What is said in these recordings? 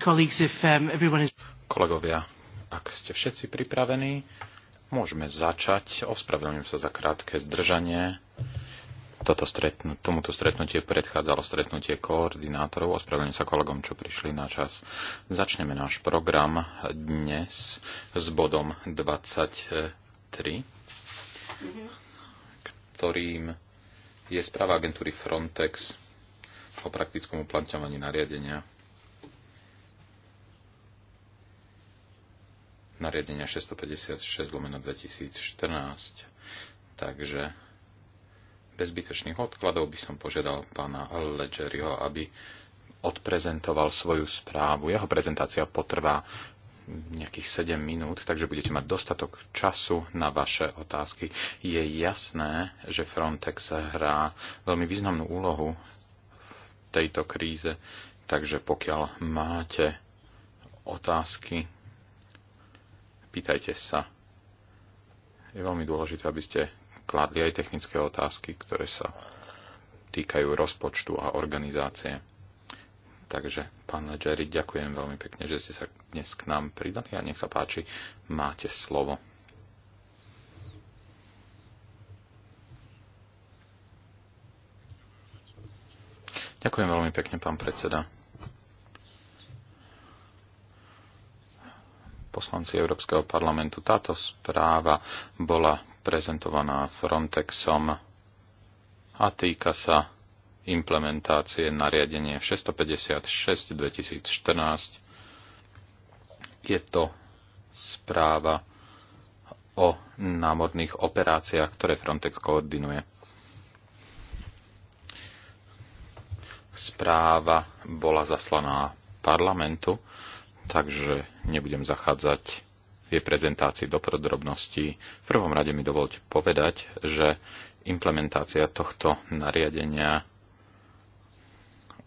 Um, Kolegovia, ak ste všetci pripravení, môžeme začať. Ospravedlňujem sa za krátke zdržanie. Toto stretnú, tomuto stretnutie predchádzalo stretnutie koordinátorov. Ospravedlňujem sa kolegom, čo prišli na čas. Začneme náš program dnes s bodom 23, ktorým je správa agentúry Frontex o praktickom uplatňovaní nariadenia nariadenia 656 lomeno 2014. Takže bez zbytočných odkladov by som požiadal pána Ledgeryho, aby odprezentoval svoju správu. Jeho prezentácia potrvá nejakých 7 minút, takže budete mať dostatok času na vaše otázky. Je jasné, že Frontex hrá veľmi významnú úlohu v tejto kríze, takže pokiaľ máte otázky, pýtajte sa. Je veľmi dôležité, aby ste kladli aj technické otázky, ktoré sa týkajú rozpočtu a organizácie. Takže, pán Jerry, ďakujem veľmi pekne, že ste sa dnes k nám pridali a nech sa páči, máte slovo. Ďakujem veľmi pekne, pán predseda. poslanci Európskeho parlamentu. Táto správa bola prezentovaná Frontexom a týka sa implementácie nariadenie 656 2014. Je to správa o námorných operáciách, ktoré Frontex koordinuje. Správa bola zaslaná parlamentu takže nebudem zachádzať v jej prezentácii do podrobností. V prvom rade mi dovolte povedať, že implementácia tohto nariadenia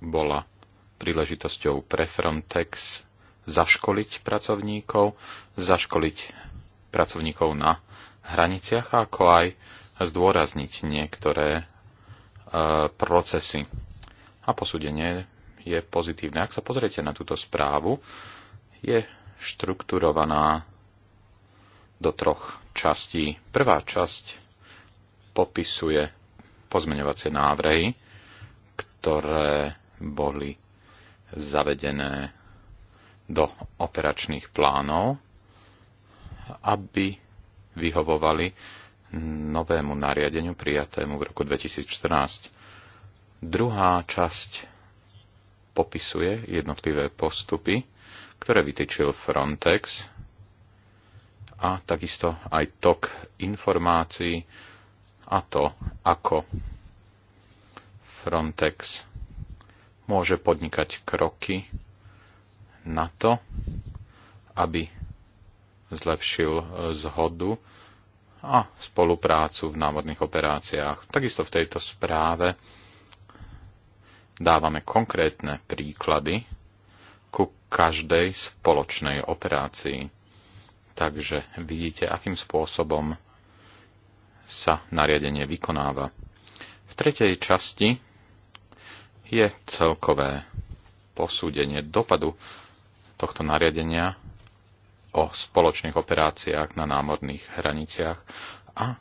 bola príležitosťou pre Frontex zaškoliť pracovníkov, zaškoliť pracovníkov na hraniciach, ako aj zdôrazniť niektoré e, procesy. A posúdenie je pozitívne. Ak sa pozriete na túto správu, je štrukturovaná do troch častí. Prvá časť popisuje pozmeňovacie návrhy, ktoré boli zavedené do operačných plánov, aby vyhovovali novému nariadeniu prijatému v roku 2014. Druhá časť popisuje jednotlivé postupy, ktoré vytečil Frontex a takisto aj tok informácií a to, ako Frontex môže podnikať kroky na to, aby zlepšil e, zhodu a spoluprácu v námorných operáciách. Takisto v tejto správe dávame konkrétne príklady ku každej spoločnej operácii. Takže vidíte, akým spôsobom sa nariadenie vykonáva. V tretej časti je celkové posúdenie dopadu tohto nariadenia o spoločných operáciách na námorných hraniciach a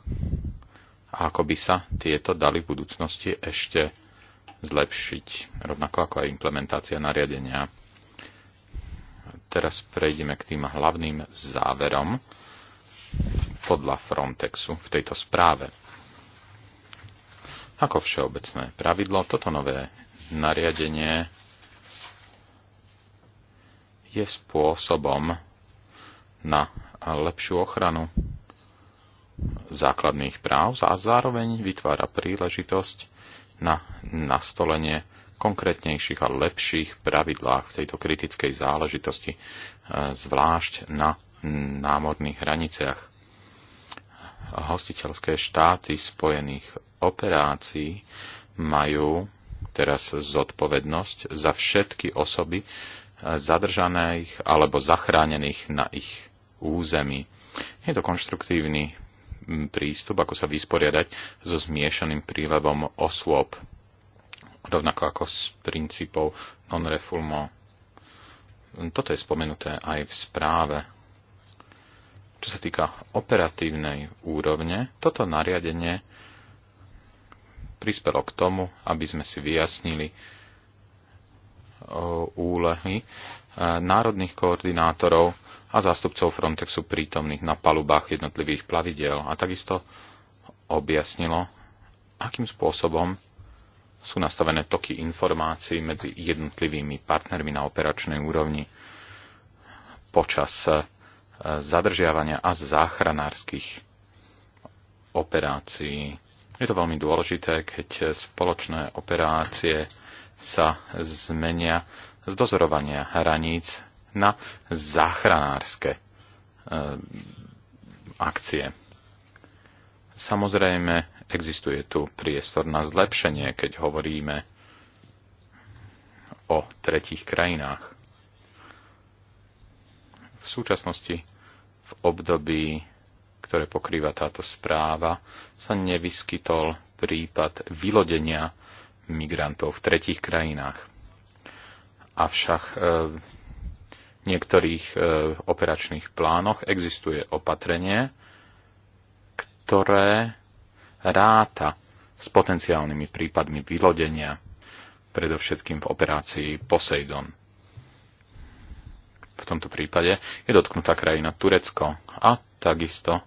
ako by sa tieto dali v budúcnosti ešte zlepšiť, rovnako ako aj implementácia nariadenia teraz prejdeme k tým hlavným záverom podľa Frontexu v tejto správe. Ako všeobecné pravidlo, toto nové nariadenie je spôsobom na lepšiu ochranu základných práv a zároveň vytvára príležitosť na nastolenie konkrétnejších a lepších pravidlách v tejto kritickej záležitosti, e, zvlášť na námorných hraniciach. Hostiteľské štáty spojených operácií majú teraz zodpovednosť za všetky osoby e, zadržaných alebo zachránených na ich území. Je to konštruktívny prístup, ako sa vysporiadať so zmiešaným prílevom osôb rovnako ako s princípov non refulmo. Toto je spomenuté aj v správe. Čo sa týka operatívnej úrovne, toto nariadenie prispelo k tomu, aby sme si vyjasnili úlehy e, národných koordinátorov a zástupcov Frontexu prítomných na palubách jednotlivých plavidiel a takisto objasnilo, akým spôsobom sú nastavené toky informácií medzi jednotlivými partnermi na operačnej úrovni počas e, zadržiavania a záchranárskych operácií. Je to veľmi dôležité, keď spoločné operácie sa zmenia z dozorovania hraníc na záchranárske e, akcie. Samozrejme, existuje tu priestor na zlepšenie, keď hovoríme o tretích krajinách. V súčasnosti v období, ktoré pokrýva táto správa, sa nevyskytol prípad vylodenia migrantov v tretích krajinách. Avšak e, v niektorých e, operačných plánoch existuje opatrenie, ktoré ráta s potenciálnymi prípadmi vylodenia, predovšetkým v operácii Poseidon. V tomto prípade je dotknutá krajina Turecko a takisto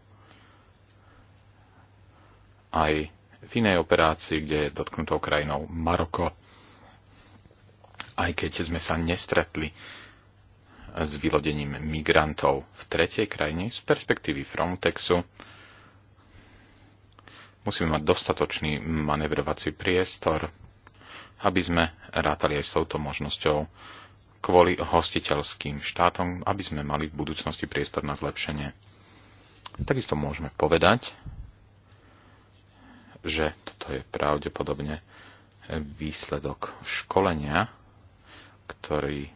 aj v inej operácii, kde je dotknutou krajinou Maroko. Aj keď sme sa nestretli s vylodením migrantov v tretej krajine z perspektívy Frontexu, Musíme mať dostatočný manevrovací priestor, aby sme rátali aj s touto možnosťou kvôli hostiteľským štátom, aby sme mali v budúcnosti priestor na zlepšenie. Takisto môžeme povedať, že toto je pravdepodobne výsledok školenia, ktorý,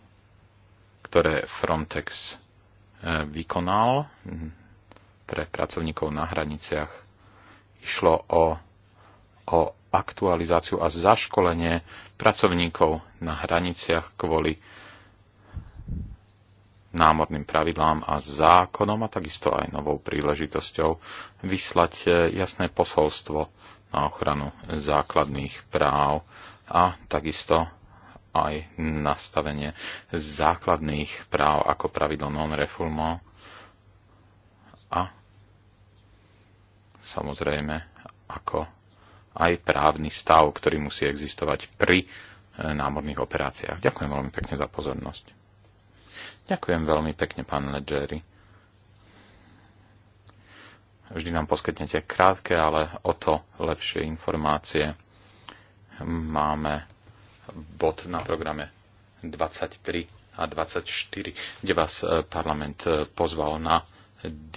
ktoré Frontex eh, vykonal hm, pre pracovníkov na hraniciach Išlo o, o aktualizáciu a zaškolenie pracovníkov na hraniciach kvôli námorným pravidlám a zákonom a takisto aj novou príležitosťou vyslať e, jasné posolstvo na ochranu základných práv a takisto aj nastavenie základných práv ako pravidlo non-refoulement a samozrejme ako aj právny stav, ktorý musí existovať pri e, námorných operáciách. Ďakujem veľmi pekne za pozornosť. Ďakujem veľmi pekne, pán Ledgeri. Vždy nám poskytnete krátke, ale o to lepšie informácie. Máme bod na programe 23 a 24, kde vás e, parlament e, pozval na diskusiu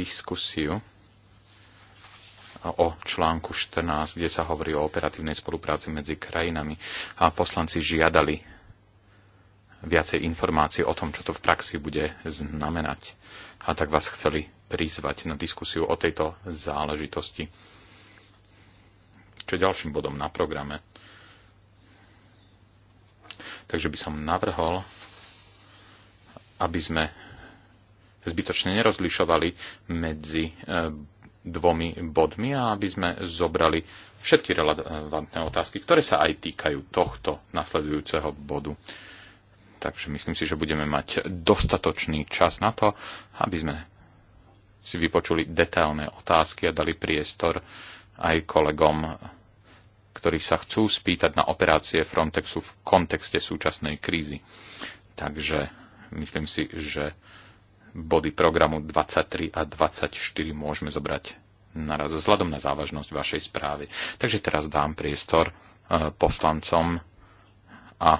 o článku 14, kde sa hovorí o operatívnej spolupráci medzi krajinami a poslanci žiadali viacej informácie o tom, čo to v praxi bude znamenať. A tak vás chceli prizvať na diskusiu o tejto záležitosti. Čo je ďalším bodom na programe. Takže by som navrhol, aby sme zbytočne nerozlišovali medzi eh, dvomi bodmi a aby sme zobrali všetky relevantné otázky, ktoré sa aj týkajú tohto nasledujúceho bodu. Takže myslím si, že budeme mať dostatočný čas na to, aby sme si vypočuli detailné otázky a dali priestor aj kolegom, ktorí sa chcú spýtať na operácie Frontexu v kontexte súčasnej krízy. Takže myslím si, že body programu 23 a 24 môžeme zobrať naraz vzhľadom na závažnosť vašej správy. Takže teraz dám priestor e, poslancom a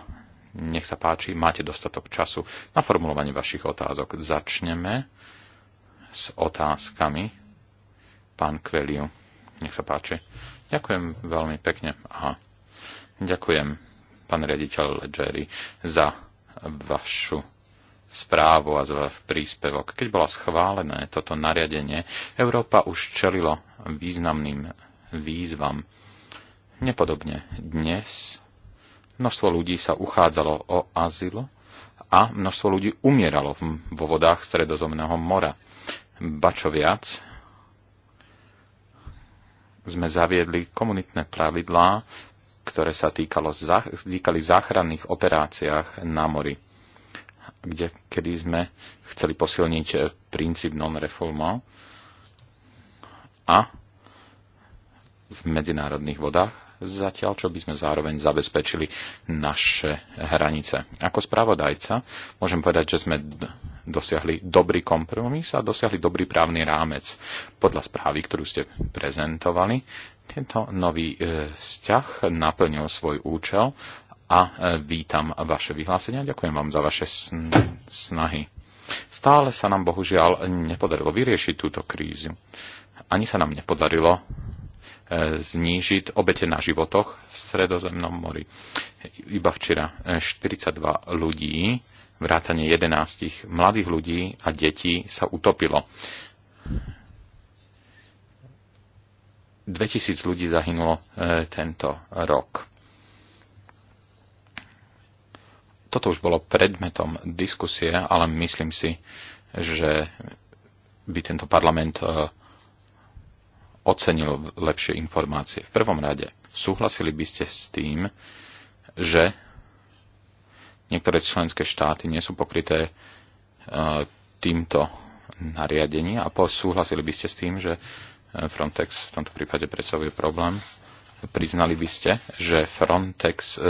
nech sa páči, máte dostatok času na formulovanie vašich otázok. Začneme s otázkami. Pán Kveliu, nech sa páči. Ďakujem veľmi pekne a ďakujem, pán riaditeľ Ledgeri, za vašu správu a za príspevok. Keď bola schválené toto nariadenie, Európa už čelilo významným výzvam. Nepodobne dnes množstvo ľudí sa uchádzalo o azyl a množstvo ľudí umieralo vo vodách Stredozemného mora. Ba čo viac, sme zaviedli komunitné pravidlá, ktoré sa týkalo, týkali záchranných operáciách na mori kde, kedy sme chceli posilniť eh, princíp non-reforma a v medzinárodných vodách, zatiaľ čo by sme zároveň zabezpečili naše hranice. Ako spravodajca môžem povedať, že sme dosiahli dobrý kompromis a dosiahli dobrý právny rámec. Podľa správy, ktorú ste prezentovali, tento nový eh, vzťah naplnil svoj účel a e, vítam vaše vyhlásenia. Ďakujem vám za vaše snahy. Stále sa nám bohužiaľ nepodarilo vyriešiť túto krízu. Ani sa nám nepodarilo e, znížiť obete na životoch v Stredozemnom mori. Iba včera 42 e, ľudí, vrátane 11 mladých ľudí a detí sa utopilo. 2000 ľudí zahynulo tento rok. Toto už bolo predmetom diskusie, ale myslím si, že by tento parlament e, ocenil lepšie informácie. V prvom rade, súhlasili by ste s tým, že niektoré členské štáty nie sú pokryté e, týmto nariadením a súhlasili by ste s tým, že e, Frontex v tomto prípade predstavuje problém. Priznali by ste, že Frontex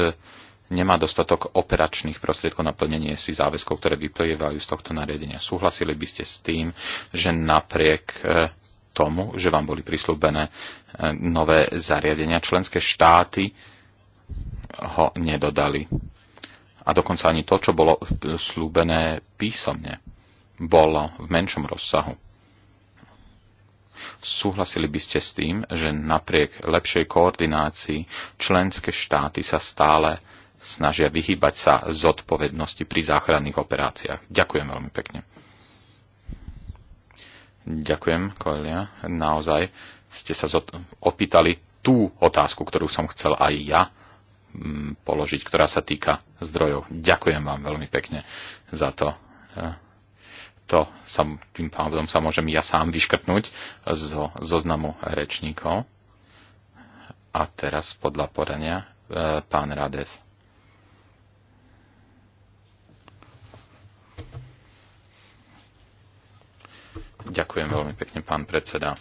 nemá dostatok operačných prostriedkov na plnenie si záväzkov, ktoré vyplývajú z tohto nariadenia. Súhlasili by ste s tým, že napriek e, tomu, že vám boli prislúbené e, nové zariadenia, členské štáty ho nedodali. A dokonca ani to, čo bolo e, slúbené písomne, bolo v menšom rozsahu. Súhlasili by ste s tým, že napriek lepšej koordinácii členské štáty sa stále snažia vyhybať sa zodpovednosti pri záchranných operáciách. Ďakujem veľmi pekne. Ďakujem, Koelia. Naozaj ste sa opýtali tú otázku, ktorú som chcel aj ja mm, položiť, ktorá sa týka zdrojov. Ďakujem vám veľmi pekne za to. Eh, to sa, tým pádom sa môžem ja sám vyškrtnúť zo zoznamu rečníkov. A teraz podľa porania eh, pán Radev. Ďakujem veľmi pekne, pán predseda.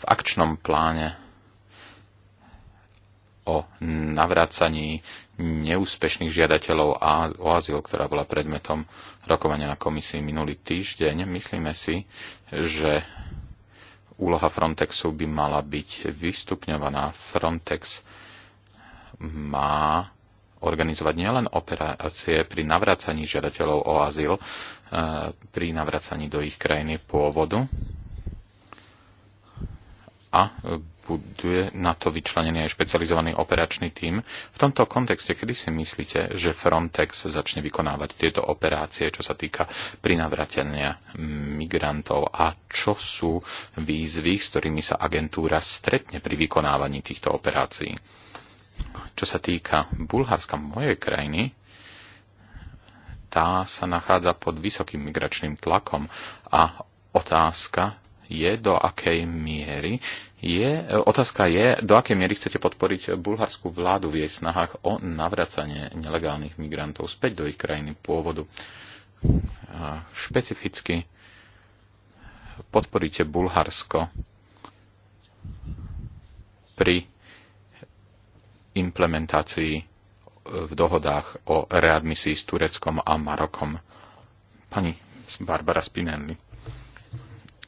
V akčnom pláne o navrácaní neúspešných žiadateľov a o azyl, ktorá bola predmetom rokovania na komisii minulý týždeň, myslíme si, že úloha Frontexu by mala byť vystupňovaná. Frontex má organizovať nielen operácie pri navracaní žiadateľov o azyl, e, pri navracaní do ich krajiny pôvodu a bude na to vyčlenený aj špecializovaný operačný tím. V tomto kontexte, kedy si myslíte, že Frontex začne vykonávať tieto operácie, čo sa týka prinavratenia migrantov a čo sú výzvy, s ktorými sa agentúra stretne pri vykonávaní týchto operácií? Čo sa týka Bulharska, mojej krajiny, tá sa nachádza pod vysokým migračným tlakom a otázka je, do akej miery je, otázka je, do akej miery chcete podporiť bulharskú vládu v jej snahách o navracanie nelegálnych migrantov späť do ich krajiny pôvodu. Špecificky podporíte Bulharsko pri implementácii e, v dohodách o readmisii s Tureckom a Marokom. Pani Barbara Spinelli.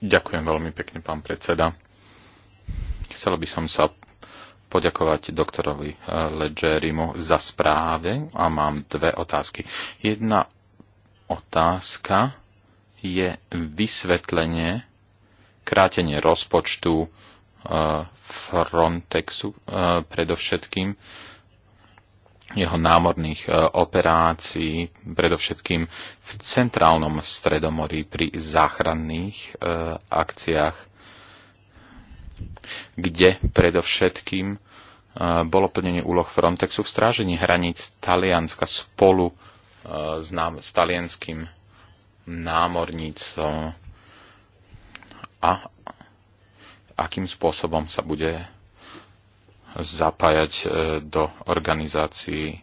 Ďakujem veľmi pekne, pán predseda. Chcel by som sa poďakovať doktorovi e, Ledgerimu za správe a mám dve otázky. Jedna otázka je vysvetlenie krátenie rozpočtu Frontexu predovšetkým jeho námorných operácií, predovšetkým v centrálnom stredomorí pri záchranných akciách, kde predovšetkým bolo plnenie úloh Frontexu v strážení hraníc Talianska spolu s, nám, s talianským námorníctvom a akým spôsobom sa bude zapájať e, do organizácií,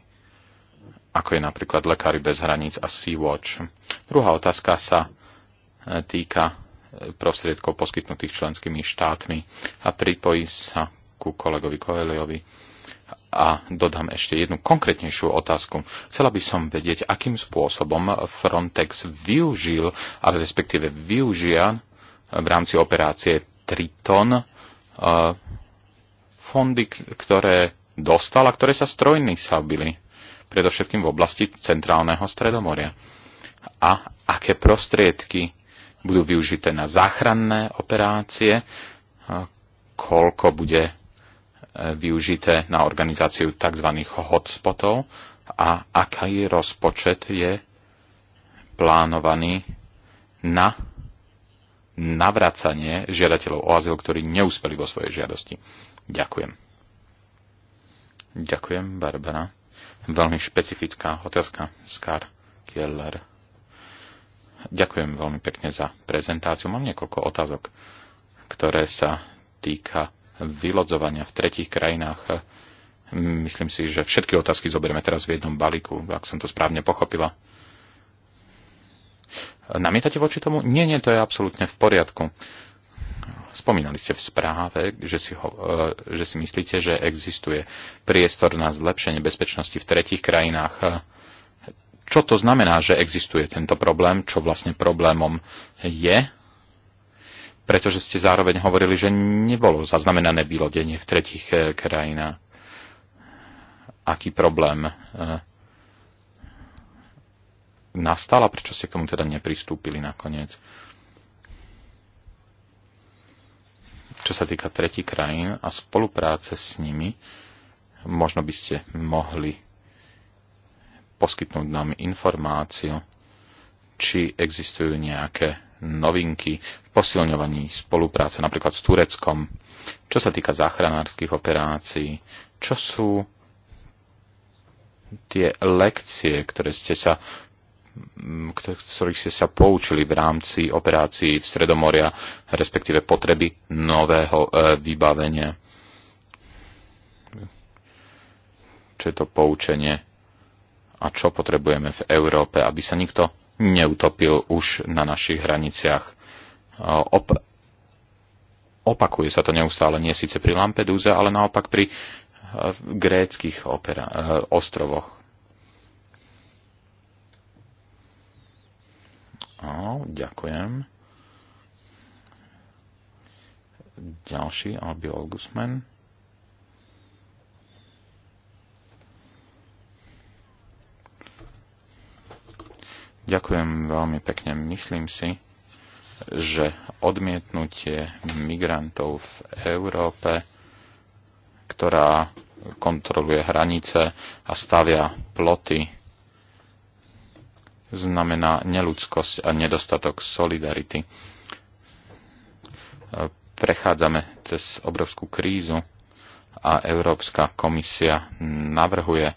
ako je napríklad Lekári bez hraníc a Sea-Watch. Druhá otázka sa e, týka e, prostriedkov poskytnutých členskými štátmi a pripojí sa ku kolegovi Koeliovi a dodám ešte jednu konkrétnejšiu otázku. Chcela by som vedieť, akým spôsobom Frontex využil, ale respektíve využia v rámci operácie Triton fondy, ktoré dostal a ktoré sa strojnysabili, predovšetkým v oblasti centrálneho stredomoria. A aké prostriedky budú využité na záchranné operácie, koľko bude e, využité na organizáciu tzv. hotspotov a aký rozpočet je plánovaný na navracanie žiadateľov o azyl, ktorí neúspeli vo svojej žiadosti. Ďakujem. Ďakujem, Barbara. Veľmi špecifická otázka, Skar Keller. Ďakujem veľmi pekne za prezentáciu. Mám niekoľko otázok, ktoré sa týka vylodzovania v tretich krajinách. Myslím si, že všetky otázky zoberieme teraz v jednom balíku, ak som to správne pochopila. Namietate voči tomu? Nie, nie, to je absolútne v poriadku. Spomínali ste v správe, že si, ho, e, že si myslíte, že existuje priestor na zlepšenie bezpečnosti v tretich krajinách. E, čo to znamená, že existuje tento problém? Čo vlastne problémom je? Pretože ste zároveň hovorili, že nebolo zaznamenané vylodenie v tretich e, krajinách. Aký problém nastal a prečo ste k tomu teda nepristúpili nakoniec? Čo sa týka tretí krajín a spolupráce s nimi, možno by ste mohli poskytnúť nám informáciu, či existujú nejaké novinky v posilňovaní spolupráce napríklad s Tureckom, čo sa týka záchranárskych operácií, čo sú tie lekcie, ktoré ste sa ktorých ste sa poučili v rámci operácií v Stredomoria, respektíve potreby nového e, vybavenia. Čo je to poučenie a čo potrebujeme v Európe, aby sa nikto neutopil už na našich hraniciach. E, op- opakuje sa to neustále, nie síce pri Lampedúze, ale naopak pri e, gréckých opera- ostrovoch Áno, ďakujem. Ďalší, Albi Augustman. Ďakujem veľmi pekne. Myslím si, že odmietnutie migrantov v Európe, ktorá kontroluje hranice a stavia ploty znamená neludskosť a nedostatok solidarity. E, prechádzame cez obrovskú krízu a Európska komisia navrhuje e,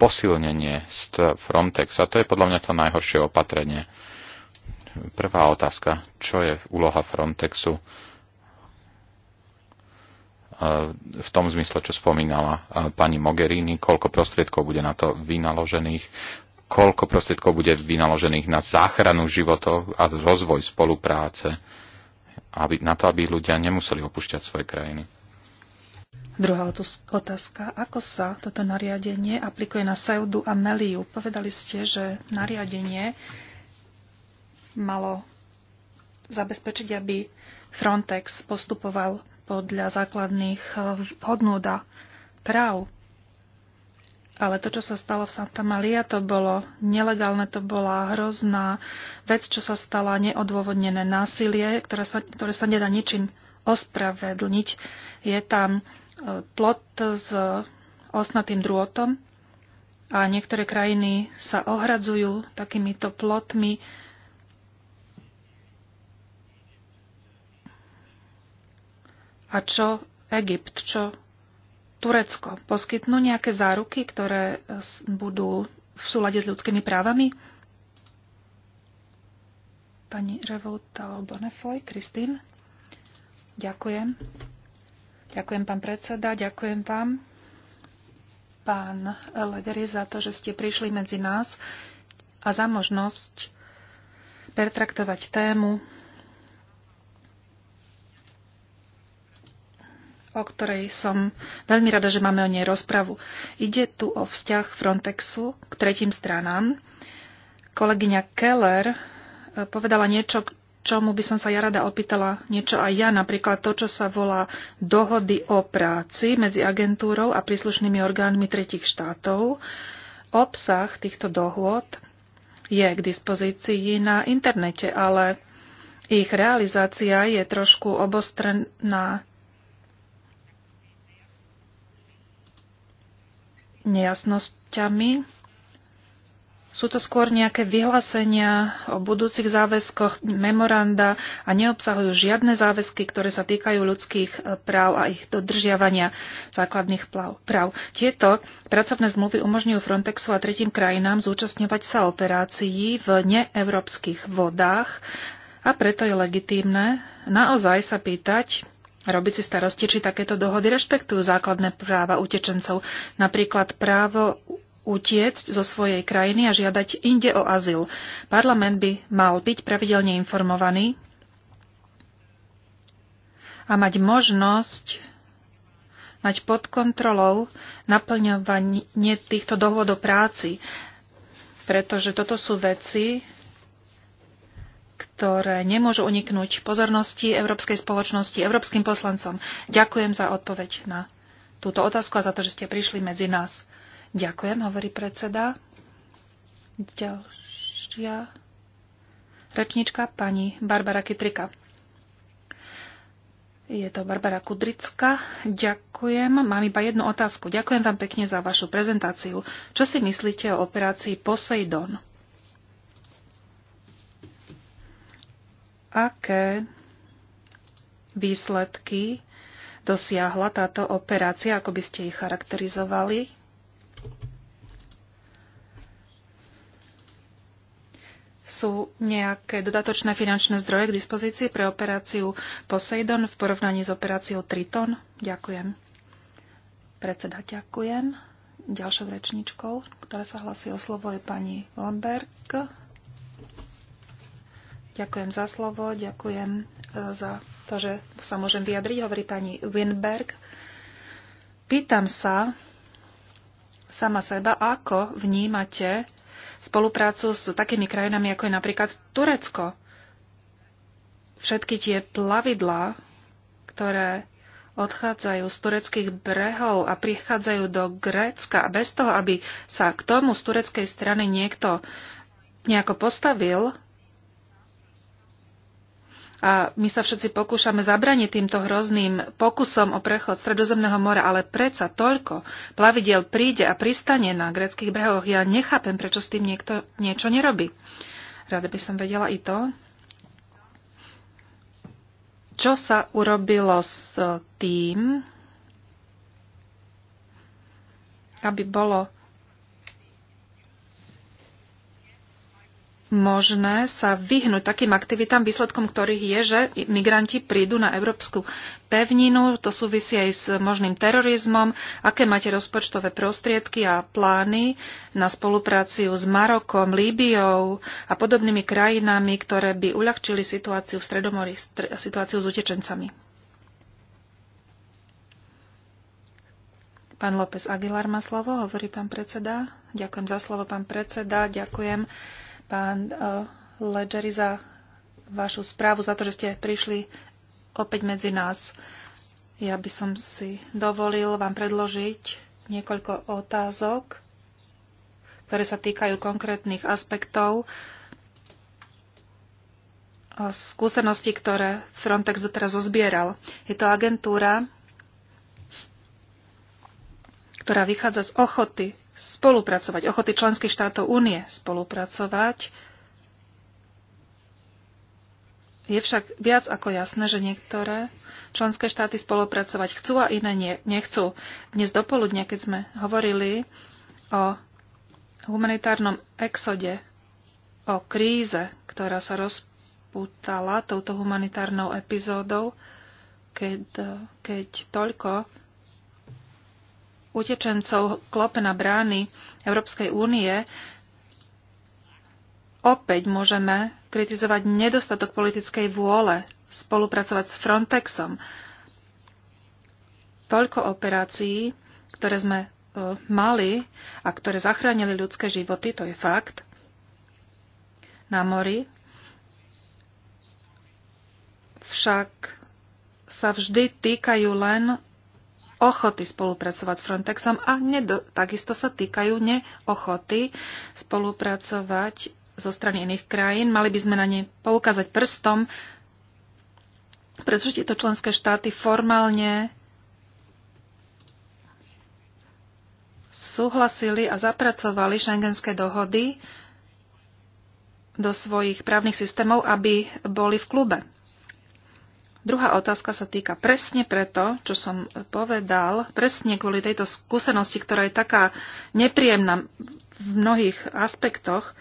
posilnenie z Frontex. A to je podľa mňa to najhoršie opatrenie. Prvá otázka, čo je úloha Frontexu e, v tom zmysle, čo spomínala pani Mogherini, koľko prostriedkov bude na to vynaložených, koľko prostriedkov bude vynaložených na záchranu životov a rozvoj spolupráce, aby, na to, aby ľudia nemuseli opúšťať svoje krajiny. Druhá otázka. Ako sa toto nariadenie aplikuje na Saudu a Meliu? Povedali ste, že nariadenie malo zabezpečiť, aby Frontex postupoval podľa základných eh, hodnúda práv. Ale to, čo sa stalo v Santa Maria, to bolo nelegálne, to bola hrozná vec, čo sa stala neodôvodnené násilie, ktoré sa, ktoré sa nedá ničím ospravedlniť. Je tam e, plot s osnatým drôtom a niektoré krajiny sa ohradzujú takýmito plotmi. A čo Egypt, čo Turecko poskytnú nejaké záruky, ktoré budú v súlade s ľudskými právami? Pani Revolta Bonefoy, Kristín. Ďakujem. Ďakujem, pán predseda, ďakujem vám, pán legeri, za to, že ste prišli medzi nás a za možnosť pertraktovať tému o ktorej som veľmi rada, že máme o nej rozpravu. Ide tu o vzťah Frontexu k tretím stranám. Kolegyňa Keller eh, povedala niečo, k čomu by som sa ja rada opýtala niečo aj ja, napríklad to, čo sa volá dohody o práci medzi agentúrou a príslušnými orgánmi tretich štátov. Obsah týchto dohôd je k dispozícii na internete, ale ich realizácia je trošku obostrená nejasnosťami. Sú to skôr nejaké vyhlásenia o budúcich záväzkoch, memoranda a neobsahujú žiadne záväzky, ktoré sa týkajú ľudských eh, práv a ich dodržiavania základných práv. Tieto pracovné zmluvy umožňujú Frontexu a tretím krajinám zúčastňovať sa operácií v neeurópskych vodách a preto je legitímne naozaj sa pýtať, robiť si starosti, či takéto dohody rešpektujú základné práva utečencov, napríklad právo utiecť zo svojej krajiny a žiadať inde o azyl. Parlament by mal byť pravidelne informovaný a mať možnosť mať pod kontrolou naplňovanie týchto dohodov o práci, pretože toto sú veci, ktoré nemôžu uniknúť pozornosti európskej spoločnosti, európskym poslancom. Ďakujem za odpoveď na túto otázku a za to, že ste prišli medzi nás. Ďakujem, hovorí predseda. Ďalšia rečnička, pani Barbara Kytrika. Je to Barbara Kudrická. Ďakujem. Mám iba jednu otázku. Ďakujem vám pekne za vašu prezentáciu. Čo si myslíte o operácii Poseidon? aké výsledky dosiahla táto operácia, ako by ste ich charakterizovali? Sú nejaké dodatočné finančné zdroje k dispozícii pre operáciu Poseidon v porovnaní s operáciou Triton? Ďakujem. Predseda, ďakujem. Ďalšou rečničkou, ktorá sa hlasí o slovo, je pani Lamberg. Ďakujem za slovo, ďakujem e, za to, že sa môžem vyjadriť, hovorí pani Winberg. Pýtam sa sama seba, ako vnímate spoluprácu s takými krajinami, ako je napríklad Turecko. Všetky tie plavidlá, ktoré odchádzajú z tureckých brehov a prichádzajú do Grécka a bez toho, aby sa k tomu z tureckej strany niekto nejako postavil, a my sa všetci pokúšame zabraniť týmto hrozným pokusom o prechod Stredozemného mora, ale predsa toľko plavidiel príde a pristane na greckých brehoch. Ja nechápem, prečo s tým niekto niečo nerobí. Rada by som vedela i to, čo sa urobilo s tým, aby bolo možné sa vyhnúť takým aktivitám, výsledkom ktorých je, že migranti prídu na európsku pevninu. To súvisí aj s možným terorizmom. Aké máte rozpočtové prostriedky a plány na spolupráciu s Marokom, Líbiou a podobnými krajinami, ktoré by uľahčili situáciu v Stredomori, situáciu s utečencami? Pán López Aguilar má slovo, hovorí pán predseda. Ďakujem za slovo, pán predseda. Ďakujem pán eh, Ledgeri, za vašu správu, za to, že ste prišli opäť medzi nás. Ja by som si dovolil vám predložiť niekoľko otázok, ktoré sa týkajú konkrétnych aspektov a eh, skúsenosti, ktoré Frontex doteraz zozbieral. Je to agentúra, ktorá vychádza z ochoty spolupracovať, ochoty členských štátov únie spolupracovať. Je však viac ako jasné, že niektoré členské štáty spolupracovať chcú a iné nie, nechcú. Dnes dopoludne, keď sme hovorili o humanitárnom exode, o kríze, ktorá sa rozputala touto humanitárnou epizódou, keď, keď toľko utečencov klope na brány Európskej únie, opäť môžeme kritizovať nedostatok politickej vôle spolupracovať s Frontexom. Toľko operácií, ktoré sme e, mali a ktoré zachránili ľudské životy, to je fakt, na mori, však sa vždy týkajú len ochoty spolupracovať s Frontexom a nedo, takisto sa týkajú neochoty spolupracovať zo strany iných krajín. Mali by sme na ne poukázať prstom, pretože tieto členské štáty formálne súhlasili a zapracovali šengenské dohody do svojich právnych systémov, aby boli v klube. Druhá otázka sa týka presne preto, čo som povedal, presne kvôli tejto skúsenosti, ktorá je taká nepríjemná v mnohých aspektoch.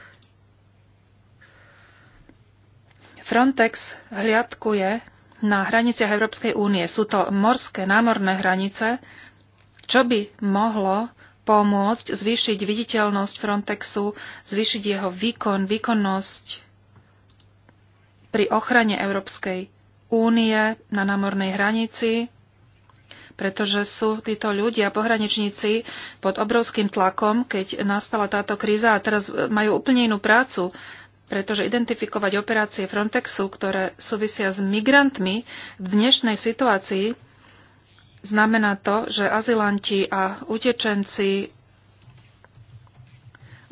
Frontex hliadkuje na hraniciach Európskej únie. Sú to morské, námorné hranice, čo by mohlo pomôcť zvýšiť viditeľnosť Frontexu, zvýšiť jeho výkon, výkonnosť pri ochrane európskej únie na námornej hranici, pretože sú títo ľudia, pohraničníci, pod obrovským tlakom, keď nastala táto kríza a teraz majú úplne inú prácu, pretože identifikovať operácie Frontexu, ktoré súvisia s migrantmi v dnešnej situácii, znamená to, že azylanti a utečenci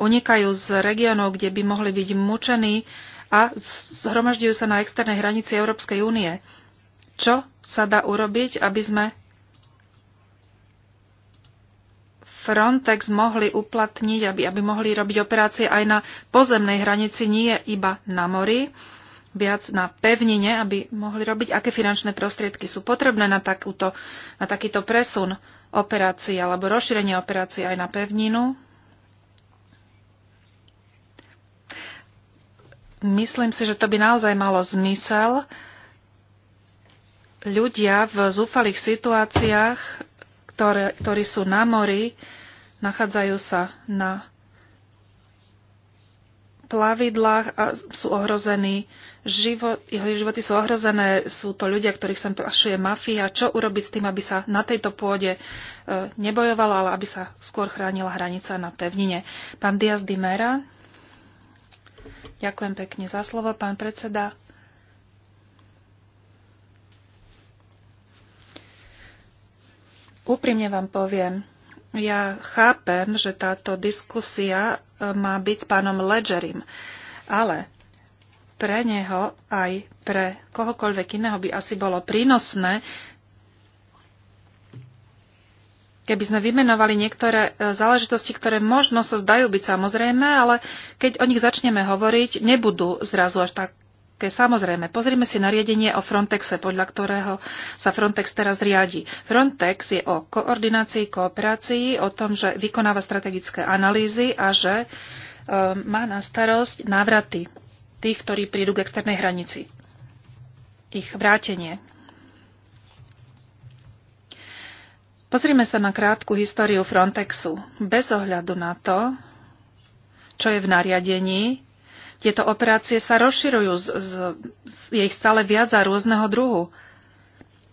unikajú z regiónov, kde by mohli byť mučení, a zhromažďujú sa na externej hranici Európskej únie. Čo sa dá urobiť, aby sme Frontex mohli uplatniť, aby, aby mohli robiť operácie aj na pozemnej hranici, nie iba na mori, viac na pevnine, aby mohli robiť, aké finančné prostriedky sú potrebné na, takúto, na takýto presun operácií alebo rozšírenie operácií aj na pevninu. Myslím si, že to by naozaj malo zmysel. Ľudia v zúfalých situáciách, ktoré, ktorí sú na mori, nachádzajú sa na plavidlách a sú ohrození, život, jeho životy sú ohrozené, sú to ľudia, ktorých sem pašuje mafia. Čo urobiť s tým, aby sa na tejto pôde e, nebojovala, ale aby sa skôr chránila hranica na pevnine? Pán Diaz Dimera. Ďakujem pekne za slovo, pán predseda. Úprimne vám poviem, ja chápem, že táto diskusia e, má byť s pánom Ledgerim, ale pre neho aj pre kohokoľvek iného by asi bolo prínosné keby sme vymenovali niektoré e, záležitosti, ktoré možno sa zdajú byť samozrejme, ale keď o nich začneme hovoriť, nebudú zrazu až tak také samozrejme. Pozrime si nariadenie o Frontexe, podľa ktorého sa Frontex teraz riadi. Frontex je o koordinácii, kooperácii, o tom, že vykonáva strategické analýzy a že e, má na starosť návraty tých, ktorí prídu k externej hranici. Ich vrátenie. Pozrime sa na krátku históriu Frontexu. Bez ohľadu na to, čo je v nariadení, tieto operácie sa rozširujú, z, z, je ich stále viac a rôzneho druhu.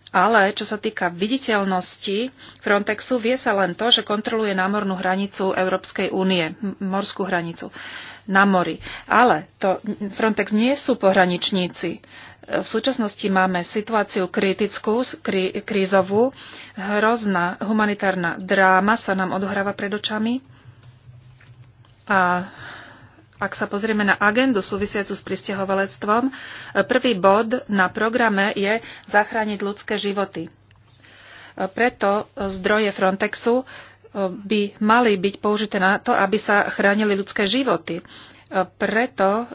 Ale čo sa týka viditeľnosti Frontexu, vie sa len to, že kontroluje námornú hranicu Európskej únie, morskú hranicu na mori. Ale to, Frontex nie sú pohraničníci. E, v súčasnosti máme situáciu kritickú, krí, krízovú. Hrozná humanitárna dráma sa nám odohráva pred očami. A ak sa pozrieme na agendu súvisiacu s pristahovalectvom, prvý bod na programe je zachrániť ľudské životy. Preto zdroje Frontexu eh, by mali byť použité na to, aby sa chránili ľudské životy. Eh, preto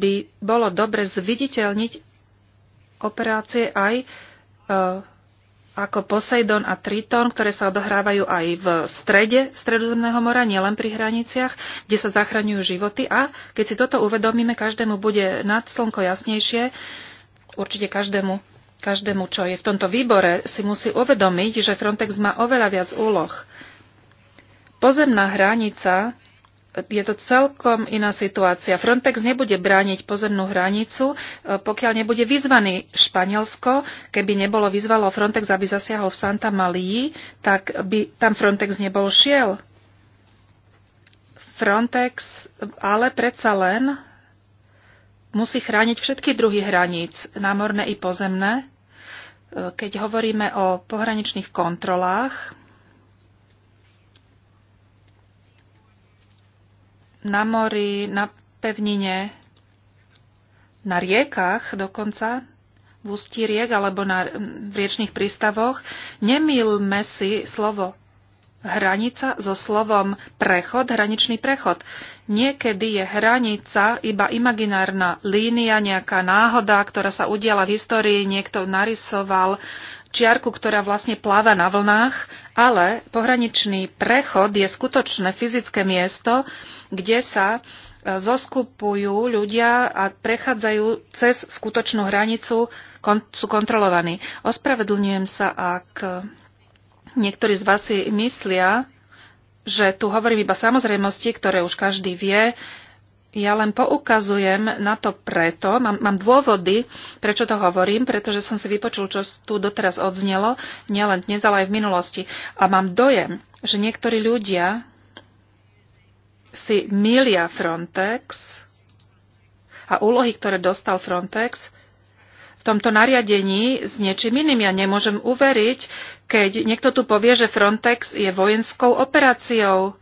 by bolo dobre zviditeľniť operácie aj eh, ako Poseidon a Triton, ktoré sa odohrávajú aj v strede Stredozemného mora, nielen pri hraniciach, kde sa zachraňujú životy. A keď si toto uvedomíme, každému bude nad slnko jasnejšie, určite každému, každému, čo je v tomto výbore, si musí uvedomiť, že Frontex má oveľa viac úloh. Pozemná hranica je to celkom iná situácia. Frontex nebude brániť pozemnú hranicu, e, pokiaľ nebude vyzvaný Španielsko. Keby nebolo vyzvalo Frontex, aby zasiahol v Santa Malii, tak by tam Frontex nebol šiel. Frontex ale predsa len musí chrániť všetky druhy hraníc, námorné i pozemné. E, keď hovoríme o pohraničných kontrolách, na mori, na pevnine, na riekach dokonca, v ústí riek alebo na, v riečných prístavoch, nemýlme si slovo hranica so slovom prechod, hraničný prechod. Niekedy je hranica iba imaginárna línia, nejaká náhoda, ktorá sa udiala v histórii, niekto narysoval čiarku, ktorá vlastne pláva na vlnách, ale pohraničný prechod je skutočné fyzické miesto, kde sa e, zoskupujú ľudia a prechádzajú cez skutočnú hranicu, kon, sú kontrolovaní. Ospravedlňujem sa, ak niektorí z vás si myslia, že tu hovorím iba samozrejmosti, ktoré už každý vie, ja len poukazujem na to preto, mám, mám dôvody, prečo to hovorím, pretože som si vypočul, čo tu doteraz odznelo, nielen dnes, ale aj v minulosti. A mám dojem, že niektorí ľudia si milia Frontex a úlohy, ktoré dostal Frontex, v tomto nariadení s niečím iným. Ja nemôžem uveriť, keď niekto tu povie, že Frontex je vojenskou operáciou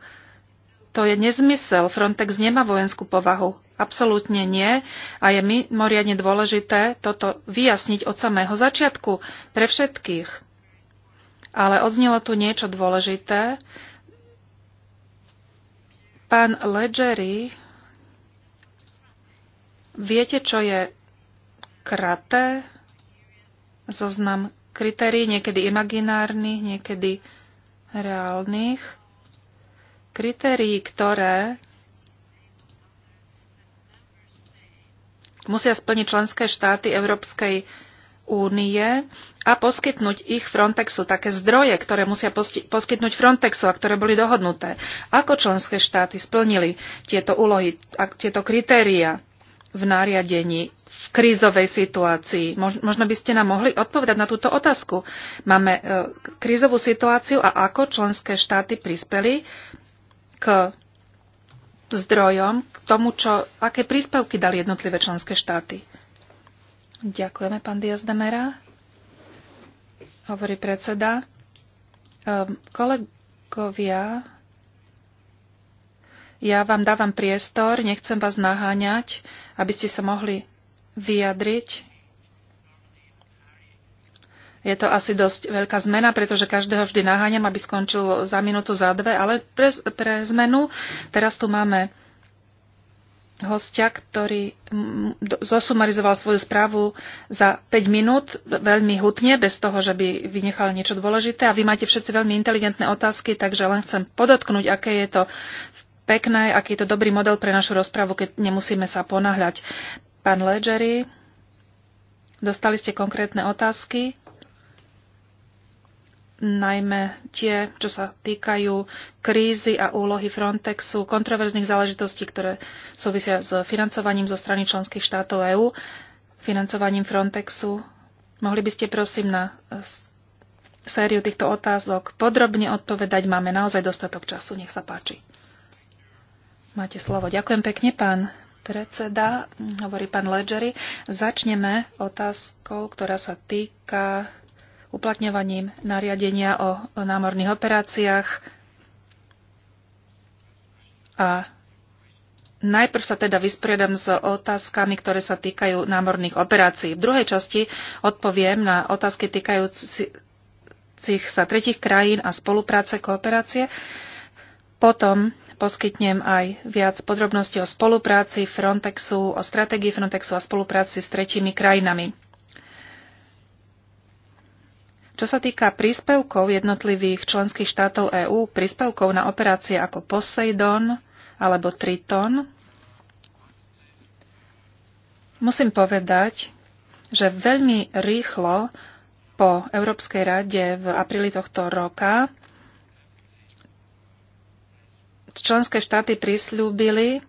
to je nezmysel. Frontex nemá vojenskú povahu. Absolútne nie. A je mimoriadne dôležité toto vyjasniť od samého začiatku pre všetkých. Ale odznelo tu niečo dôležité. Pán Ledgeri, viete, čo je kraté? Zoznam kritérií, niekedy imaginárnych, niekedy reálnych kritérií, ktoré musia splniť členské štáty Európskej únie a poskytnúť ich Frontexu, také zdroje, ktoré musia poskytnúť Frontexu a ktoré boli dohodnuté. Ako členské štáty splnili tieto úlohy, tieto kritéria v nariadení v krízovej situácii? Možno by ste nám mohli odpovedať na túto otázku. Máme e, krízovú situáciu a ako členské štáty prispeli k zdrojom, k tomu, čo, aké príspevky dali jednotlivé členské štáty. Ďakujeme, pán Diaz Demera. Hovorí predseda. Ehm, kolegovia, ja vám dávam priestor, nechcem vás naháňať, aby ste sa mohli vyjadriť. Je to asi dosť veľká zmena, pretože každého vždy naháňam, aby skončil za minútu, za dve, ale pre, pre zmenu teraz tu máme hostia, ktorý zosumarizoval svoju správu za 5 minút veľmi hutne, bez toho, že by vynechal niečo dôležité. A vy máte všetci veľmi inteligentné otázky, takže len chcem podotknúť, aké je to pekné, aký je to dobrý model pre našu rozprávu, keď nemusíme sa ponáhľať. Pán Ledgery, dostali ste konkrétne otázky najmä tie, čo sa týkajú krízy a úlohy Frontexu, kontroverzných záležitostí, ktoré súvisia s financovaním zo strany členských štátov EÚ, financovaním Frontexu. Mohli by ste prosím na sériu týchto otázok podrobne odpovedať. Máme naozaj dostatok času. Nech sa páči. Máte slovo. Ďakujem pekne, pán predseda, hovorí pán Ledgery. Začneme otázkou, ktorá sa týka uplatňovaním nariadenia o, námorných operáciách. A najprv sa teda vyspriedam s otázkami, ktoré sa týkajú námorných operácií. V druhej časti odpoviem na otázky týkajúcich sa tretich krajín a spolupráce, kooperácie. Potom poskytnem aj viac podrobností o spolupráci Frontexu, o stratégii Frontexu a spolupráci s tretimi krajinami. Čo sa týka príspevkov jednotlivých členských štátov EÚ, príspevkov na operácie ako Poseidon alebo Triton, musím povedať, že veľmi rýchlo po Európskej rade v apríli tohto roka členské štáty prislúbili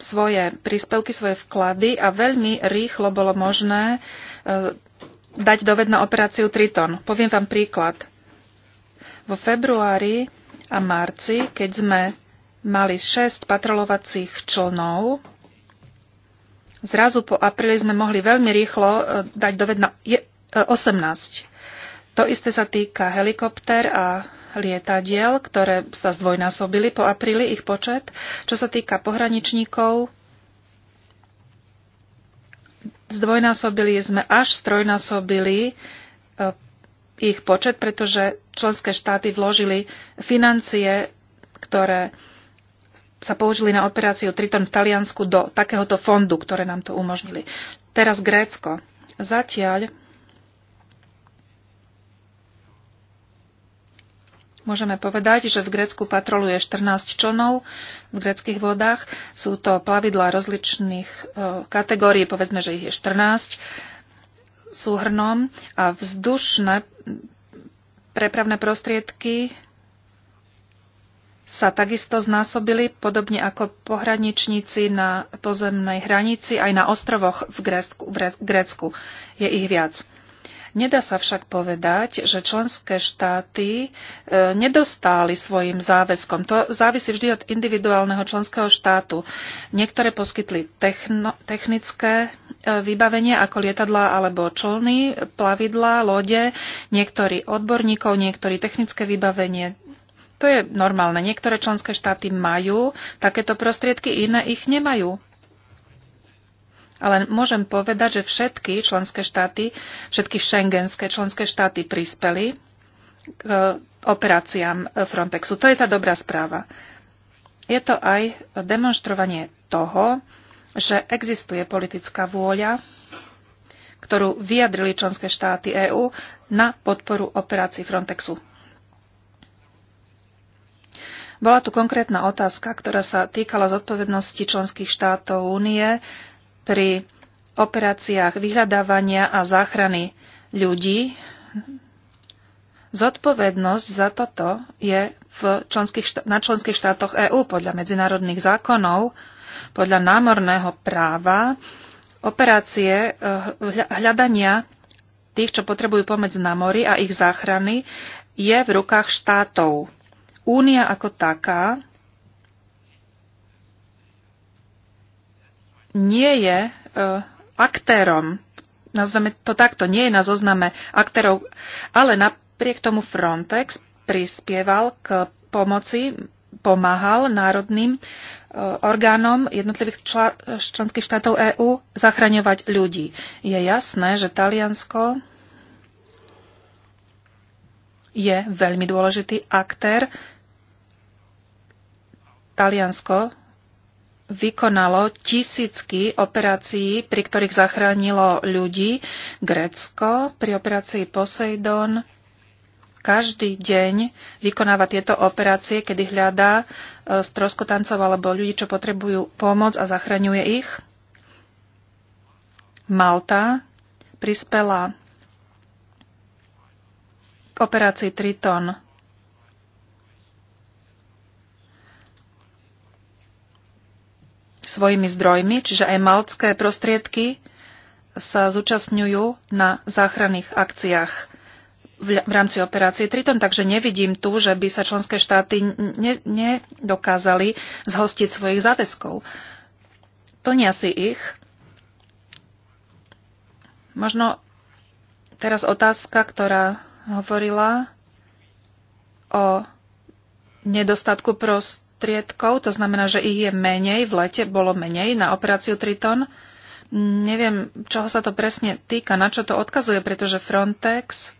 svoje príspevky, svoje vklady a veľmi rýchlo bolo možné e, dať doved na operáciu Triton. Poviem vám príklad. Vo februári a marci, keď sme mali 6 patrolovacích člnov, zrazu po apríli sme mohli veľmi rýchlo e, dať doved na 18. To isté sa týka helikopter a lietadiel, ktoré sa zdvojnásobili po apríli ich počet. Čo sa týka pohraničníkov, zdvojnásobili, sme až strojnásobili e, ich počet, pretože členské štáty vložili financie, ktoré sa použili na operáciu Triton v Taliansku do takéhoto fondu, ktoré nám to umožnili. Teraz Grécko. Zatiaľ Môžeme povedať, že v Grécku patroluje 14 člnov v gréckých vodách. Sú to plavidlá rozličných e, kategórií, povedzme, že ich je 14 súhrnom a vzdušné prepravné prostriedky sa takisto znásobili, podobne ako pohraničníci na pozemnej hranici aj na ostrovoch V Grécku. Je ich viac. Nedá sa však povedať, že členské štáty e, nedostáli svojim záväzkom. To závisí vždy od individuálneho členského štátu. Niektoré poskytli techno, technické e, vybavenie ako lietadlá alebo člny, plavidlá, lode, niektorí odborníkov, niektorí technické vybavenie, to je normálne. Niektoré členské štáty majú takéto prostriedky, iné ich nemajú. Ale môžem povedať, že všetky členské štáty, všetky šengenské členské štáty prispeli k e, operáciám e, Frontexu. To je tá dobrá správa. Je to aj demonstrovanie toho, že existuje politická vôľa, ktorú vyjadrili členské štáty EÚ na podporu operácií Frontexu. Bola tu konkrétna otázka, ktorá sa týkala zodpovednosti členských štátov únie pri operáciách vyhľadávania a záchrany ľudí. Zodpovednosť za toto je v členských, na členských štátoch EÚ podľa medzinárodných zákonov, podľa námorného práva. Operácie eh, hľadania tých, čo potrebujú pomoc na mori a ich záchrany, je v rukách štátov. Únia ako taká nie je e, aktérom, nazveme to takto, nie je na zozname aktérov, ale napriek tomu Frontex prispieval k pomoci, pomáhal národným e, orgánom jednotlivých členských štátov EÚ zachraňovať ľudí. Je jasné, že Taliansko je veľmi dôležitý aktér. Taliansko vykonalo tisícky operácií, pri ktorých zachránilo ľudí. Grécko pri operácii Poseidon každý deň vykonáva tieto operácie, kedy hľadá e, stroskotancov alebo ľudí, čo potrebujú pomoc a zachraňuje ich. Malta prispela k operácii Triton svojimi zdrojmi, čiže aj malcké prostriedky sa zúčastňujú na záchranných akciách v rámci operácie Triton, takže nevidím tu, že by sa členské štáty ne, nedokázali zhostiť svojich záväzkov. Plnia si ich. Možno teraz otázka, ktorá hovorila o nedostatku prost prostriedkov, to znamená, že ich je menej, v lete bolo menej na operáciu Triton. Neviem, čoho sa to presne týka, na čo to odkazuje, pretože Frontex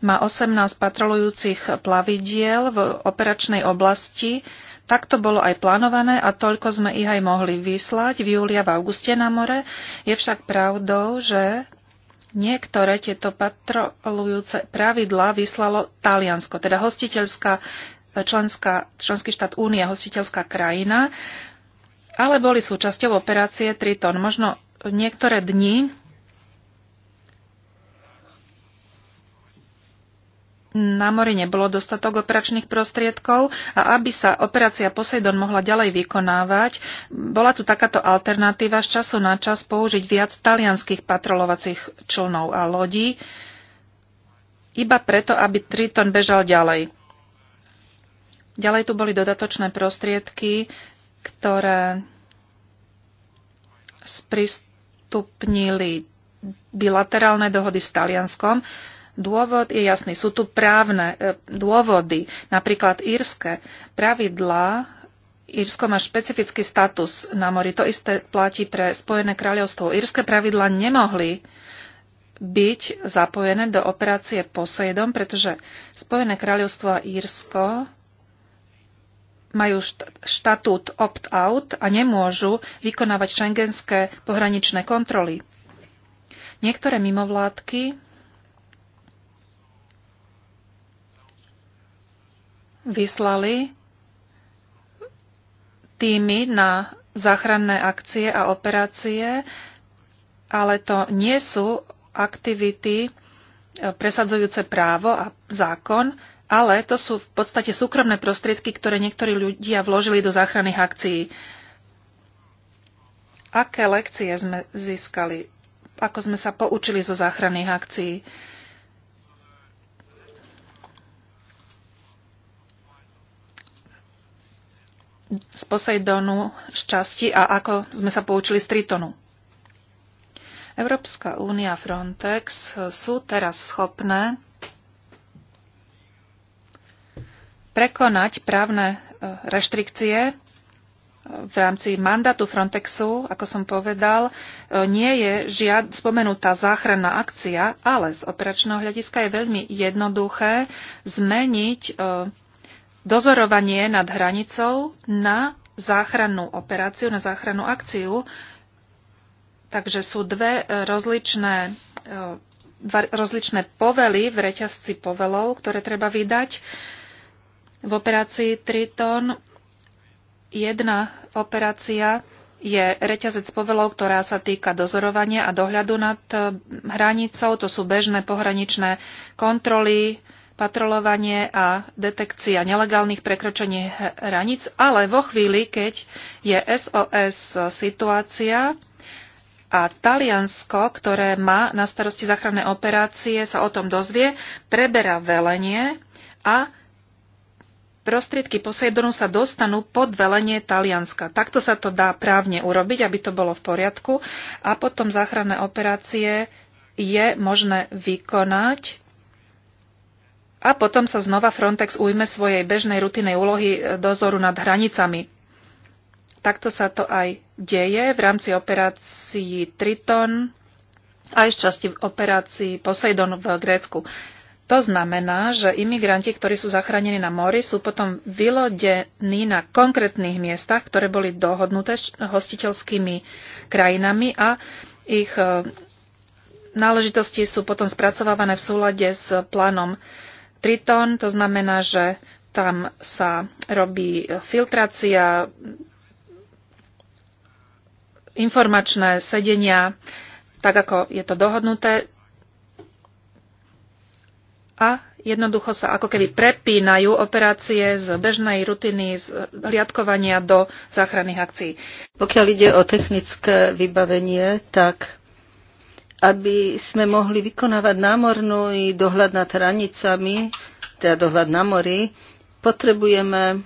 má 18 patrolujúcich plavidiel v operačnej oblasti. Tak to bolo aj plánované a toľko sme ich aj mohli vyslať v júlia v auguste na more. Je však pravdou, že niektoré tieto patrolujúce pravidlá vyslalo Taliansko, teda hostiteľská členská, členský štát únia hostiteľská krajina, ale boli súčasťou operácie Triton. Možno niektoré dni na mori nebolo dostatok operačných prostriedkov a aby sa operácia Poseidon mohla ďalej vykonávať, bola tu takáto alternatíva z času na čas použiť viac talianských patrolovacích člnov a lodí, iba preto, aby Triton bežal ďalej. Ďalej tu boli dodatočné prostriedky, ktoré sprístupnili bilaterálne dohody s Talianskom. Dôvod je jasný. Sú tu právne e, dôvody, napríklad írske pravidlá. Írsko má špecifický status na mori. To isté platí pre Spojené kráľovstvo. Írske pravidlá nemohli byť zapojené do operácie Poseidon, pretože Spojené kráľovstvo a Írsko majú štatút opt-out a nemôžu vykonávať šengenské pohraničné kontroly. Niektoré mimovládky vyslali týmy na záchranné akcie a operácie, ale to nie sú aktivity e, presadzujúce právo a zákon, ale to sú v podstate súkromné prostriedky, ktoré niektorí ľudia vložili do záchranných akcií. Aké lekcie sme získali? Ako sme sa poučili zo záchranných akcií? z Poseidonu, z časti a ako sme sa poučili z Tritonu. Európska únia Frontex sú teraz schopné prekonať právne e, reštrikcie e, v rámci mandátu Frontexu, ako som povedal, e, nie je žiad spomenutá záchranná akcia, ale z operačného hľadiska je veľmi jednoduché zmeniť dozorovanie nad hranicou na záchrannú operáciu, na záchrannú akciu. Takže sú dve rozličné rozličné povely v reťazci povelov, ktoré treba vydať. V operácii Triton jedna operácia je reťazec povelov, ktorá sa týka dozorovania a dohľadu nad e, hranicou. To sú bežné pohraničné kontroly, patrolovanie a detekcia nelegálnych prekročení hraníc, ale vo chvíli, keď je SOS situácia a Taliansko, ktoré má na starosti záchranné operácie, sa o tom dozvie, preberá velenie a prostriedky Poseidonu sa dostanú pod velenie Talianska. Takto sa to dá právne urobiť, aby to bolo v poriadku. A potom záchranné operácie je možné vykonať a potom sa znova Frontex ujme svojej bežnej rutinej úlohy e, dozoru nad hranicami. Takto sa to aj deje v rámci operácií Triton, aj z časti operácií Poseidon v Grécku. To znamená, že imigranti, ktorí sú zachránení na mori, sú potom vylodení na konkrétnych miestach, ktoré boli dohodnuté s hostiteľskými krajinami a ich e, náležitosti sú potom spracovávané v súlade s plánom Triton. To znamená, že tam sa robí filtrácia, informačné sedenia, tak ako je to dohodnuté, a jednoducho sa ako keby prepínajú operácie z bežnej rutiny, z hliadkovania do záchranných akcií. Pokiaľ ide o technické vybavenie, tak aby sme mohli vykonávať námornú i dohľad nad hranicami, teda dohľad na mori, potrebujeme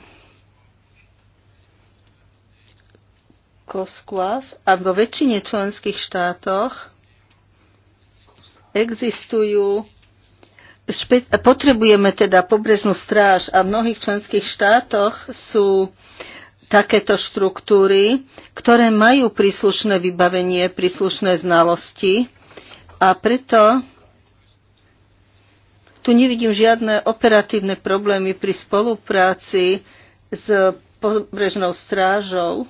COSQUAS a vo väčšine členských štátoch existujú potrebujeme teda pobrežnú stráž a v mnohých členských štátoch sú takéto štruktúry, ktoré majú príslušné vybavenie, príslušné znalosti a preto tu nevidím žiadne operatívne problémy pri spolupráci s pobrežnou strážou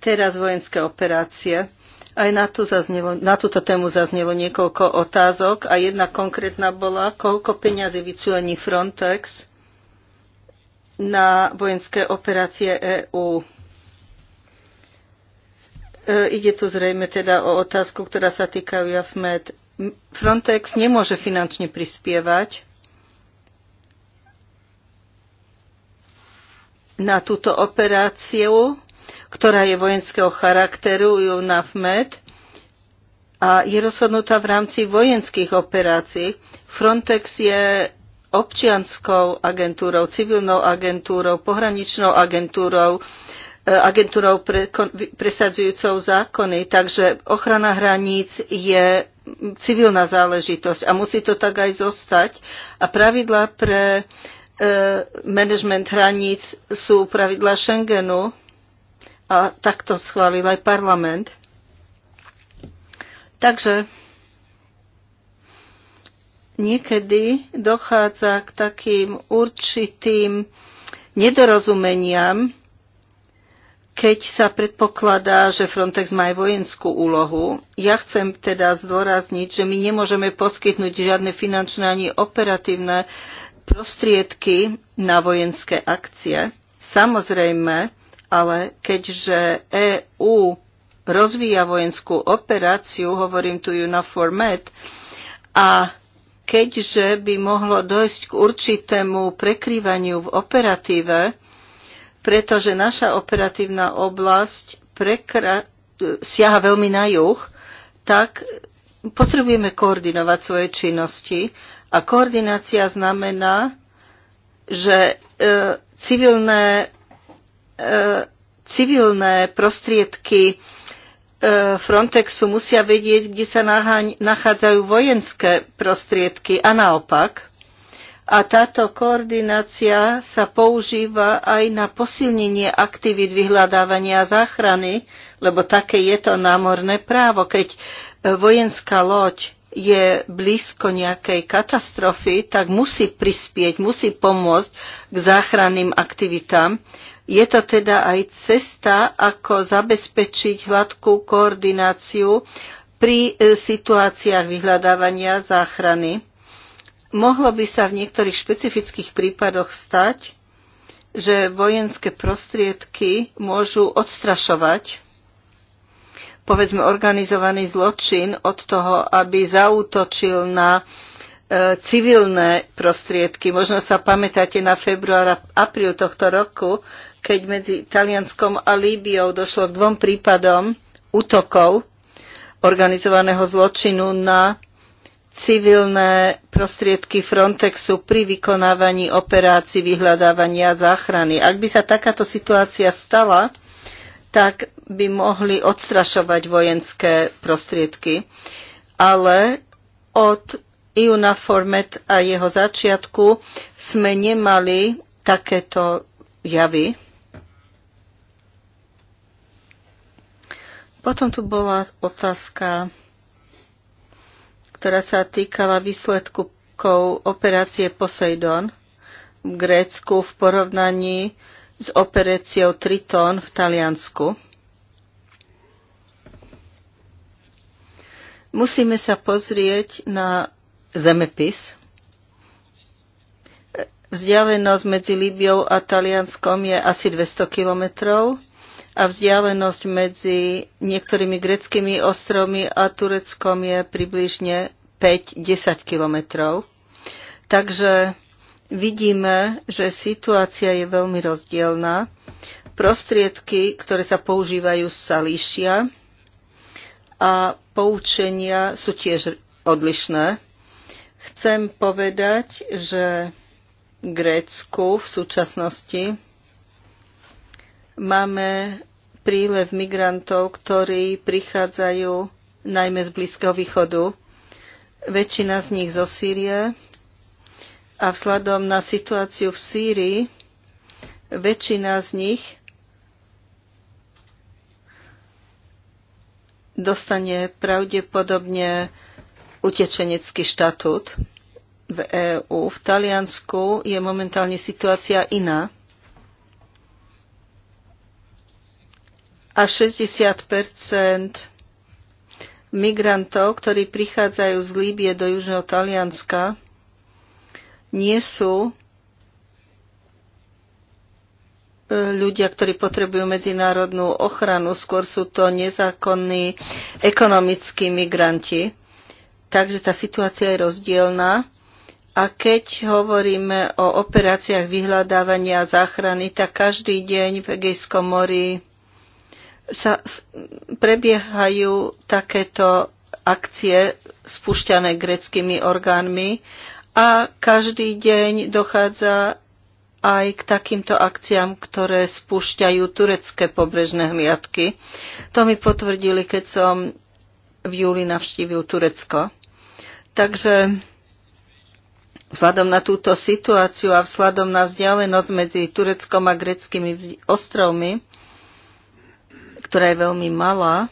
Teraz vojenské operácie. Aj na, tú zaznelo, na túto tému zaznelo niekoľko otázok a jedna konkrétna bola, koľko peňazí vyčlení Frontex na vojenské operácie EÚ. E, ide tu zrejme teda o otázku, ktorá sa týka UFMED. Frontex nemôže finančne prispievať na túto operáciu, ktorá je vojenského charakteru UNAFMED a je rozhodnutá v rámci vojenských operácií. Frontex je občianskou agentúrou, civilnou agentúrou, pohraničnou agentúrou, e, agentúrou pre, presadzujúcou zákony. Takže ochrana hraníc je civilná záležitosť a musí to tak aj zostať. A pravidla pre e, management hraníc sú pravidla Schengenu a takto schválil aj parlament. Takže niekedy dochádza k takým určitým nedorozumeniam, keď sa predpokladá, že Frontex má aj vojenskú úlohu. Ja chcem teda zdôrazniť, že my nemôžeme poskytnúť žiadne finančné ani operatívne prostriedky na vojenské akcie. Samozrejme, ale keďže EÚ rozvíja vojenskú operáciu, hovorím tu ju na format, a keďže by mohlo dojsť k určitému prekrývaniu v operatíve, pretože naša operatívna oblasť prekra- siaha veľmi na juh, tak potrebujeme koordinovať svoje činnosti a koordinácia znamená, že e, civilné civilné prostriedky e, Frontexu musia vedieť, kde sa nachádzajú vojenské prostriedky a naopak. A táto koordinácia sa používa aj na posilnenie aktivít vyhľadávania a záchrany, lebo také je to námorné právo. Keď e, vojenská loď je blízko nejakej katastrofy, tak musí prispieť, musí pomôcť k záchranným aktivitám. Je to teda aj cesta, ako zabezpečiť hladkú koordináciu pri e, situáciách vyhľadávania záchrany. Mohlo by sa v niektorých špecifických prípadoch stať, že vojenské prostriedky môžu odstrašovať povedzme organizovaný zločin od toho, aby zautočil na E, civilné prostriedky. Možno sa pamätáte na február a apríl tohto roku, keď medzi Talianskom a Líbiou došlo k dvom prípadom útokov organizovaného zločinu na civilné prostriedky Frontexu pri vykonávaní operácií vyhľadávania a záchrany. Ak by sa takáto situácia stala, tak by mohli odstrašovať vojenské prostriedky. Ale od Iunaformet a jeho začiatku sme nemali takéto javy. Potom tu bola otázka, ktorá sa týkala výsledku operácie Poseidon v Grécku v porovnaní s operáciou Triton v Taliansku. Musíme sa pozrieť na zemepis. Vzdialenosť medzi Líbiou a Talianskom je asi 200 kilometrov a vzdialenosť medzi niektorými greckými ostrovmi a Tureckom je približne 5-10 kilometrov. Takže vidíme, že situácia je veľmi rozdielná. Prostriedky, ktoré sa používajú, sa líšia a poučenia sú tiež odlišné. Chcem povedať, že Grécku v súčasnosti máme prílev migrantov, ktorí prichádzajú najmä z Blízkeho východu. Väčšina z nich zo Sýrie a vzhľadom na situáciu v Sýrii väčšina z nich dostane pravdepodobne utečenecký štatút v EÚ. V Taliansku je momentálne situácia iná. A 60 migrantov, ktorí prichádzajú z Líbie do Južného Talianska, nie sú e, ľudia, ktorí potrebujú medzinárodnú ochranu, skôr sú to nezákonní ekonomickí migranti. Takže tá situácia je rozdielna. A keď hovoríme o operáciách vyhľadávania a záchrany, tak každý deň v Egejskom mori sa prebiehajú takéto akcie spúšťané greckými orgánmi a každý deň dochádza aj k takýmto akciám, ktoré spúšťajú turecké pobrežné hliadky. To mi potvrdili, keď som v júli navštívil Turecko. Takže vzhľadom na túto situáciu a vzhľadom na vzdialenosť medzi Tureckom a greckými ostrovmi, ktorá je veľmi malá,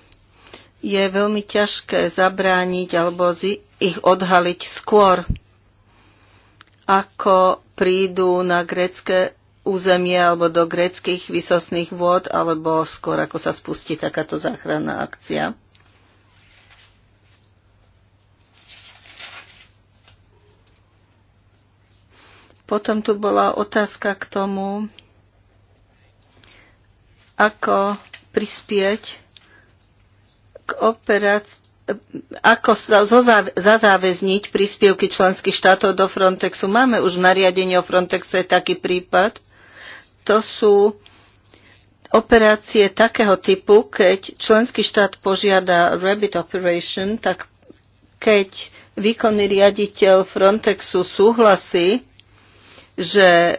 je veľmi ťažké zabrániť alebo ich odhaliť skôr, ako prídu na grecké územie alebo do greckých vysosných vôd, alebo skôr ako sa spustí takáto záchranná akcia. Potom tu bola otázka k tomu, ako prispieť k operácii ako zazáväzniť príspevky členských štátov do Frontexu. Máme už v nariadení o Frontexe taký prípad. To sú operácie takého typu, keď členský štát požiada Rabbit Operation, tak keď výkonný riaditeľ Frontexu súhlasí že e,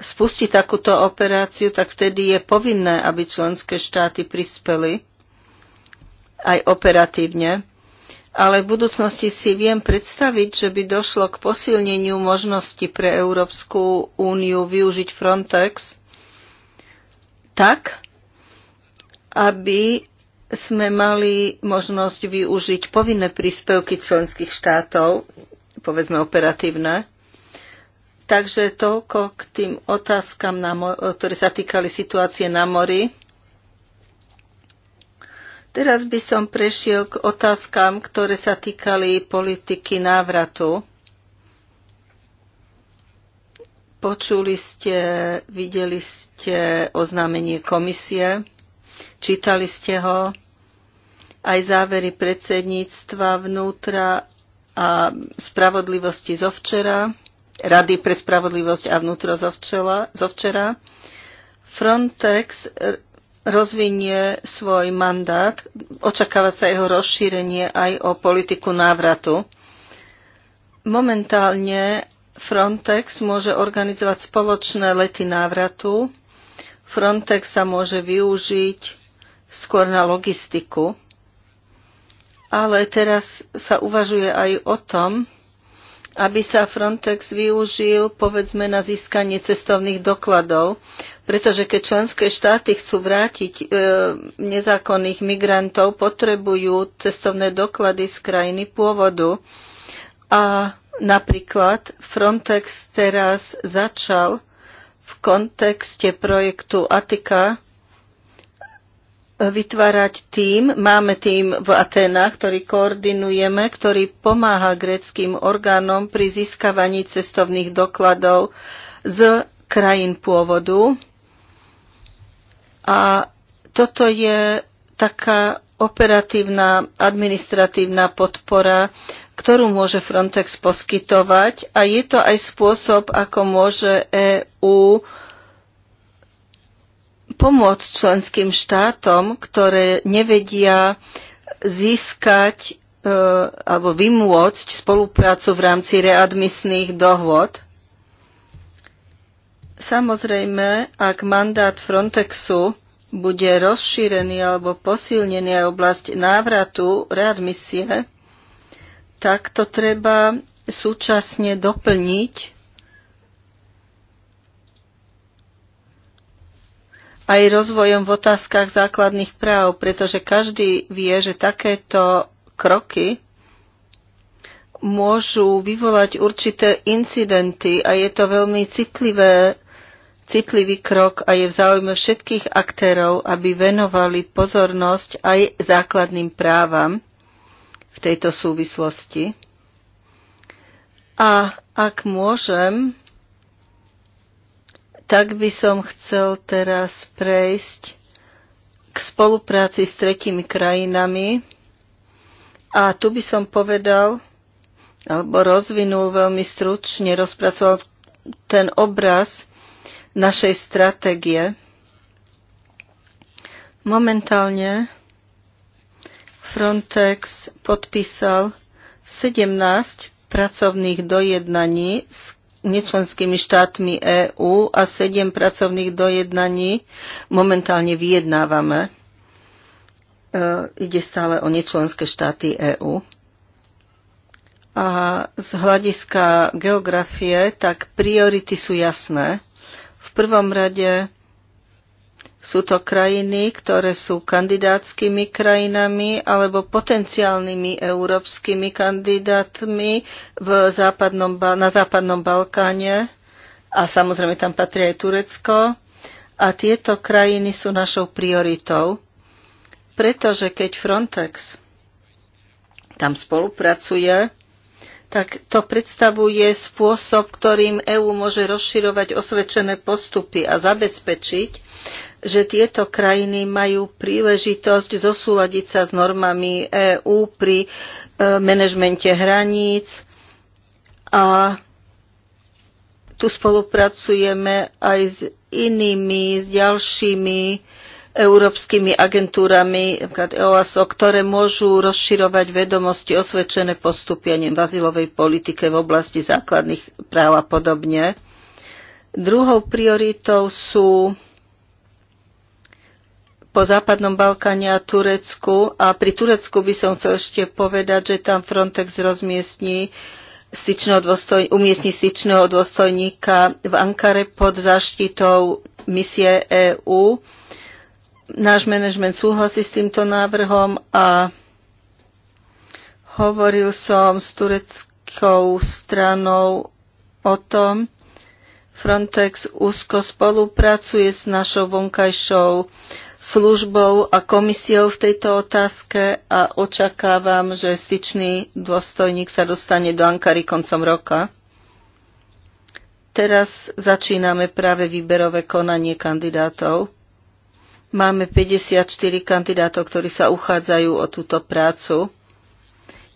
spustí takúto operáciu, tak vtedy je povinné, aby členské štáty prispeli aj operatívne. Ale v budúcnosti si viem predstaviť, že by došlo k posilneniu možnosti pre Európsku úniu využiť Frontex tak, aby sme mali možnosť využiť povinné príspevky členských štátov, povedzme operatívne, Takže toľko k tým otázkam, na ktoré sa týkali situácie na mori. Teraz by som prešiel k otázkam, ktoré sa týkali politiky návratu. Počuli ste, videli ste oznámenie komisie, čítali ste ho, aj závery predsedníctva vnútra a spravodlivosti zo včera. Rady pre spravodlivosť a vnútro zo včera. Frontex rozvinie svoj mandát, očakáva sa jeho rozšírenie aj o politiku návratu. Momentálne Frontex môže organizovať spoločné lety návratu. Frontex sa môže využiť skôr na logistiku. Ale teraz sa uvažuje aj o tom, aby sa Frontex využil povedzme na získanie cestovných dokladov, pretože keď členské štáty chcú vrátiť e, nezákonných migrantov, potrebujú cestovné doklady z krajiny pôvodu. A napríklad Frontex teraz začal v kontexte projektu Atika vytvárať tým. Máme tým v Atenách, ktorý koordinujeme, ktorý pomáha greckým orgánom pri získavaní cestovných dokladov z krajín pôvodu. A toto je taká operatívna administratívna podpora, ktorú môže Frontex poskytovať a je to aj spôsob, ako môže EÚ EU pomôcť členským štátom, ktoré nevedia získať e, alebo vymôcť spoluprácu v rámci readmisných dohôd. Samozrejme, ak mandát Frontexu bude rozšírený alebo posilnený aj oblasť návratu readmisie, tak to treba súčasne doplniť aj rozvojom v otázkach základných práv, pretože každý vie, že takéto kroky môžu vyvolať určité incidenty a je to veľmi citlivé, citlivý krok a je v záujme všetkých aktérov, aby venovali pozornosť aj základným právam v tejto súvislosti. A ak môžem, tak by som chcel teraz prejsť k spolupráci s tretimi krajinami. A tu by som povedal, alebo rozvinul veľmi stručne, rozpracoval ten obraz našej stratégie. Momentálne Frontex podpísal 17 pracovných dojednaní s nečlenskými štátmi EÚ a sedem pracovných dojednaní momentálne vyjednávame. E, ide stále o nečlenské štáty EÚ. A z hľadiska geografie, tak priority sú jasné. V prvom rade sú to krajiny, ktoré sú kandidátskymi krajinami alebo potenciálnymi európskymi kandidátmi v západnom, na západnom Balkáne a samozrejme tam patrí aj Turecko. A tieto krajiny sú našou prioritou, pretože keď Frontex tam spolupracuje, tak to predstavuje spôsob, ktorým EÚ môže rozširovať osvedčené postupy a zabezpečiť, že tieto krajiny majú príležitosť zosúľadiť sa s normami EÚ pri e, manažmente hraníc a tu spolupracujeme aj s inými, s ďalšími európskymi agentúrami, napríklad EOASO, ktoré môžu rozširovať vedomosti osvedčené postupianiem v azylovej politike v oblasti základných práv a podobne. Druhou prioritou sú po Západnom Balkáne a Turecku. A pri Turecku by som chcel ešte povedať, že tam Frontex rozmiestní styčného umiestni styčného dôstojníka v Ankare pod záštitou misie EÚ. Náš manažment súhlasí s týmto návrhom a hovoril som s tureckou stranou o tom, Frontex úzko spolupracuje s našou vonkajšou službou a komisiou v tejto otázke a očakávam, že styčný dôstojník sa dostane do Ankary koncom roka. Teraz začíname práve výberové konanie kandidátov. Máme 54 kandidátov, ktorí sa uchádzajú o túto prácu.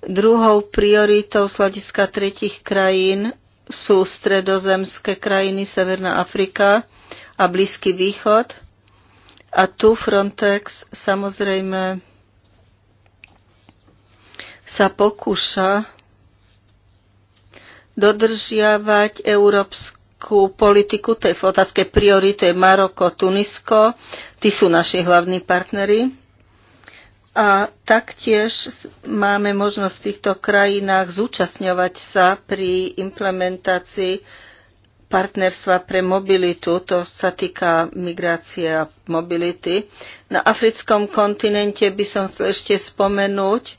Druhou prioritou z hľadiska tretich krajín sú stredozemské krajiny, Severná Afrika a Blízky východ a tu Frontex samozrejme sa pokúša dodržiavať európsku politiku, to je v otázke priority, je Maroko, Tunisko, tí sú naši hlavní partnery. A taktiež máme možnosť v týchto krajinách zúčastňovať sa pri implementácii partnerstva pre mobilitu, to sa týka migrácie a mobility. Na africkom kontinente by som chcel ešte spomenúť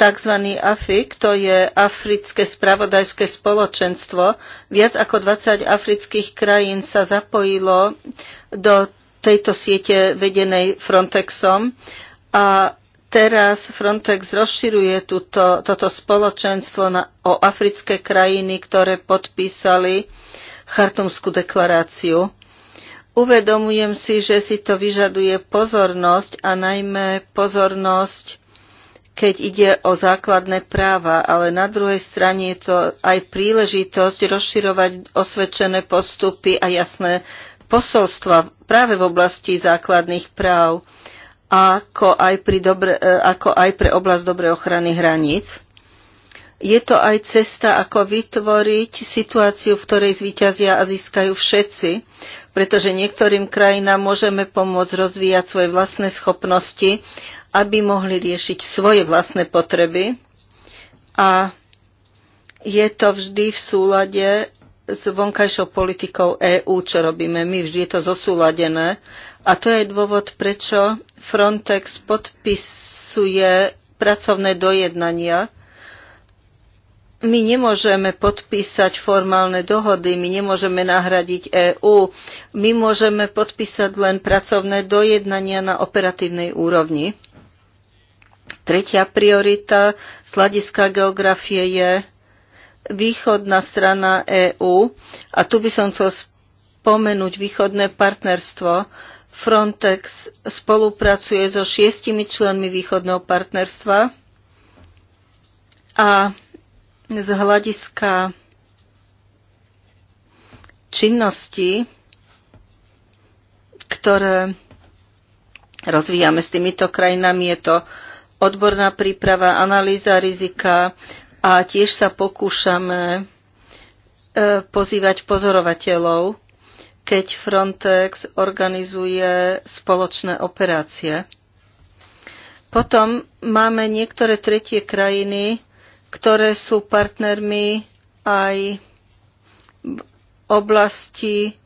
tzv. AFIC, to je Africké spravodajské spoločenstvo. Viac ako 20 afrických krajín sa zapojilo do tejto siete vedenej Frontexom a Teraz Frontex rozširuje túto, toto spoločenstvo na, o africké krajiny, ktoré podpísali Chartumskú deklaráciu. Uvedomujem si, že si to vyžaduje pozornosť a najmä pozornosť, keď ide o základné práva, ale na druhej strane je to aj príležitosť rozširovať osvedčené postupy a jasné posolstva práve v oblasti základných práv ako aj, pri dobre, e, ako aj pre oblasť dobrej ochrany hraníc. Je to aj cesta, ako vytvoriť situáciu, v ktorej zvíťazia a získajú všetci, pretože niektorým krajinám môžeme pomôcť rozvíjať svoje vlastné schopnosti, aby mohli riešiť svoje vlastné potreby. A je to vždy v súlade s vonkajšou politikou EÚ, čo robíme my, vždy je to zosúladené a to je dôvod, prečo Frontex podpisuje pracovné dojednania. My nemôžeme podpísať formálne dohody, my nemôžeme nahradiť EÚ, my môžeme podpísať len pracovné dojednania na operatívnej úrovni. Tretia priorita z hľadiska geografie je východná strana EÚ a tu by som chcel spomenúť východné partnerstvo, Frontex spolupracuje so šiestimi členmi východného partnerstva a z hľadiska činnosti, ktoré rozvíjame s týmito krajinami, je to odborná príprava, analýza rizika a tiež sa pokúšame e, pozývať pozorovateľov keď Frontex organizuje spoločné operácie. Potom máme niektoré tretie krajiny, ktoré sú partnermi aj v oblasti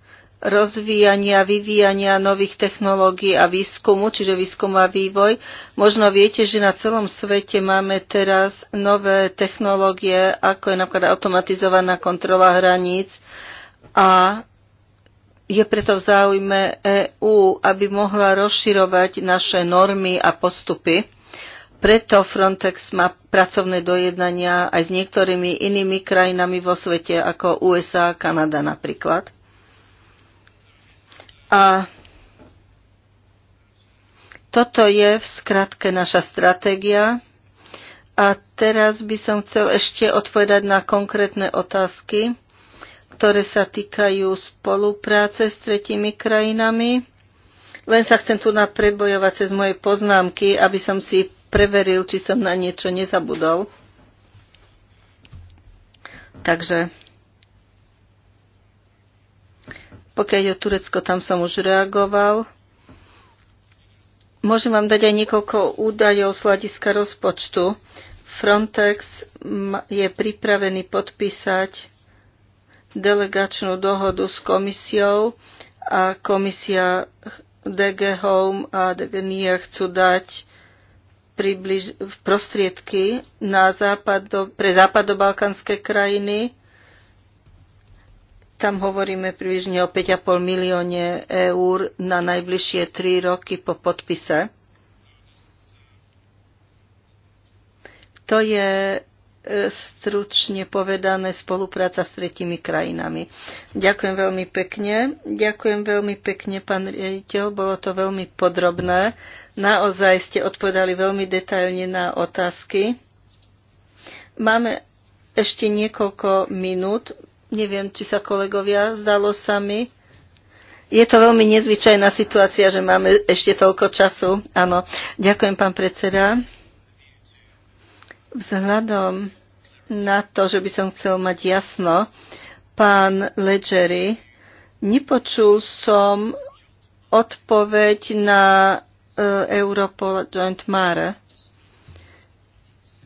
rozvíjania, vyvíjania nových technológií a výskumu, čiže výskum a vývoj. Možno viete, že na celom svete máme teraz nové technológie, ako je napríklad automatizovaná kontrola hraníc a je preto v záujme EÚ, aby mohla rozširovať naše normy a postupy. Preto Frontex má pracovné dojednania aj s niektorými inými krajinami vo svete, ako USA, Kanada napríklad. A toto je v skratke naša stratégia. A teraz by som chcel ešte odpovedať na konkrétne otázky ktoré sa týkajú spolupráce s tretimi krajinami. Len sa chcem tu naprebojovať cez moje poznámky, aby som si preveril, či som na niečo nezabudol. Takže pokiaľ je o Turecko, tam som už reagoval. Môžem vám dať aj niekoľko údajov z hľadiska rozpočtu. Frontex je pripravený podpísať delegačnú dohodu s komisiou a komisia DG Home a DG NIR chcú dať približ, prostriedky na západo, pre západobalkanské krajiny. Tam hovoríme približne o 5,5 milióne eur na najbližšie 3 roky po podpise. To je E, stručne povedané spolupráca s tretimi krajinami. Ďakujem veľmi pekne. Ďakujem veľmi pekne, pán riaditeľ. Bolo to veľmi podrobné. Naozaj ste odpovedali veľmi detailne na otázky. Máme ešte niekoľko minút. Neviem, či sa kolegovia zdalo sami. Je to veľmi nezvyčajná situácia, že máme ešte toľko času. Áno. Ďakujem, pán predseda. Vzhľadom na to, že by som chcel mať jasno, pán Ledgery, nepočul som odpoveď na e, Europol Joint Mare.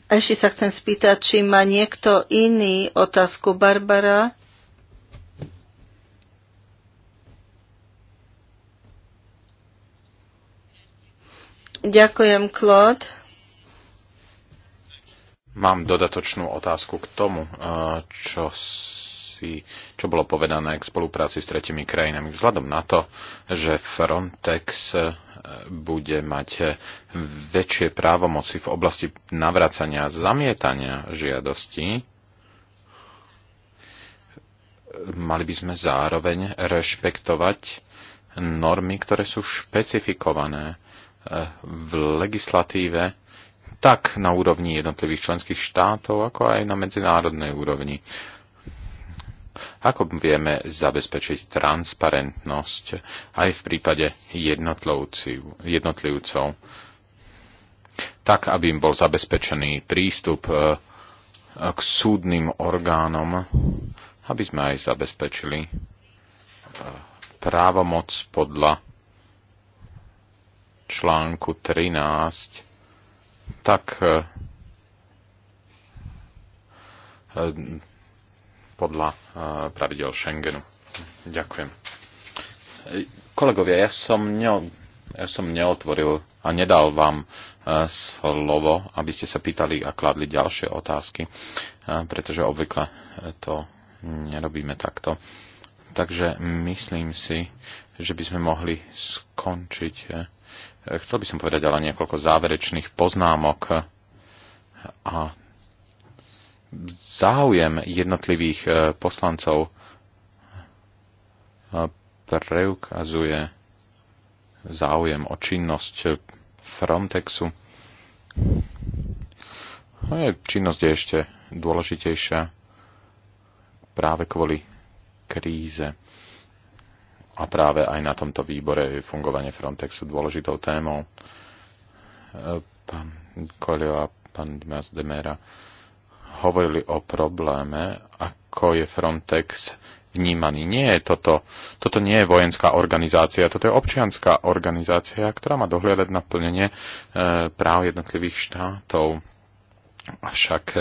A ešte sa chcem spýtať, či má niekto iný otázku. Barbara? Ďakujem, Claude. Mám dodatočnú otázku k tomu, eh, čo, si, čo bolo povedané k spolupráci s tretimi krajinami. Vzhľadom na to, že Frontex eh, bude mať eh, väčšie právomoci v oblasti navracania a zamietania žiadostí, mali by sme zároveň rešpektovať normy, ktoré sú špecifikované v legislatíve tak na úrovni jednotlivých členských štátov, ako aj na medzinárodnej úrovni. Ako vieme zabezpečiť transparentnosť aj v prípade jednotlivcov, tak aby im bol zabezpečený prístup e, k súdnym orgánom, aby sme aj zabezpečili e, právomoc podľa článku 13 tak e, e, podľa e, pravidel Schengenu. Ďakujem. Kolegovia, ja som, ne, ja som neotvoril a nedal vám slovo, aby ste sa pýtali a kladli ďalšie otázky, pretože obvykle to nerobíme takto. Takže myslím si, že by sme mohli skončiť Chcel by som povedať ale niekoľko záverečných poznámok a záujem jednotlivých e, poslancov e, preukazuje záujem o činnosť Frontexu. No činnosť je ešte dôležitejšia práve kvôli kríze a práve aj na tomto výbore je fungovanie Frontexu dôležitou témou. E, pán Kolio a pán Dimas Demera hovorili o probléme, ako je Frontex vnímaný. Nie je toto, toto nie je vojenská organizácia, toto je občianská organizácia, ktorá má dohliadať na plnenie e, práv jednotlivých štátov. Avšak e,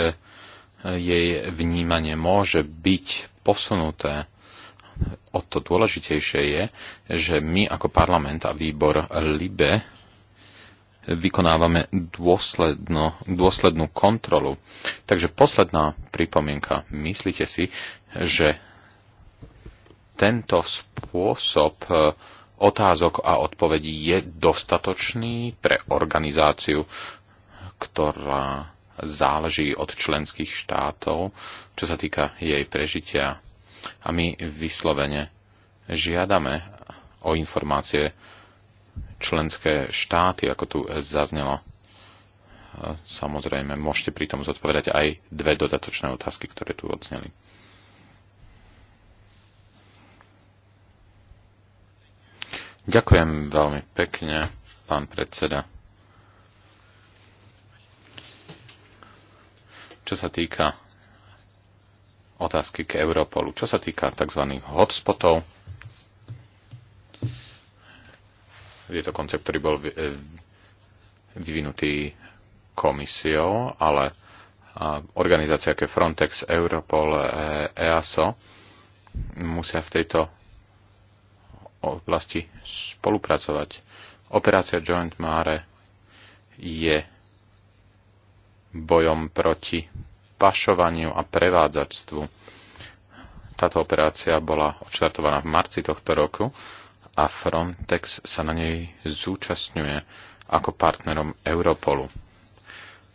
jej vnímanie môže byť posunuté o to dôležitejšie je, že my ako parlament a výbor LIBE vykonávame dôsledno, dôslednú kontrolu. Takže posledná pripomienka. Myslíte si, že tento spôsob e, otázok a odpovedí je dostatočný pre organizáciu, ktorá záleží od členských štátov, čo sa týka jej prežitia a my vyslovene žiadame o informácie členské štáty, ako tu zaznelo. Samozrejme, môžete pritom zodpovedať aj dve dodatočné otázky, ktoré tu odzneli. Ďakujem veľmi pekne, pán predseda. Čo sa týka otázky k Europolu. Čo sa týka tzv. hotspotov, je to koncept, ktorý bol eh, vyvinutý komisiou, ale organizácie ako Frontex, Europol, eh, EASO musia v tejto oblasti spolupracovať. Operácia Joint Mare je bojom proti pašovaniu a prevádzačstvu. Táto operácia bola odštartovaná v marci tohto roku a Frontex sa na nej zúčastňuje ako partnerom Europolu.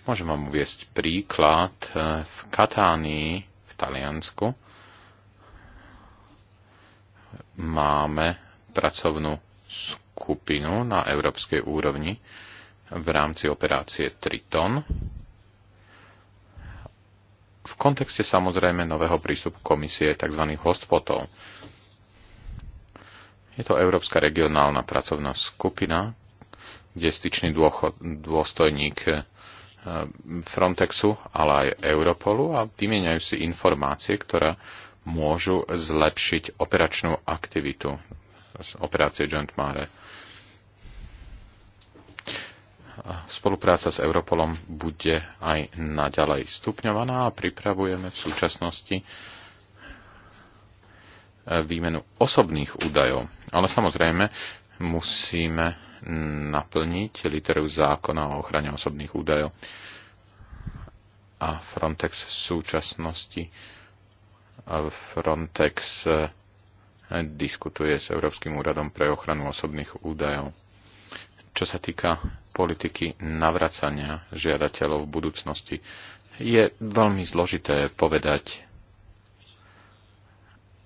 Môžem vám uviesť príklad. Eh, v Katánii v Taliansku máme pracovnú skupinu na európskej úrovni v rámci operácie Triton, v kontexte samozrejme nového prístupu komisie tzv. hostpotov. Je to Európska regionálna pracovná skupina, kde styčný dôchod, dôstojník e, Frontexu, ale aj Europolu a vymieňajú si informácie, ktoré môžu zlepšiť operačnú aktivitu z operácie Joint Mare spolupráca s Europolom bude aj naďalej stupňovaná a pripravujeme v súčasnosti e, výmenu osobných údajov. Ale samozrejme musíme naplniť literu zákona o ochrane osobných údajov. A Frontex v súčasnosti Frontex e, diskutuje s Európskym úradom pre ochranu osobných údajov. Čo sa týka politiky navracania žiadateľov v budúcnosti. Je veľmi zložité povedať,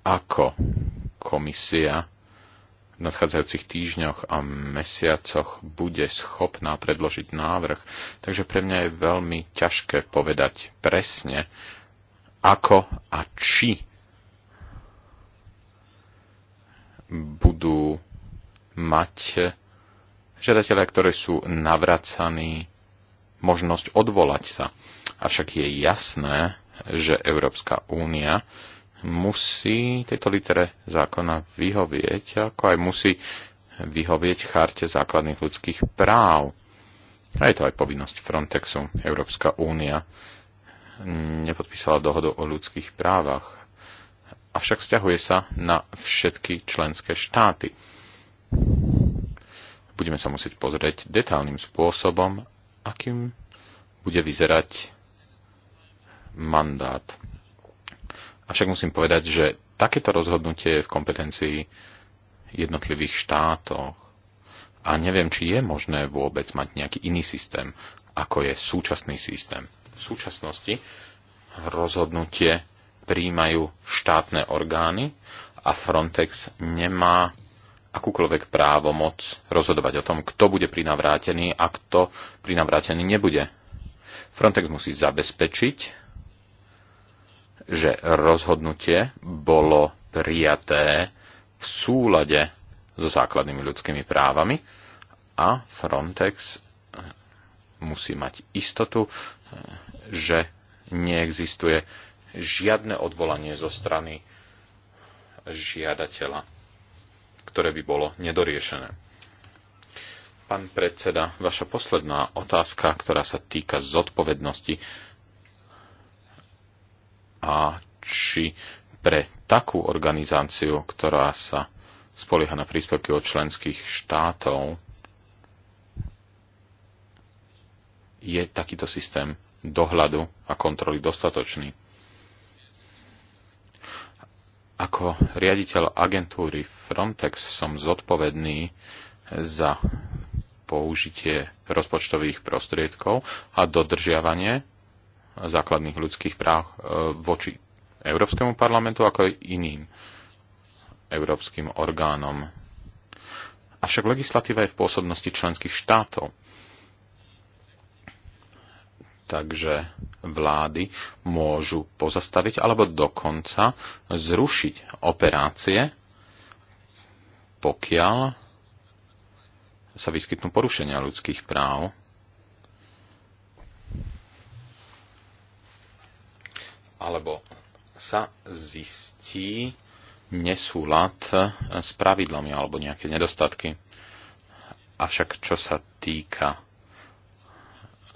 ako komisia v nadchádzajúcich týždňoch a mesiacoch bude schopná predložiť návrh. Takže pre mňa je veľmi ťažké povedať presne, ako a či budú mať žiadatelia, ktoré sú navracaní možnosť odvolať sa. Avšak je jasné, že Európska únia musí tejto litere zákona vyhovieť, ako aj musí vyhovieť charte základných ľudských práv. A je to aj povinnosť Frontexu. Európska únia nepodpísala dohodu o ľudských právach, avšak vzťahuje sa na všetky členské štáty budeme sa musieť pozrieť detálnym spôsobom, akým bude vyzerať mandát. Avšak musím povedať, že takéto rozhodnutie je v kompetencii jednotlivých štátoch a neviem, či je možné vôbec mať nejaký iný systém, ako je súčasný systém. V súčasnosti rozhodnutie príjmajú štátne orgány a Frontex nemá akúkoľvek právomoc rozhodovať o tom, kto bude prinavrátený a kto prinavrátený nebude. Frontex musí zabezpečiť, že rozhodnutie bolo prijaté v súlade so základnými ľudskými právami a Frontex musí mať istotu, že neexistuje žiadne odvolanie zo strany žiadateľa ktoré by bolo nedoriešené. Pán predseda, vaša posledná otázka, ktorá sa týka zodpovednosti a či pre takú organizáciu, ktorá sa spolieha na príspevky od členských štátov, je takýto systém dohľadu a kontroly dostatočný. Ako riaditeľ agentúry Frontex som zodpovedný za použitie rozpočtových prostriedkov a dodržiavanie základných ľudských práv e, voči Európskemu parlamentu ako aj iným európskym orgánom. Avšak legislatíva je v pôsobnosti členských štátov takže vlády môžu pozastaviť alebo dokonca zrušiť operácie, pokiaľ sa vyskytnú porušenia ľudských práv. alebo sa zistí nesúlad s pravidlami alebo nejaké nedostatky. Avšak čo sa týka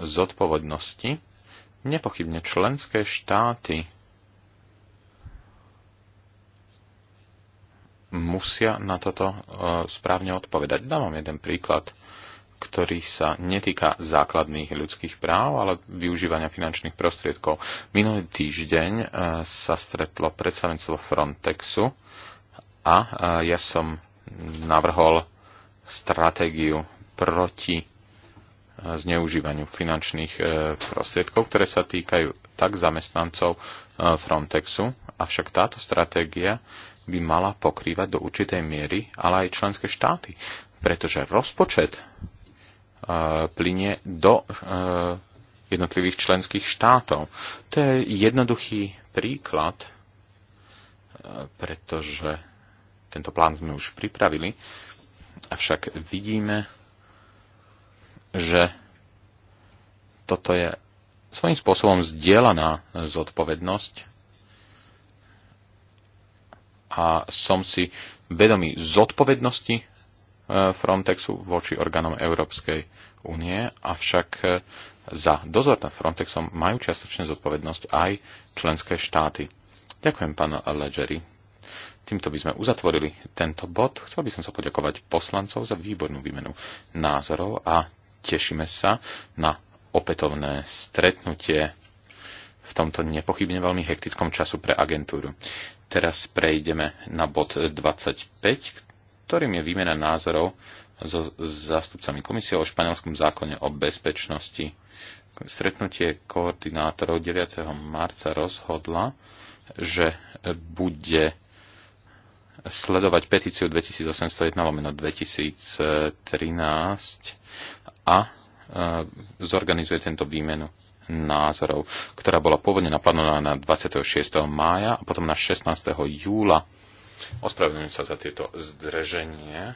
zodpovednosti, nepochybne členské štáty musia na toto e, správne odpovedať. Dám vám jeden príklad, ktorý sa netýka základných ľudských práv, ale využívania finančných prostriedkov. Minulý týždeň e, sa stretlo predstavenstvo Frontexu a e, ja som navrhol stratégiu proti zneužívaniu finančných e, prostriedkov, ktoré sa týkajú tak zamestnancov e, Frontexu, avšak táto stratégia by mala pokrývať do určitej miery, ale aj členské štáty, pretože rozpočet e, plinie do jednotlivých členských štátov. To je jednoduchý príklad, pretože tento plán sme už pripravili, avšak vidíme, že toto je svojím spôsobom zdieľaná zodpovednosť a som si vedomý zodpovednosti e, Frontexu voči orgánom Európskej únie, avšak e, za dozor nad Frontexom majú čiastočne zodpovednosť aj členské štáty. Ďakujem, pán Ledgeri. Týmto by sme uzatvorili tento bod. Chcel by som sa poďakovať poslancov za výbornú výmenu názorov a tešíme sa na opätovné stretnutie v tomto nepochybne veľmi hektickom času pre agentúru. Teraz prejdeme na bod 25, ktorým je výmena názorov so zástupcami komisie o španielskom zákone o bezpečnosti. Stretnutie koordinátorov 9. marca rozhodla, že bude sledovať petíciu 2801 lomeno 2013 a e, zorganizuje tento výmenu názorov, ktorá bola pôvodne naplánovaná na 26. mája a potom na 16. júla. Ospravedlňujem sa za tieto zdrženie,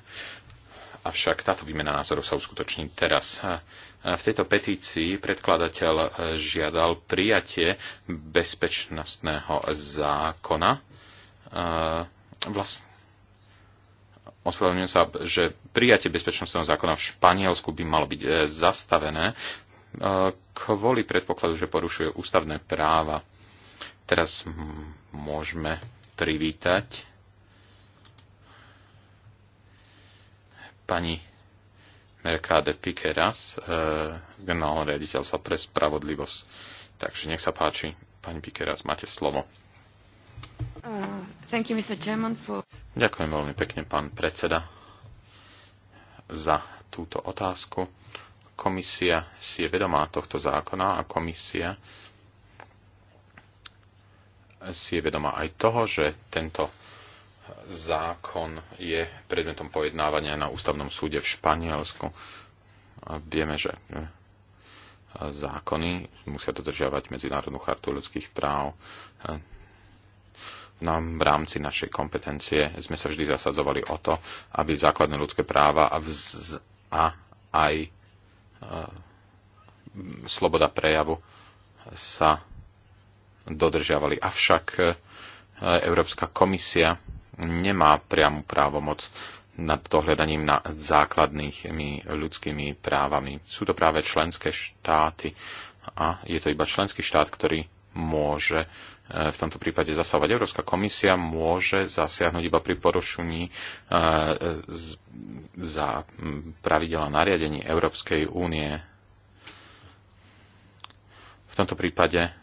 avšak táto výmena názorov sa uskutoční teraz. E, v tejto petícii predkladateľ e, žiadal prijatie bezpečnostného zákona, Vlastne ospravedlňujem sa, že prijatie bezpečnostného zákona v Španielsku by malo byť e, zastavené e, kvôli predpokladu, že porušuje ústavné práva. Teraz môžeme privítať pani Mercade Piqueras e, z generálneho riaditeľstva pre spravodlivosť. Takže nech sa páči, pani Piqueras, máte slovo. Ďakujem veľmi pekne, pán predseda, za túto otázku. Komisia si je vedomá tohto zákona a komisia si je vedomá aj toho, že tento zákon je predmetom pojednávania na ústavnom súde v Španielsku. Vieme, že e, zákony musia dodržiavať Medzinárodnú chartu ľudských práv. E, nám v rámci našej kompetencie sme sa vždy zasadzovali o to, aby základné ľudské práva a, vz, a aj e, sloboda prejavu sa dodržiavali. Avšak e, Európska komisia nemá priamu právomoc nad dohľadaním na základnými ľudskými právami. Sú to práve členské štáty a je to iba členský štát, ktorý môže e, v tomto prípade zasávať Európska komisia, môže zasiahnuť iba pri porušení e, e, za pravidela nariadení Európskej únie. V tomto prípade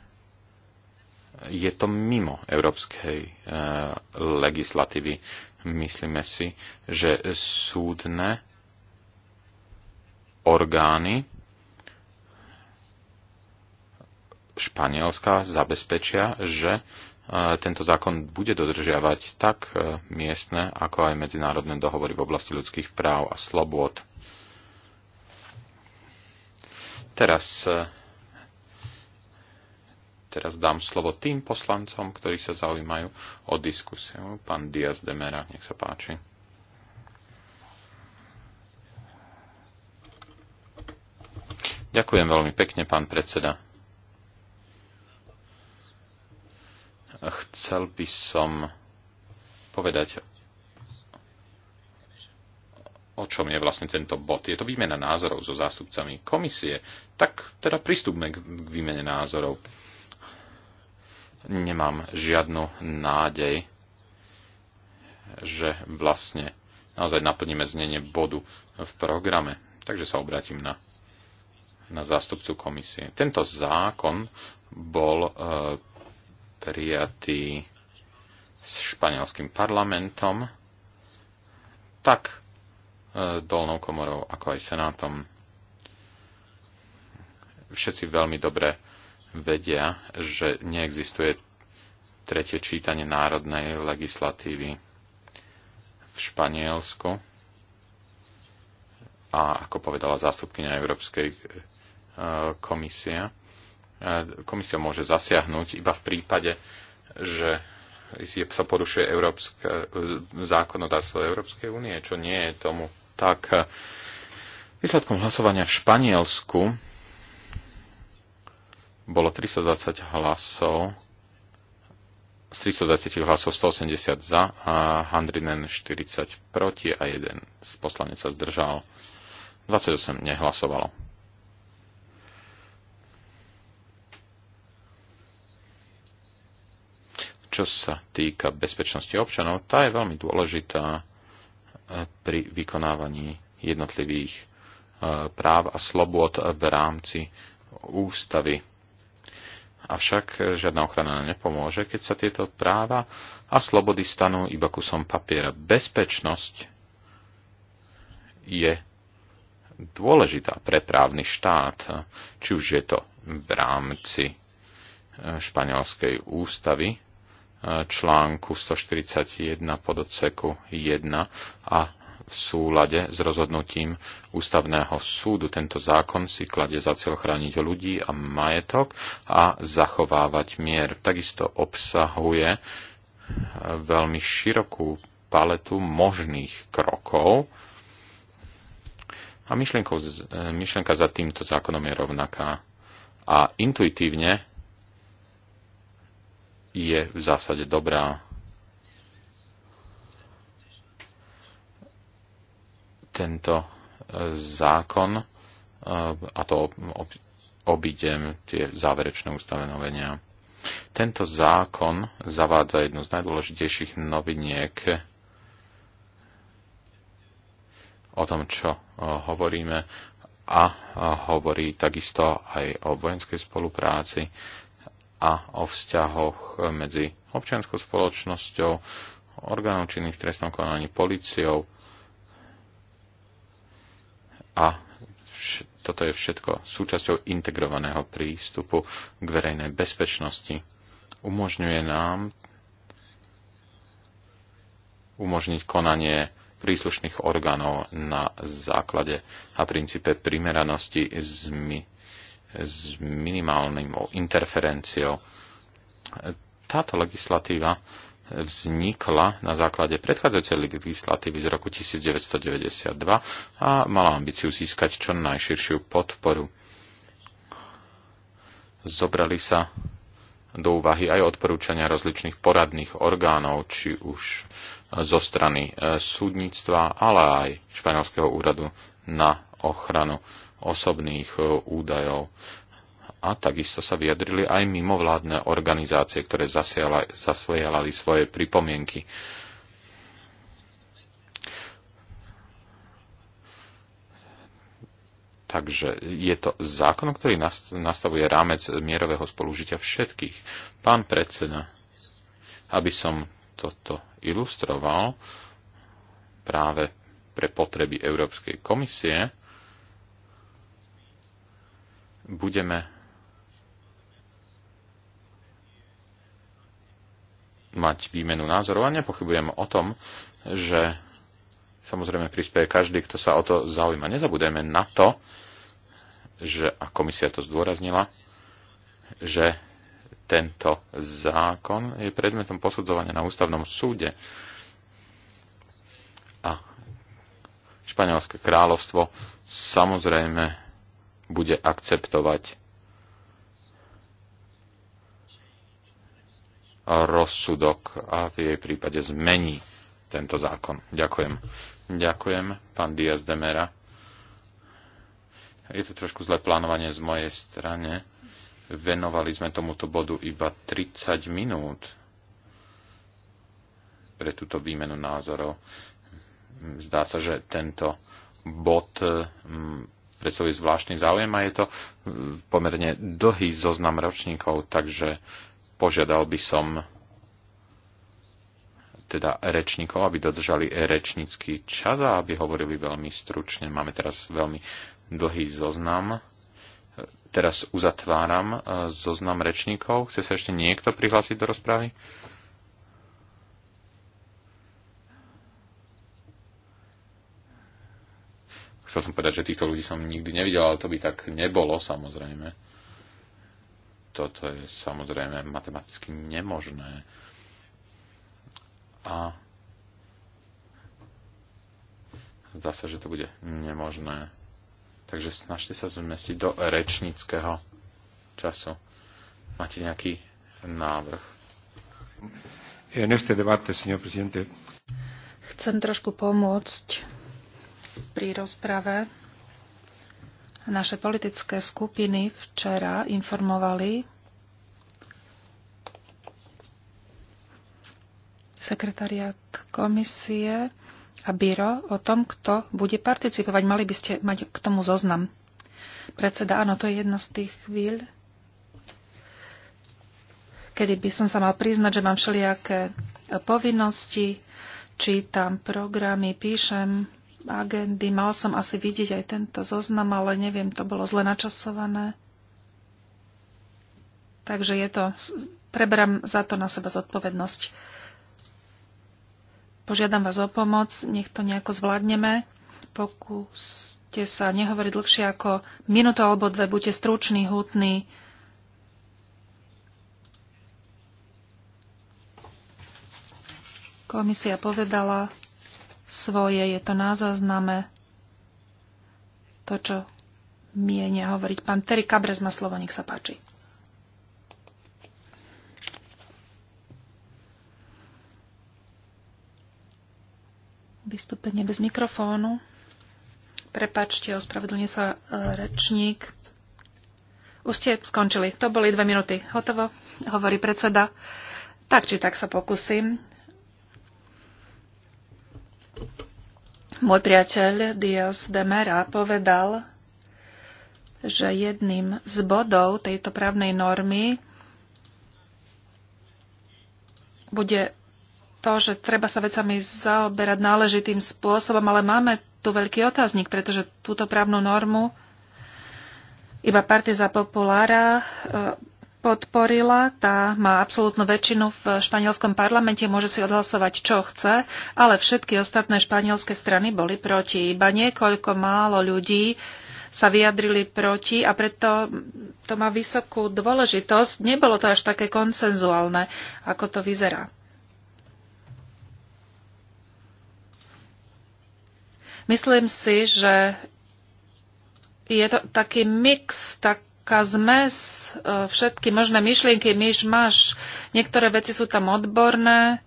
je to mimo európskej legislatívy. Myslíme si, že súdne orgány Španielska zabezpečia, že e, tento zákon bude dodržiavať tak e, miestne, ako aj medzinárodné dohovory v oblasti ľudských práv a slobôd. Teraz, e, teraz dám slovo tým poslancom, ktorí sa zaujímajú o diskusiu. Pán Diaz de Mera, nech sa páči. Ďakujem veľmi pekne, pán predseda. Chcel by som povedať, o čom je vlastne tento bod. Je to výmena názorov so zástupcami komisie. Tak teda pristúpme k výmene názorov. Nemám žiadnu nádej, že vlastne naozaj naplníme znenie bodu v programe. Takže sa obratím na, na zástupcu komisie. Tento zákon bol e, prijatý s španielským parlamentom, tak e, dolnou komorou, ako aj senátom. Všetci veľmi dobre vedia, že neexistuje tretie čítanie národnej legislatívy v Španielsku. A ako povedala zástupkynia Európskej e, komisie, komisia môže zasiahnuť iba v prípade, že sa porušuje európske, e, zákonodárstvo Európskej únie, čo nie je tomu tak. Výsledkom hlasovania v Španielsku bolo 320 hlasov, z 320 hlasov 180 za a Handrinen 40 proti a jeden z poslanec sa zdržal. 28 nehlasovalo. čo sa týka bezpečnosti občanov, tá je veľmi dôležitá e, pri vykonávaní jednotlivých e, práv a slobod v rámci ústavy. Avšak žiadna ochrana nepomôže, keď sa tieto práva a slobody stanú iba kusom papiera. Bezpečnosť je dôležitá pre právny štát, či už je to v rámci e, španielskej ústavy, článku 141 odseku 1 a v súlade s rozhodnutím ústavného súdu. Tento zákon si klade za cieľ chrániť ľudí a majetok a zachovávať mier. Takisto obsahuje e, veľmi širokú paletu možných krokov a e, myšlienka za týmto zákonom je rovnaká. A intuitívne je v zásade dobrá. Tento e, zákon, e, a to obidem tie záverečné ustanovenia. Tento zákon zavádza jednu z najdôležitejších noviniek o tom, čo e, hovoríme a hovorí takisto aj o vojenskej spolupráci a o vzťahoch e, medzi občianskou spoločnosťou, orgánom činných trestnom konaní, policiou a toto je všetko súčasťou integrovaného prístupu k verejnej bezpečnosti. Umožňuje nám umožniť konanie príslušných orgánov na základe a princípe primeranosti zmy s minimálnym interferenciou. Táto legislatíva vznikla na základe predchádzajúcej legislatívy z roku 1992 a mala ambíciu získať čo najširšiu podporu. Zobrali sa do úvahy aj odporúčania rozličných poradných orgánov, či už zo strany e, súdnictva, ale aj Španielského úradu na ochranu osobných e, údajov. A takisto sa vyjadrili aj mimovládne organizácie, ktoré zasielali svoje pripomienky. Takže je to zákon, ktorý nastavuje rámec mierového spolužitia všetkých. Pán predseda, aby som toto ilustroval práve pre potreby Európskej komisie, budeme mať výmenu názorov a nepochybujem o tom, že samozrejme prispieje každý, kto sa o to zaujíma. Nezabudeme na to, že, a komisia to zdôraznila, že tento zákon je predmetom posudzovania na ústavnom súde. A Španielské kráľovstvo samozrejme bude akceptovať rozsudok a v jej prípade zmení tento zákon. Ďakujem. Ďakujem, pán Diaz Demera. Je to trošku zlé plánovanie z mojej strane. Venovali sme tomuto bodu iba 30 minút pre túto výmenu názorov. Zdá sa, že tento bod predstavuje zvláštny záujem a je to mm, pomerne dlhý zoznam ročníkov, takže požiadal by som teda rečníkov, aby dodržali rečnícky čas a aby hovorili veľmi stručne. Máme teraz veľmi dlhý zoznam. Teraz uzatváram e, zoznam rečníkov. Chce sa ešte niekto prihlásiť do rozpravy? Chcel som povedať, že týchto ľudí som nikdy nevidel, ale to by tak nebolo, samozrejme. Toto je samozrejme matematicky nemožné. A zdá sa, že to bude nemožné. Takže snažte sa zmestiť do rečníckého času. Máte nejaký návrh? En este debate, señor presidente. Chcem trošku pomôcť pri rozprave. Naše politické skupiny včera informovali sekretariat komisie a byro o tom, kto bude participovať. Mali by ste mať k tomu zoznam. Predseda, áno, to je jedna z tých chvíľ, kedy by som sa mal priznať, že mám všelijaké povinnosti, čítam programy, píšem agendy. Mal som asi vidieť aj tento zoznam, ale neviem, to bolo zle načasované. Takže je to, preberám za to na seba zodpovednosť. Požiadam vás o pomoc, nech to nejako zvládneme. Pokúste sa nehovoriť dlhšie ako minútu alebo dve, buďte stručný, hutný. Komisia povedala, svoje, je to na zázname. To, čo mienia hovoriť. Pán Terry Kabrez má slovo, nech sa páči. Vystúpenie bez mikrofónu. Prepačte, ospravedlne sa e, rečník. Už ste skončili. To boli dve minúty. Hotovo, hovorí predseda. Tak či tak sa pokúsim Môj priateľ Diaz de Mera povedal, že jedným z bodov tejto právnej normy bude to, že treba sa vecami zaoberať náležitým spôsobom, ale máme tu veľký otáznik, pretože túto právnu normu iba Partiza Populára e, podporila, tá má absolútnu väčšinu v španielskom parlamente, môže si odhlasovať, čo chce, ale všetky ostatné španielské strany boli proti. Iba niekoľko málo ľudí sa vyjadrili proti a preto to má vysokú dôležitosť. Nebolo to až také konsenzuálne, ako to vyzerá. Myslím si, že je to taký mix, tak taká zmes, e, všetky možné myšlienky, myš, máš. Niektoré veci sú tam odborné,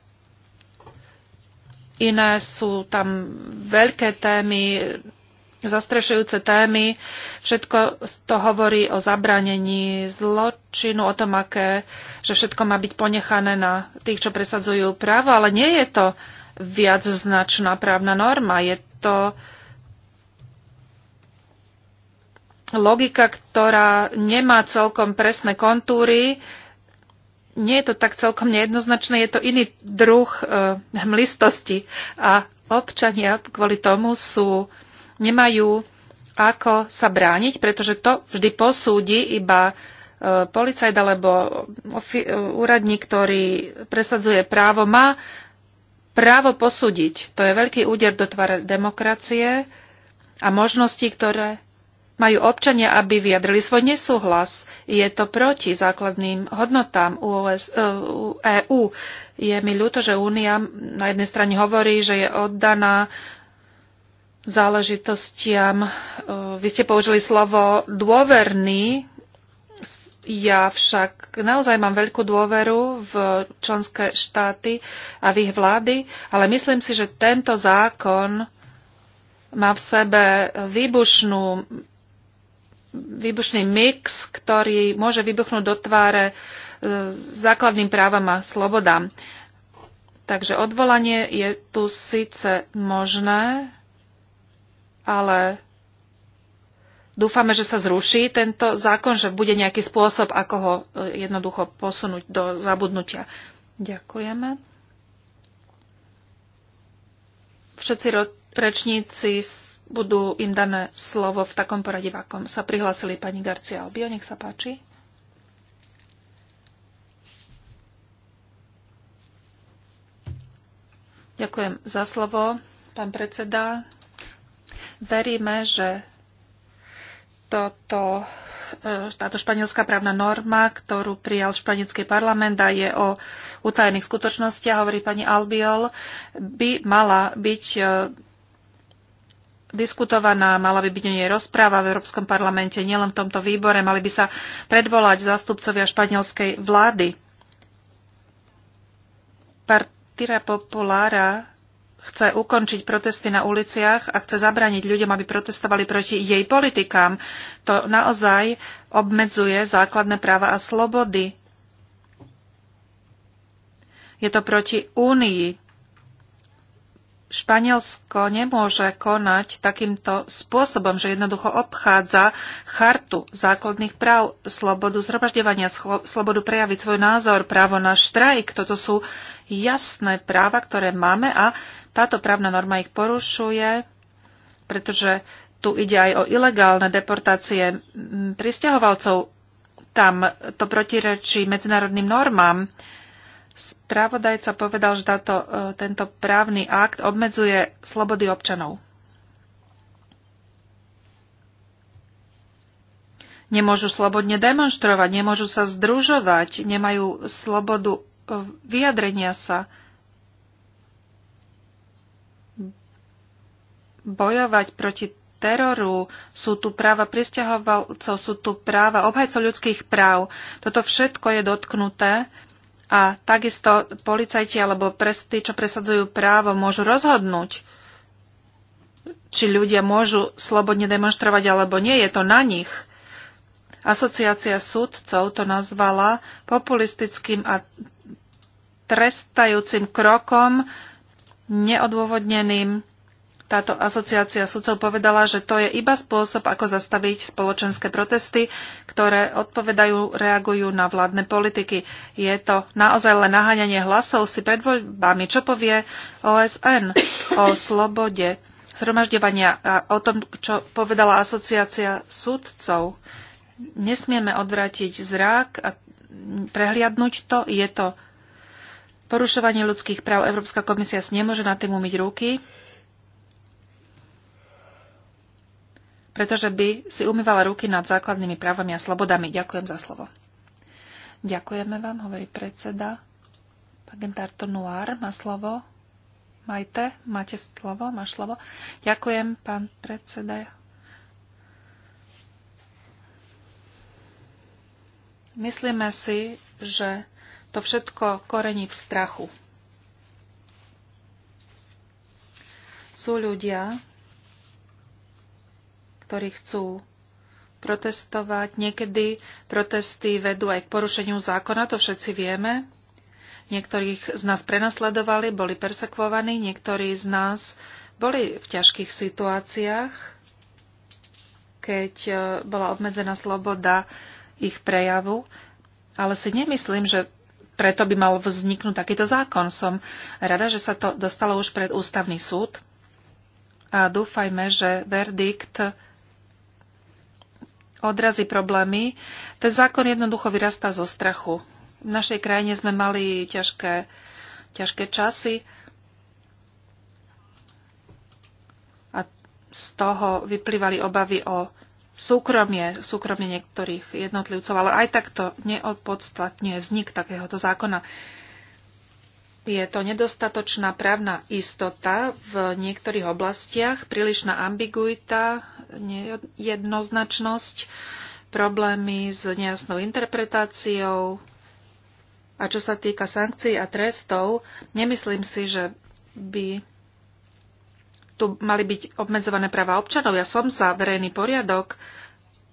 iné sú tam veľké témy, zastrešujúce témy. Všetko to hovorí o zabranení zločinu, o tom, aké, že všetko má byť ponechané na tých, čo presadzujú právo, ale nie je to viac značná právna norma. Je to logika, ktorá nemá celkom presné kontúry. Nie je to tak celkom nejednoznačné, je to iný druh e, hmlistosti. A občania kvôli tomu sú, nemajú ako sa brániť, pretože to vždy posúdi iba e, policajt alebo e, úradník, ktorý presadzuje právo, má právo posúdiť. To je veľký úder do tvare demokracie a možností, ktoré majú občania, aby vyjadrili svoj nesúhlas. Je to proti základným hodnotám US, EU. Eh, e je mi ľúto, že Únia na jednej strane hovorí, že je oddaná záležitostiam. Eh, vy ste použili slovo dôverný. Ja však naozaj mám veľkú dôveru v členské štáty a v ich vlády, ale myslím si, že tento zákon má v sebe výbušnú výbušný mix, ktorý môže vybuchnúť do tváre e, základným právam a slobodám. Takže odvolanie je tu síce možné, ale dúfame, že sa zruší tento zákon, že bude nejaký spôsob, ako ho e, jednoducho posunúť do zabudnutia. Ďakujeme. Všetci rečníci budú im dané slovo v takom poradí, v akom sa prihlásili pani Garcia Albio. Nech sa páči. Ďakujem za slovo, pán predseda. Veríme, že toto, e, táto španielská právna norma, ktorú prijal španielský parlament a je o utajených skutočnostiach, hovorí pani Albiol, by mala byť e, diskutovaná, mala by byť o nej rozpráva v Európskom parlamente, nielen v tomto výbore, mali by sa predvolať zástupcovia španielskej vlády. Partira Populára chce ukončiť protesty na uliciach a chce zabrániť ľuďom, aby protestovali proti jej politikám. To naozaj obmedzuje základné práva a slobody. Je to proti únii, Španielsko nemôže konať takýmto spôsobom, že jednoducho obchádza chartu základných práv, slobodu zhromažďovania, slobodu prejaviť svoj názor, právo na štrajk. Toto sú jasné práva, ktoré máme a táto právna norma ich porušuje, pretože tu ide aj o ilegálne deportácie pristahovalcov. Tam to protirečí medzinárodným normám. Spravodajca povedal, že táto, e, tento právny akt obmedzuje slobody občanov. Nemôžu slobodne demonstrovať, nemôžu sa združovať, nemajú slobodu e, vyjadrenia sa, bojovať proti teroru, sú tu práva pristahovalcov, sú tu práva obhajcov ľudských práv. Toto všetko je dotknuté a takisto policajti alebo pres, tí, čo presadzujú právo, môžu rozhodnúť, či ľudia môžu slobodne demonstrovať alebo nie. Je to na nich. Asociácia súdcov to nazvala populistickým a trestajúcim krokom, neodôvodneným táto asociácia sudcov povedala, že to je iba spôsob, ako zastaviť spoločenské protesty, ktoré odpovedajú, reagujú na vládne politiky. Je to naozaj len naháňanie hlasov si pred voľbami. Čo povie OSN o slobode zhromažďovania a o tom, čo povedala asociácia sudcov? Nesmieme odvrátiť zrák a prehliadnúť to. Je to porušovanie ľudských práv. Európska komisia si nemôže na tým umyť ruky. pretože by si umývala ruky nad základnými právami a slobodami. Ďakujem za slovo. Ďakujeme vám, hovorí predseda. Agentárto Noir má slovo. Majte, máte slovo, máš slovo. Ďakujem, pán predseda. Myslíme si, že to všetko korení v strachu. Sú ľudia, ktorí chcú protestovať. Niekedy protesty vedú aj k porušeniu zákona, to všetci vieme. Niektorých z nás prenasledovali, boli persekvovaní, niektorí z nás boli v ťažkých situáciách, keď e, bola obmedzená sloboda ich prejavu. Ale si nemyslím, že preto by mal vzniknúť takýto zákon. Som rada, že sa to dostalo už pred ústavný súd a dúfajme, že verdikt odrazí problémy. Ten zákon jednoducho vyrastá zo strachu. V našej krajine sme mali ťažké, ťažké časy a z toho vyplývali obavy o súkromie, súkromie niektorých jednotlivcov, ale aj takto neodpodstatňuje vznik takéhoto zákona je to nedostatočná právna istota v niektorých oblastiach, prílišná ambiguita, jednoznačnosť, problémy s nejasnou interpretáciou. A čo sa týka sankcií a trestov, nemyslím si, že by tu mali byť obmedzované práva občanov. Ja som sa verejný poriadok,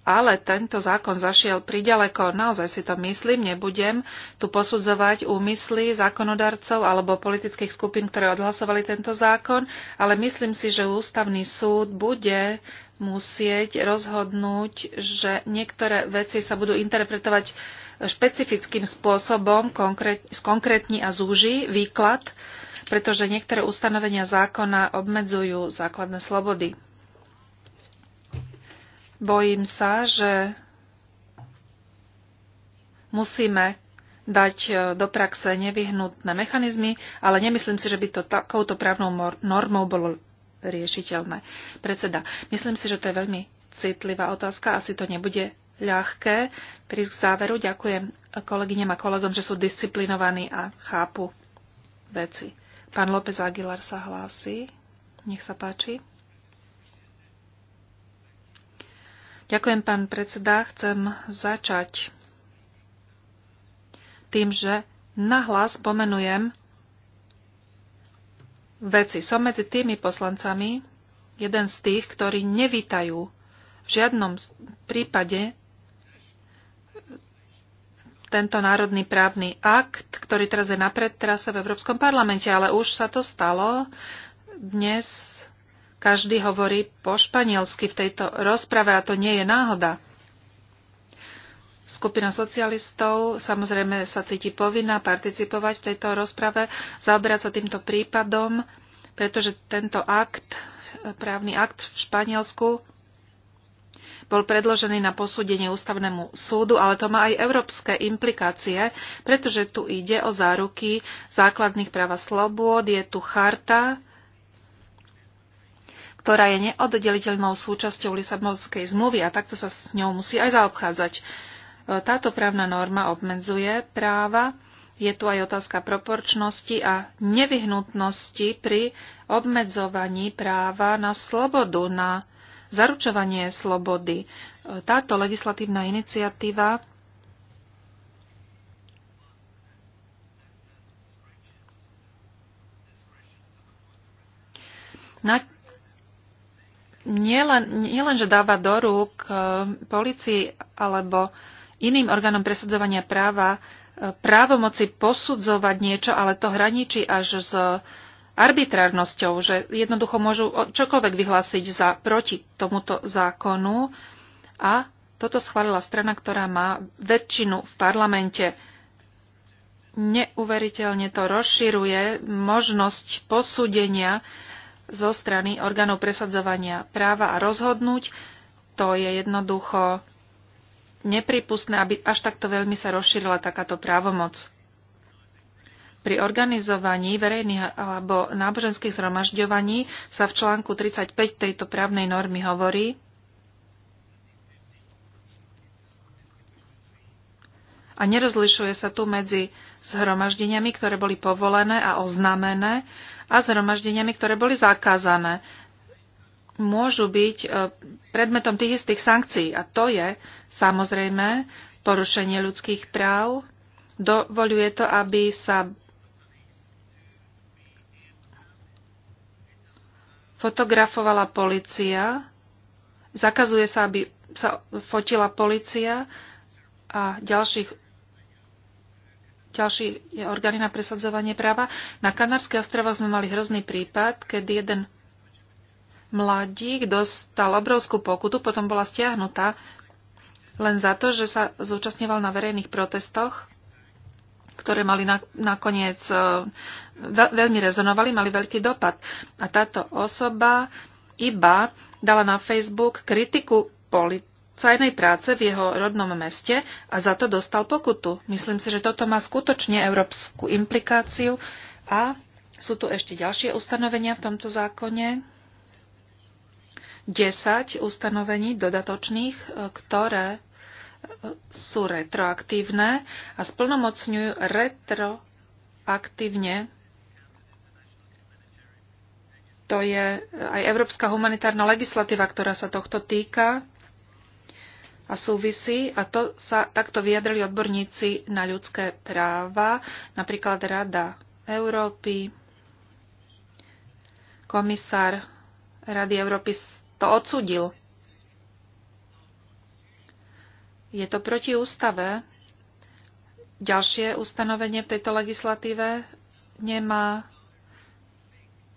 ale tento zákon zašiel priďaleko. Naozaj si to myslím, nebudem tu posudzovať úmysly zákonodarcov alebo politických skupín, ktoré odhlasovali tento zákon, ale myslím si, že ústavný súd bude musieť rozhodnúť, že niektoré veci sa budú interpretovať špecifickým spôsobom, skonkrétni a zúži výklad, pretože niektoré ustanovenia zákona obmedzujú základné slobody. Bojím sa, že musíme dať e, do praxe nevyhnutné mechanizmy, ale nemyslím si, že by to takouto právnou normou bolo riešiteľné. Predseda, myslím si, že to je veľmi citlivá otázka, asi to nebude ľahké. Pri záveru ďakujem kolegyňam a kolegom, že sú disciplinovaní a chápu veci. Pán López Aguilar sa hlási. Nech sa páči. Ďakujem, pán predseda. Chcem začať tým, že nahlas pomenujem veci. Som medzi tými poslancami, jeden z tých, ktorí nevítajú v žiadnom prípade tento národný právny akt, ktorý teraz je napred, teraz v Európskom parlamente, ale už sa to stalo. Dnes každý hovorí po španielsky v tejto rozprave a to nie je náhoda. Skupina socialistov samozrejme sa cíti povinná participovať v tejto rozprave, zaoberať sa týmto prípadom, pretože tento akt, právny akt v Španielsku bol predložený na posúdenie ústavnému súdu, ale to má aj európske implikácie, pretože tu ide o záruky základných práv a slobôd, je tu charta ktorá je neoddeliteľnou súčasťou Lisabonskej zmluvy a takto sa s ňou musí aj zaobchádzať. E, táto právna norma obmedzuje práva, je tu aj otázka proporčnosti a nevyhnutnosti pri obmedzovaní práva na slobodu, na zaručovanie slobody. E, táto legislatívna iniciatíva nielen, nielen že dáva do rúk e, policii alebo iným orgánom presadzovania práva e, právomoci posudzovať niečo, ale to hraničí až s arbitrárnosťou, že jednoducho môžu čokoľvek vyhlásiť za proti tomuto zákonu a toto schválila strana, ktorá má väčšinu v parlamente. Neuveriteľne to rozširuje možnosť posúdenia zo strany orgánov presadzovania práva a rozhodnúť. To je jednoducho nepripustné, aby až takto veľmi sa rozšírila takáto právomoc. Pri organizovaní verejných alebo náboženských zhromažďovaní sa v článku 35 tejto právnej normy hovorí, a nerozlišuje sa tu medzi zhromaždeniami, ktoré boli povolené a oznámené a zhromaždeniami, ktoré boli zakázané, môžu byť e, predmetom tých istých sankcií. A to je samozrejme porušenie ľudských práv. Dovoluje to, aby sa fotografovala policia, zakazuje sa, aby sa fotila policia a ďalších ďalší je orgány na presadzovanie práva. Na Kanárskej ostrova sme mali hrozný prípad, keď jeden mladík dostal obrovskú pokutu, potom bola stiahnutá len za to, že sa zúčastňoval na verejných protestoch, ktoré mali na, nakoniec e, veľmi rezonovali, mali veľký dopad. A táto osoba iba dala na Facebook kritiku polit- policajnej práce v jeho rodnom meste a za to dostal pokutu. Myslím si, že toto má skutočne európsku implikáciu a sú tu ešte ďalšie ustanovenia v tomto zákone. 10 ustanovení dodatočných, e, ktoré e, sú retroaktívne a splnomocňujú retroaktívne to je e, aj európska humanitárna legislatíva, ktorá sa tohto týka a súvisí a to sa takto vyjadrili odborníci na ľudské práva, napríklad Rada Európy, komisár Rady Európy to odsudil. Je to proti ústave. Ďalšie ustanovenie v tejto legislatíve nemá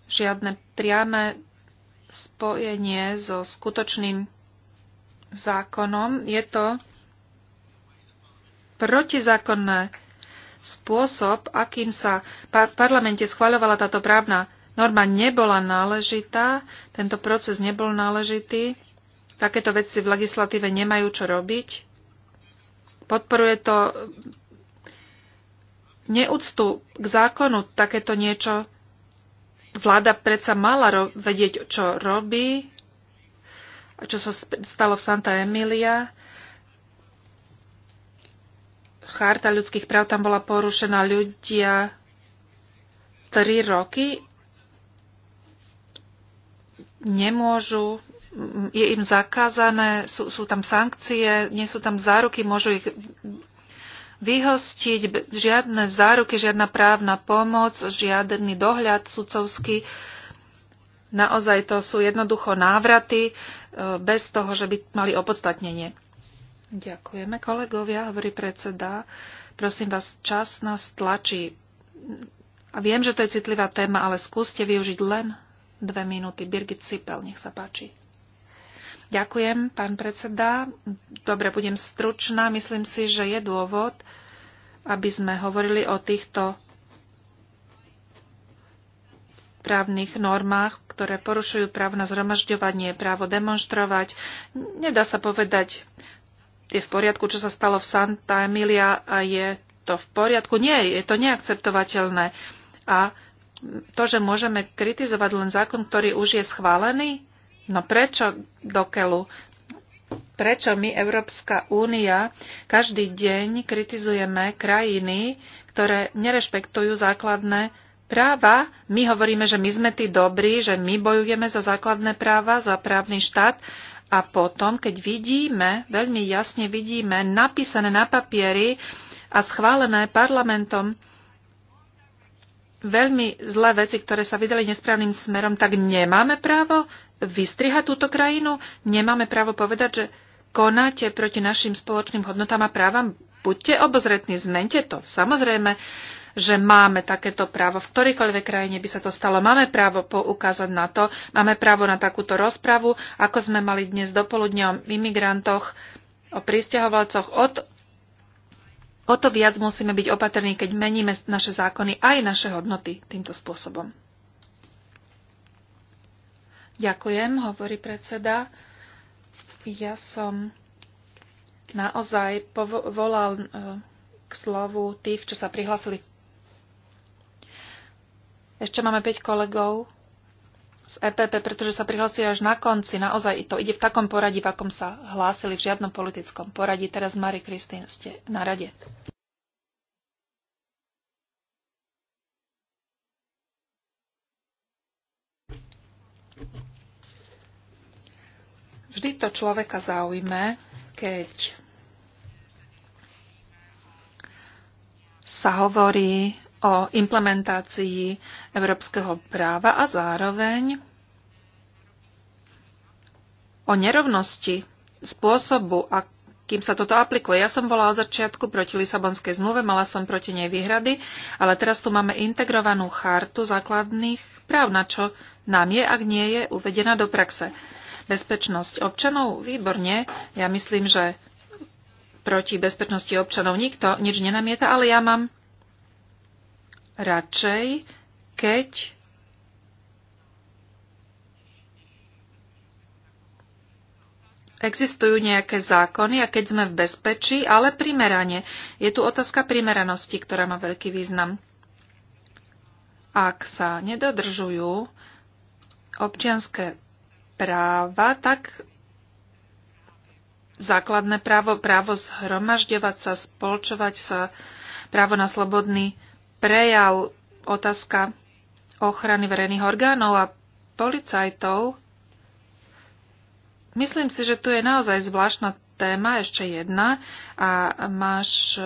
žiadne priame spojenie so skutočným zákonom. Je to protizákonné spôsob, akým sa v parlamente schváľovala táto právna norma, nebola náležitá, tento proces nebol náležitý. Takéto veci v legislatíve nemajú čo robiť. Podporuje to neúctu k zákonu takéto niečo. Vláda predsa mala vedieť, čo robí, čo sa stalo v Santa Emilia. Charta ľudských práv tam bola porušená ľudia tri roky nemôžu, je im zakázané, sú, sú tam sankcie, nie sú tam záruky, môžu ich vyhostiť, žiadne záruky, žiadna právna pomoc, žiadny dohľad sudcovský. Naozaj to sú jednoducho návraty E, bez toho, že by mali opodstatnenie. Ďakujeme, kolegovia, hovorí predseda. Prosím vás, čas nás tlačí. A viem, že to je citlivá téma, ale skúste využiť len dve minúty. Birgit Sipel, nech sa páči. Ďakujem, pán predseda. Dobre, budem stručná. Myslím si, že je dôvod, aby sme hovorili o týchto právnych normách, ktoré porušujú právo na zhromažďovanie, právo demonstrovať. Nedá sa povedať, je v poriadku, čo sa stalo v Santa Emilia a je to v poriadku. Nie, je to neakceptovateľné. A to, že môžeme kritizovať len zákon, ktorý už je schválený, no prečo dokelu? Prečo my, Európska únia, každý deň kritizujeme krajiny, ktoré nerešpektujú základné práva, my hovoríme, že my sme tí dobrí, že my bojujeme za základné práva, za právny štát a potom, keď vidíme, veľmi jasne vidíme napísané na papieri a schválené parlamentom veľmi zlé veci, ktoré sa vydali nesprávnym smerom, tak nemáme právo vystrihať túto krajinu? Nemáme právo povedať, že konáte proti našim spoločným hodnotám a právam? Buďte obozretní, zmente to. Samozrejme, že máme takéto právo. V ktorejkoľvek krajine by sa to stalo. Máme právo poukázať na to, máme právo na takúto rozpravu, ako sme mali dnes dopoludne o imigrantoch, o pristahovalcoch. Od, o to viac musíme byť opatrní, keď meníme naše zákony aj naše hodnoty týmto spôsobom. Ďakujem, hovorí predseda. Ja som naozaj volal eh, k slovu tých, čo sa prihlasili ešte máme 5 kolegov z EPP, pretože sa prihlasili až na konci. Naozaj to ide v takom poradí, v akom sa hlásili, v žiadnom politickom poradí. Teraz, Mari Kristín, ste na rade. Vždy to človeka zaujme, keď sa hovorí o implementácii európskeho práva a zároveň o nerovnosti spôsobu, akým sa toto aplikuje. Ja som bola od začiatku proti Lisabonskej zmluve, mala som proti nej výhrady, ale teraz tu máme integrovanú chartu základných práv, na čo nám je, ak nie je uvedená do praxe. Bezpečnosť občanov? Výborne. Ja myslím, že proti bezpečnosti občanov nikto nič nenamieta, ale ja mám radšej, keď existujú nejaké zákony a keď sme v bezpečí, ale primerane. Je tu otázka primeranosti, ktorá má veľký význam. Ak sa nedodržujú občianské práva, tak základné právo, právo zhromažďovať sa, spolčovať sa, právo na slobodný prejav otázka ochrany verejných orgánov a policajtov. Myslím si, že tu je naozaj zvláštna téma, ešte jedna, a máš,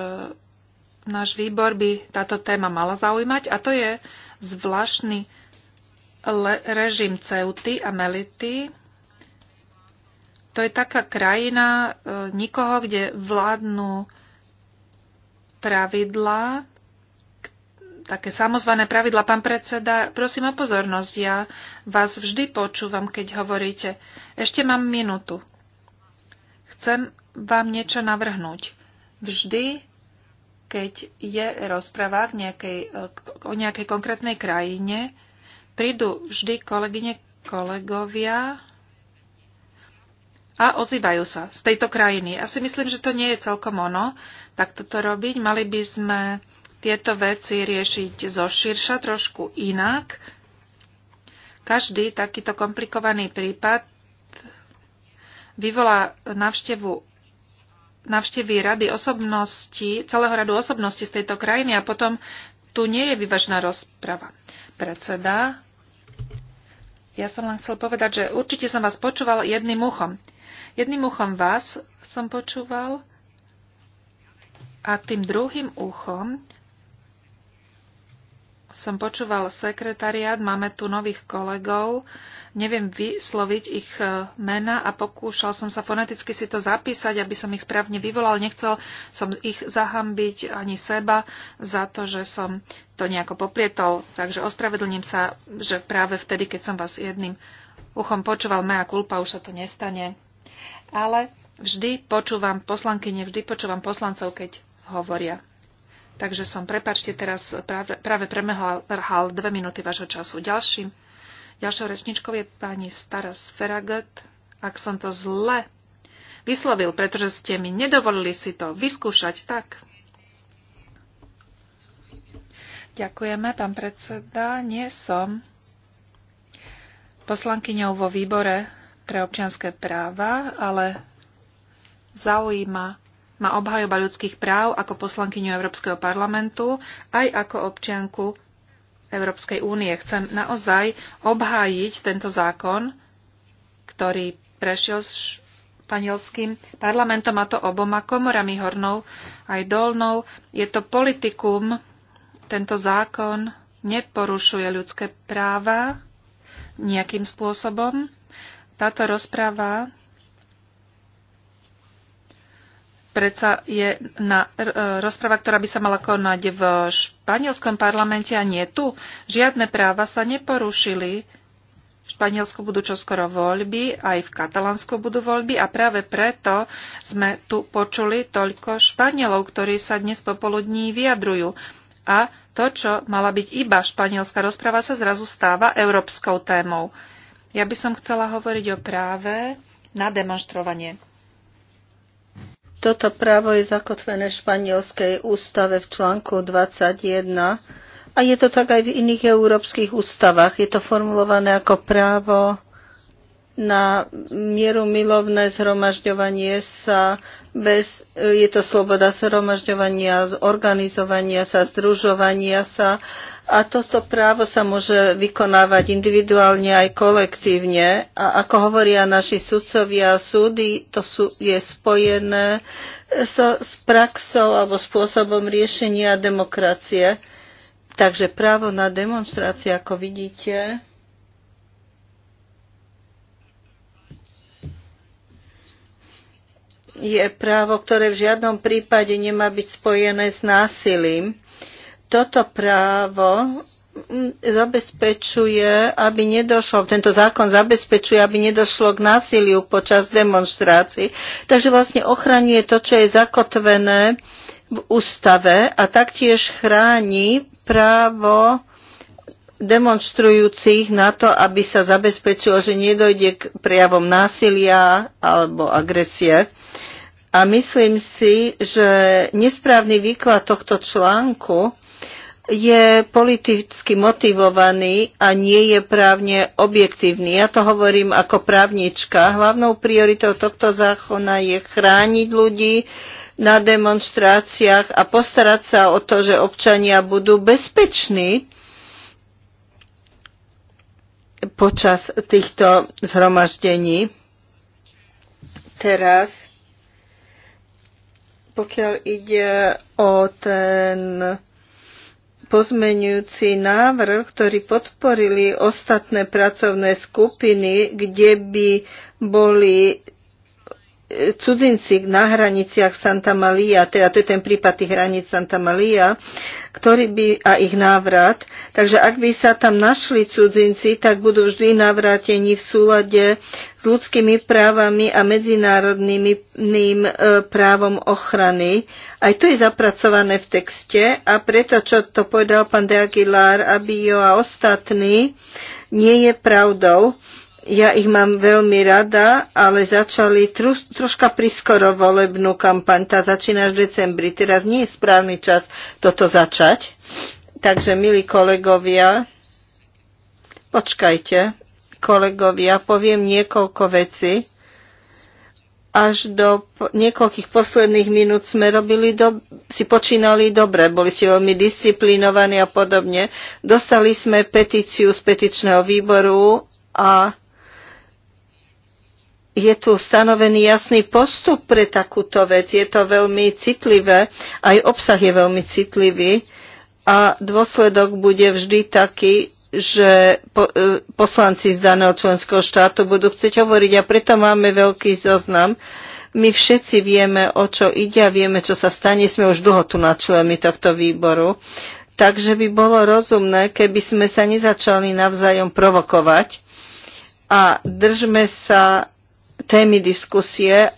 náš výbor by táto téma mala zaujímať, a to je zvláštny le- režim Ceuty a Melity. To je taká krajina e, nikoho, kde vládnu pravidlá, také samozvané pravidla. Pán predseda, prosím o pozornosť. Ja vás vždy počúvam, keď hovoríte. Ešte mám minútu. Chcem vám niečo navrhnúť. Vždy, keď je rozpráva nejakej, o nejakej konkrétnej krajine, prídu vždy kolegyne, kolegovia a ozývajú sa z tejto krajiny. Ja si myslím, že to nie je celkom ono, tak toto robiť. Mali by sme tieto veci riešiť zo širša trošku inak. Každý takýto komplikovaný prípad vyvolá navštevu navštevy rady osobnosti, celého radu osobnosti z tejto krajiny a potom tu nie je vyvažná rozprava. Predseda, ja som len chcel povedať, že určite som vás počúval jedným uchom. Jedným uchom vás som počúval a tým druhým uchom som počúval sekretariát, máme tu nových kolegov, neviem vysloviť ich e, mena a pokúšal som sa foneticky si to zapísať, aby som ich správne vyvolal. Nechcel som ich zahambiť ani seba za to, že som to nejako poprietol. Takže ospravedlním sa, že práve vtedy, keď som vás jedným uchom počúval mea kulpa, už sa to nestane. Ale vždy počúvam poslanky, nevždy počúvam poslancov, keď hovoria. Takže som, prepačte, teraz práve, práve premehal dve minúty vašho času. Ďalším, ďalšou rečničkou je pani Staras Feragut. Ak som to zle vyslovil, pretože ste mi nedovolili si to vyskúšať, tak Ďakujeme, pán predseda. Nie som poslankyňou vo výbore pre občianské práva, ale zaujíma má obhajoba ľudských práv ako poslankyňu Európskeho parlamentu, aj ako občianku Európskej únie. Chcem naozaj obhájiť tento zákon, ktorý prešiel s španielským parlamentom, a to oboma komorami, hornou aj dolnou. Je to politikum, tento zákon neporušuje ľudské práva nejakým spôsobom. Táto rozpráva predsa je na e, rozprava, ktorá by sa mala konať v španielskom parlamente a nie tu. Žiadne práva sa neporušili. V Španielsku budú čoskoro voľby, aj v Katalánsku budú voľby a práve preto sme tu počuli toľko Španielov, ktorí sa dnes popoludní vyjadrujú. A to, čo mala byť iba španielská rozprava, sa zrazu stáva európskou témou. Ja by som chcela hovoriť o práve na demonstrovanie. Toto právo je zakotvené v španielskej ústave v článku 21 a je to tak aj v iných európskych ústavách. Je to formulované ako právo na mieru milovné zhromažďovanie sa bez, je to sloboda zhromažďovania, organizovania sa, združovania sa a toto právo sa môže vykonávať individuálne aj kolektívne a ako hovoria naši sudcovia a súdy, to sú, je spojené so, s praxou alebo spôsobom riešenia demokracie. Takže právo na demonstrácie, ako vidíte, je právo, ktoré v žiadnom prípade nemá byť spojené s násilím. Toto právo mm, zabezpečuje, aby nedošlo, tento zákon zabezpečuje, aby nedošlo k násiliu počas demonstrácií. Takže vlastne ochraňuje to, čo je zakotvené v ústave a taktiež chráni právo demonstrujúcich na to, aby sa zabezpečilo, že nedojde k prejavom násilia alebo agresie. Uh, a myslím si, že nesprávny výklad tohto článku je politicky motivovaný a nie je právne objektívny. Ja to hovorím ako právnička. Hlavnou prioritou tohto zákona je chrániť ľudí na demonstráciách a postarať sa o to, že občania budú bezpeční počas týchto zhromaždení. Teraz pokiaľ ide o ten pozmenujúci návrh, ktorý podporili ostatné pracovné skupiny, kde by boli e, cudzinci na hraniciach Santa Malia, teda to je ten prípad tých hraníc Santa Malia, ktorý by, a ich návrat. Takže ak by sa tam našli cudzinci, tak budú vždy navrátení v súlade s ľudskými právami a medzinárodným e, právom ochrany. Aj to je zapracované v texte a preto, čo to povedal pán de Aguilar, aby jo a ostatní, nie je pravdou. Ja ich mám veľmi rada, ale začali tru, troška priskoro volebnú kampaň. Tá začína v decembri. Teraz nie je správny čas toto začať. Takže, milí kolegovia, počkajte, kolegovia, poviem niekoľko vecí. Až do niekoľkých posledných minút sme robili do, si počínali dobre, boli ste veľmi disciplinovaní a podobne. Dostali sme petíciu z petičného výboru a je tu stanovený jasný postup pre takúto vec. Je to veľmi citlivé, aj obsah je veľmi citlivý a dôsledok bude vždy taký, že po, e, poslanci z daného členského štátu budú chcieť hovoriť a preto máme veľký zoznam. My všetci vieme, o čo ide a vieme, čo sa stane. Sme už dlho tu na členmi tohto výboru. Takže by bolo rozumné, keby sme sa nezačali navzájom provokovať a držme sa témy diskusie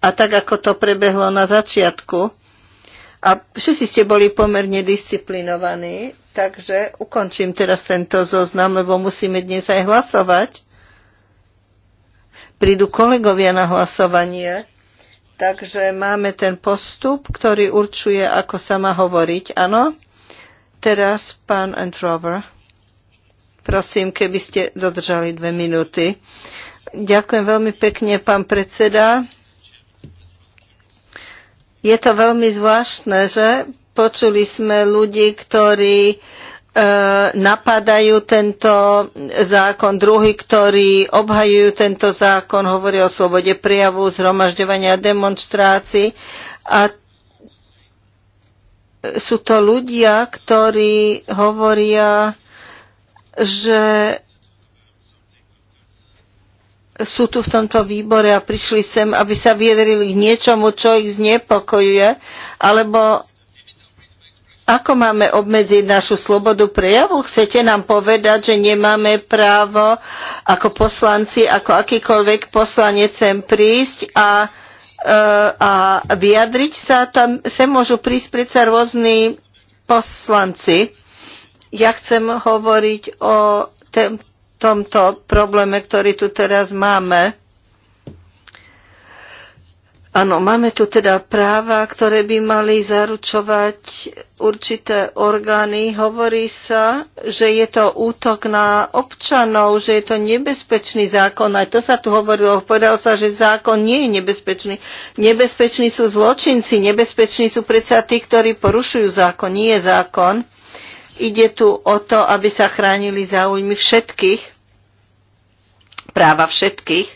a tak, ako to prebehlo na začiatku. A všetci ste boli pomerne disciplinovaní, takže ukončím teraz tento zoznam, lebo musíme dnes aj hlasovať. Prídu kolegovia na hlasovanie, takže máme ten postup, ktorý určuje, ako sa má hovoriť. Áno? Teraz pán Androver. Prosím, keby ste dodržali dve minúty. Uh, Ďakujem veľmi pekne, pán predseda. Je to veľmi zvláštne, že počuli sme ľudí, ktorí e, napadajú tento zákon, druhí, ktorí obhajujú tento zákon, hovorí o slobode prijavu, zhromažďovania a demonstrácií. A sú to ľudia, ktorí hovoria, že sú tu v tomto výbore a prišli sem, aby sa vyjadrili k niečomu, čo ich znepokojuje, alebo ako máme obmedziť našu slobodu prejavu? Chcete nám povedať, že nemáme právo ako poslanci, ako akýkoľvek poslanec sem prísť a, e, a vyjadriť sa? Tam sem môžu prísť predsa rôzni poslanci. Ja chcem hovoriť o tomto probléme, ktorý tu teraz máme. Áno, máme tu teda práva, ktoré by mali zaručovať určité orgány. Hovorí sa, že je to útok na občanov, že je to nebezpečný zákon. Aj to sa tu hovorilo. Povedalo sa, že zákon nie je nebezpečný. Nebezpeční sú zločinci, nebezpeční sú predsa tí, ktorí porušujú zákon, nie je zákon. Ide tu o to, aby sa chránili záujmy všetkých, práva všetkých.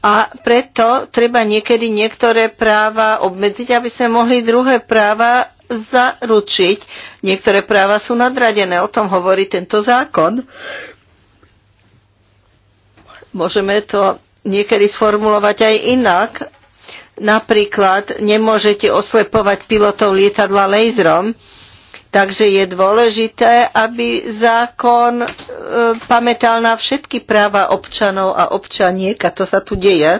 A preto treba niekedy niektoré práva obmedziť, aby sme mohli druhé práva zaručiť. Niektoré práva sú nadradené, o tom hovorí tento zákon. Môžeme to niekedy sformulovať aj inak. Napríklad nemôžete oslepovať pilotov lietadla laserom, Takže je dôležité, aby zákon e, pamätal na všetky práva občanov a občaniek a to sa tu deje.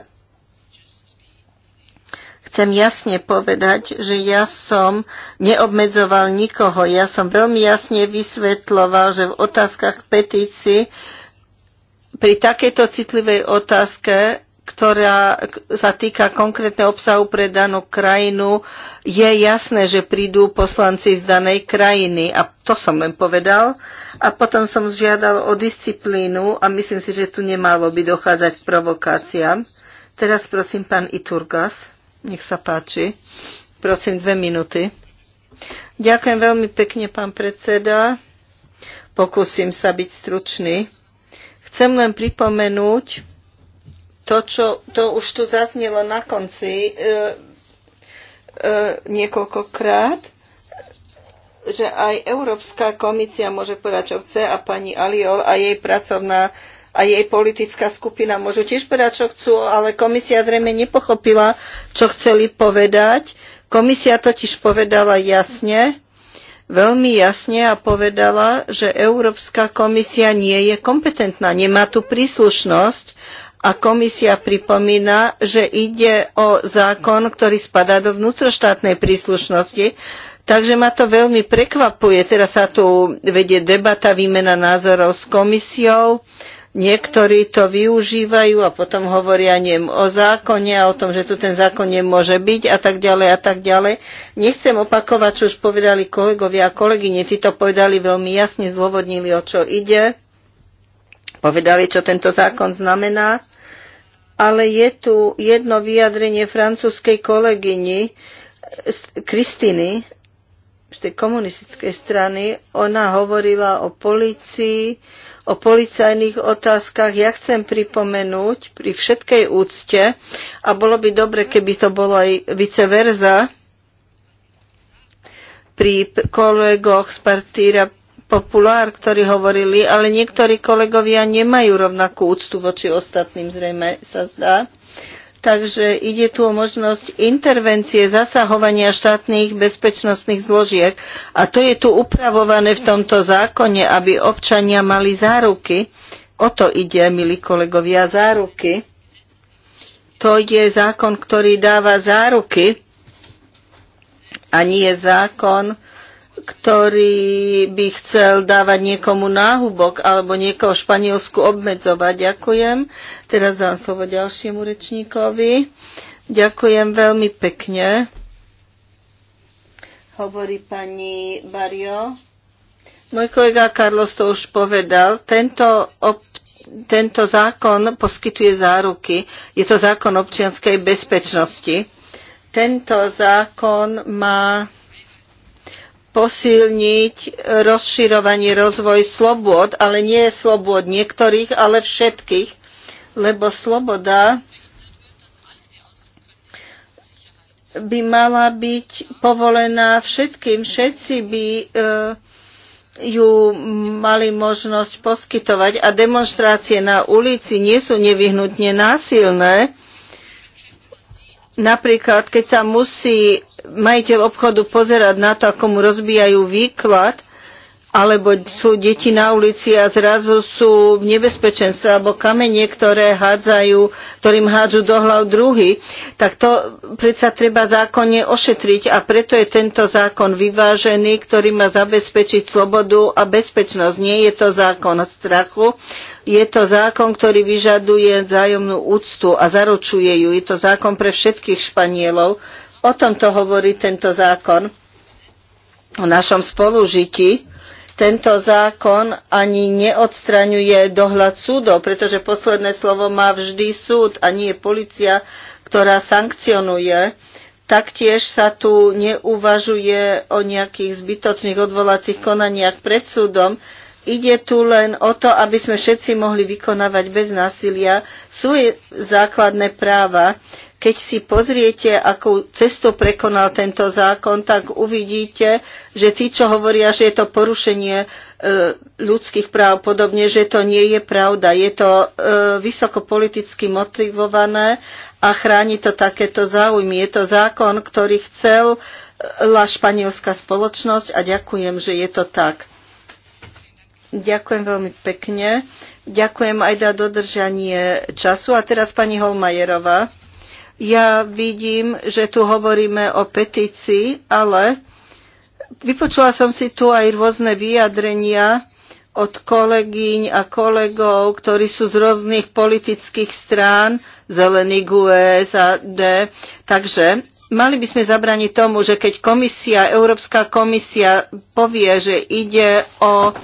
Chcem jasne povedať, že ja som neobmedzoval nikoho. Ja som veľmi jasne vysvetloval, že v otázkach petícii pri takejto citlivej otázke ktorá sa týka konkrétne obsahu pre danú krajinu, je jasné, že prídu poslanci z danej krajiny. A to som len povedal. A potom som žiadal o disciplínu a myslím si, že tu nemalo by dochádzať k provokáciám. Teraz prosím pán Iturgas. Nech sa páči. Prosím dve minúty. Ďakujem veľmi pekne, pán predseda. Pokúsim sa byť stručný. Chcem len pripomenúť, to, čo to už tu zaznelo na konci e, e, niekoľkokrát, že aj Európska komisia môže povedať, čo chce a pani Aliol a jej pracovná a jej politická skupina môžu tiež povedať, čo chcú, ale komisia zrejme nepochopila, čo chceli povedať. Komisia totiž povedala jasne, veľmi jasne a povedala, že Európska komisia nie je kompetentná, nemá tu príslušnosť a komisia pripomína, že ide o zákon, ktorý spadá do vnútroštátnej príslušnosti, Takže ma to veľmi prekvapuje. Teraz sa tu vedie debata, výmena názorov s komisiou. Niektorí to využívajú a potom hovoria nem o zákone a o tom, že tu ten zákon nemôže byť a tak ďalej a tak ďalej. Nechcem opakovať, čo už povedali kolegovia a kolegyne. Tí to povedali veľmi jasne, zdôvodnili, o čo ide. Povedali, čo tento zákon znamená ale je tu jedno vyjadrenie francúzskej kolegyni Kristiny z tej komunistickej strany. Ona hovorila o policii, o policajných otázkach. Ja chcem pripomenúť pri všetkej úcte, a bolo by dobre, keby to bolo aj vice versa, pri kolegoch z partíra populár, ktorí hovorili, ale niektorí kolegovia nemajú rovnakú úctu voči ostatným, zrejme sa zdá. Takže ide tu o možnosť intervencie, zasahovania štátnych bezpečnostných zložiek. A to je tu upravované v tomto zákone, aby občania mali záruky. O to ide, milí kolegovia, záruky. To je zákon, ktorý dáva záruky a nie je zákon, ktorý by chcel dávať niekomu náhubok alebo niekoho v Španielsku obmedzovať. Ďakujem. Teraz dám slovo ďalšiemu rečníkovi. Ďakujem veľmi pekne. Hovorí pani Bario. Môj kolega Carlos to už povedal. Tento op- tento zákon poskytuje záruky. Je to zákon občianskej bezpečnosti. Tento zákon má posilniť rozširovanie, rozvoj slobod, ale nie slobod niektorých, ale všetkých, lebo sloboda by mala byť povolená všetkým. Všetci by e, ju mali možnosť poskytovať a demonstrácie na ulici nie sú nevyhnutne násilné. Napríklad, keď sa musí majiteľ obchodu pozerať na to, ako mu rozbijajú výklad, alebo sú deti na ulici a zrazu sú v nebezpečenstve, alebo kamene, ktoré hádzajú, ktorým hádzajú do hlav druhy, tak to predsa treba zákonne ošetriť a preto je tento zákon vyvážený, ktorý má zabezpečiť slobodu a bezpečnosť. Nie je to zákon strachu, je to zákon, ktorý vyžaduje vzájomnú úctu a zaručuje ju. Je to zákon pre všetkých Španielov, O tomto hovorí tento zákon o našom spolužití. Tento zákon ani neodstraňuje dohľad súdov, pretože posledné slovo má vždy súd a nie policia, ktorá sankcionuje. Taktiež sa tu neuvažuje o nejakých zbytočných odvolacích konaniach pred súdom. Ide tu len o to, aby sme všetci mohli vykonávať bez násilia svoje základné práva. Keď si pozriete, akú cestu prekonal tento zákon, tak uvidíte, že tí, čo hovoria, že je to porušenie e, ľudských práv podobne, že to nie je pravda. Je to e, vysoko politicky motivované a chráni to takéto záujmy. Je to zákon, ktorý chcel e, la španielská spoločnosť a ďakujem, že je to tak. Ďakujem veľmi pekne. Ďakujem aj za dodržanie času. A teraz pani Holmajerová. Ja vidím, že tu hovoríme o petícii, ale vypočula som si tu aj rôzne vyjadrenia od kolegyň a kolegov, ktorí sú z rôznych politických strán, zelený e a D, Takže mali by sme zabraniť tomu, že keď komisia, Európska komisia povie, že ide o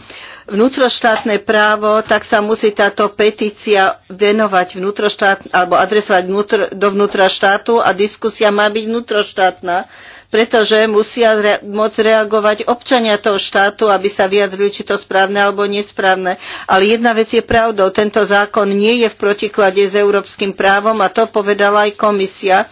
vnútroštátne právo, tak sa musí táto petícia venovať vnútroštát, alebo adresovať vnútro, vnútra štátu a diskusia má byť vnútroštátna, pretože musia re, môcť reagovať občania toho štátu, aby sa vyjadrili, či to správne alebo nesprávne. Ale jedna vec je pravdou, tento zákon nie je v protiklade s európskym právom a to povedala aj komisia.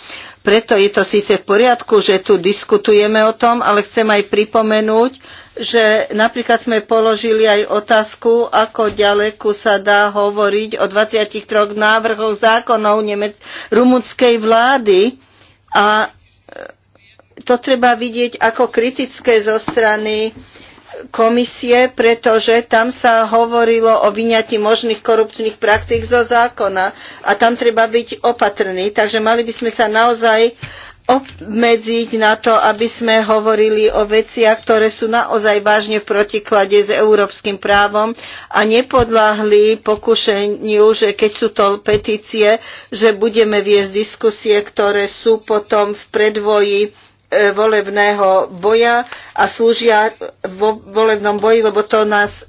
Preto je to síce v poriadku, že tu diskutujeme o tom, ale chcem aj pripomenúť, že napríklad sme položili aj otázku, ako ďaleko sa dá hovoriť o 23 návrhoch zákonov Nemec- rumunskej vlády a e, to treba vidieť ako kritické zo strany komisie, pretože tam sa hovorilo o vyňati možných korupčných praktík zo zákona a tam treba byť opatrný. Takže mali by sme sa naozaj obmedziť na to, aby sme hovorili o veciach, ktoré sú naozaj vážne v protiklade s európskym právom a nepodláhli pokušeniu, že keď sú to petície, že budeme viesť diskusie, ktoré sú potom v predvoji e, volebného boja a slúžia vo volebnom boji, lebo to, nás,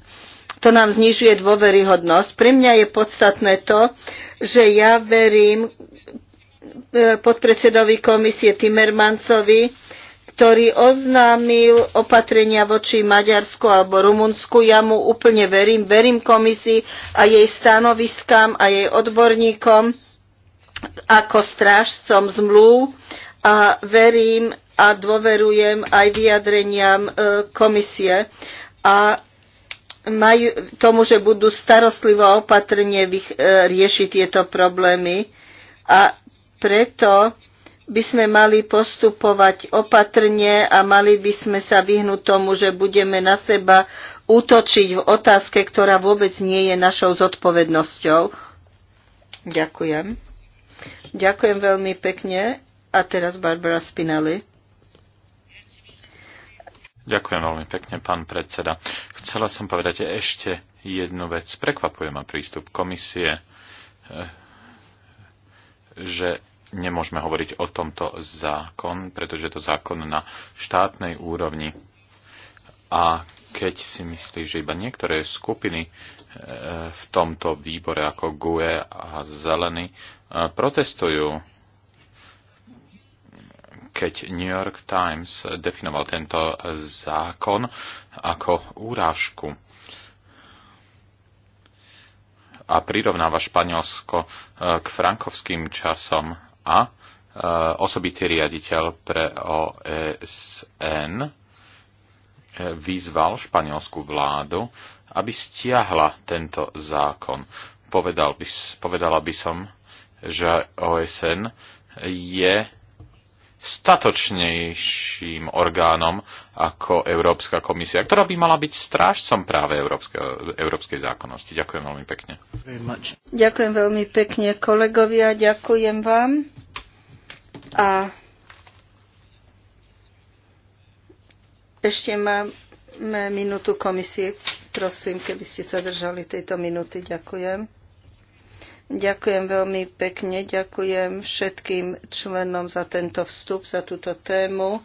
to nám znižuje dôveryhodnosť. Pre mňa je podstatné to, že ja verím E, podpredsedovi komisie Timmermansovi, ktorý oznámil opatrenia voči Maďarsku alebo Rumunsku. Ja mu úplne verím. Verím komisii a jej stanoviskám a jej odborníkom ako strážcom zmluv a verím a dôverujem aj vyjadreniam e, komisie a majú tomu, že budú starostlivo opatrne e, riešiť tieto problémy. A preto by sme mali postupovať opatrne a mali by sme sa vyhnúť tomu, že budeme na seba útočiť v otázke, ktorá vôbec nie je našou zodpovednosťou. Ďakujem. Ďakujem veľmi pekne. A teraz Barbara Spinelli. Ďakujem veľmi pekne, pán predseda. Chcela som povedať ešte jednu vec. Prekvapuje ma prístup komisie eh, že nemôžeme hovoriť o tomto zákon, pretože je to zákon na štátnej úrovni. A keď si myslí, že iba niektoré skupiny e, v tomto výbore ako GUE a Zelený e, protestujú, keď New York Times definoval tento zákon ako úrážku a prirovnáva Španielsko e, k frankovským časom a e, osobitý riaditeľ pre OSN e, vyzval španielskú vládu, aby stiahla tento zákon. Povedal by, povedala by som, že OSN je statočnejším orgánom ako Európska komisia, ktorá by mala byť strážcom práve európske, európskej zákonnosti. Ďakujem veľmi pekne. Ďakujem veľmi pekne kolegovia, ďakujem vám. A ešte máme minútu komisie. Prosím, keby ste sa držali tejto minúty. Ďakujem. Ďakujem veľmi pekne, ďakujem všetkým členom za tento vstup, za túto tému.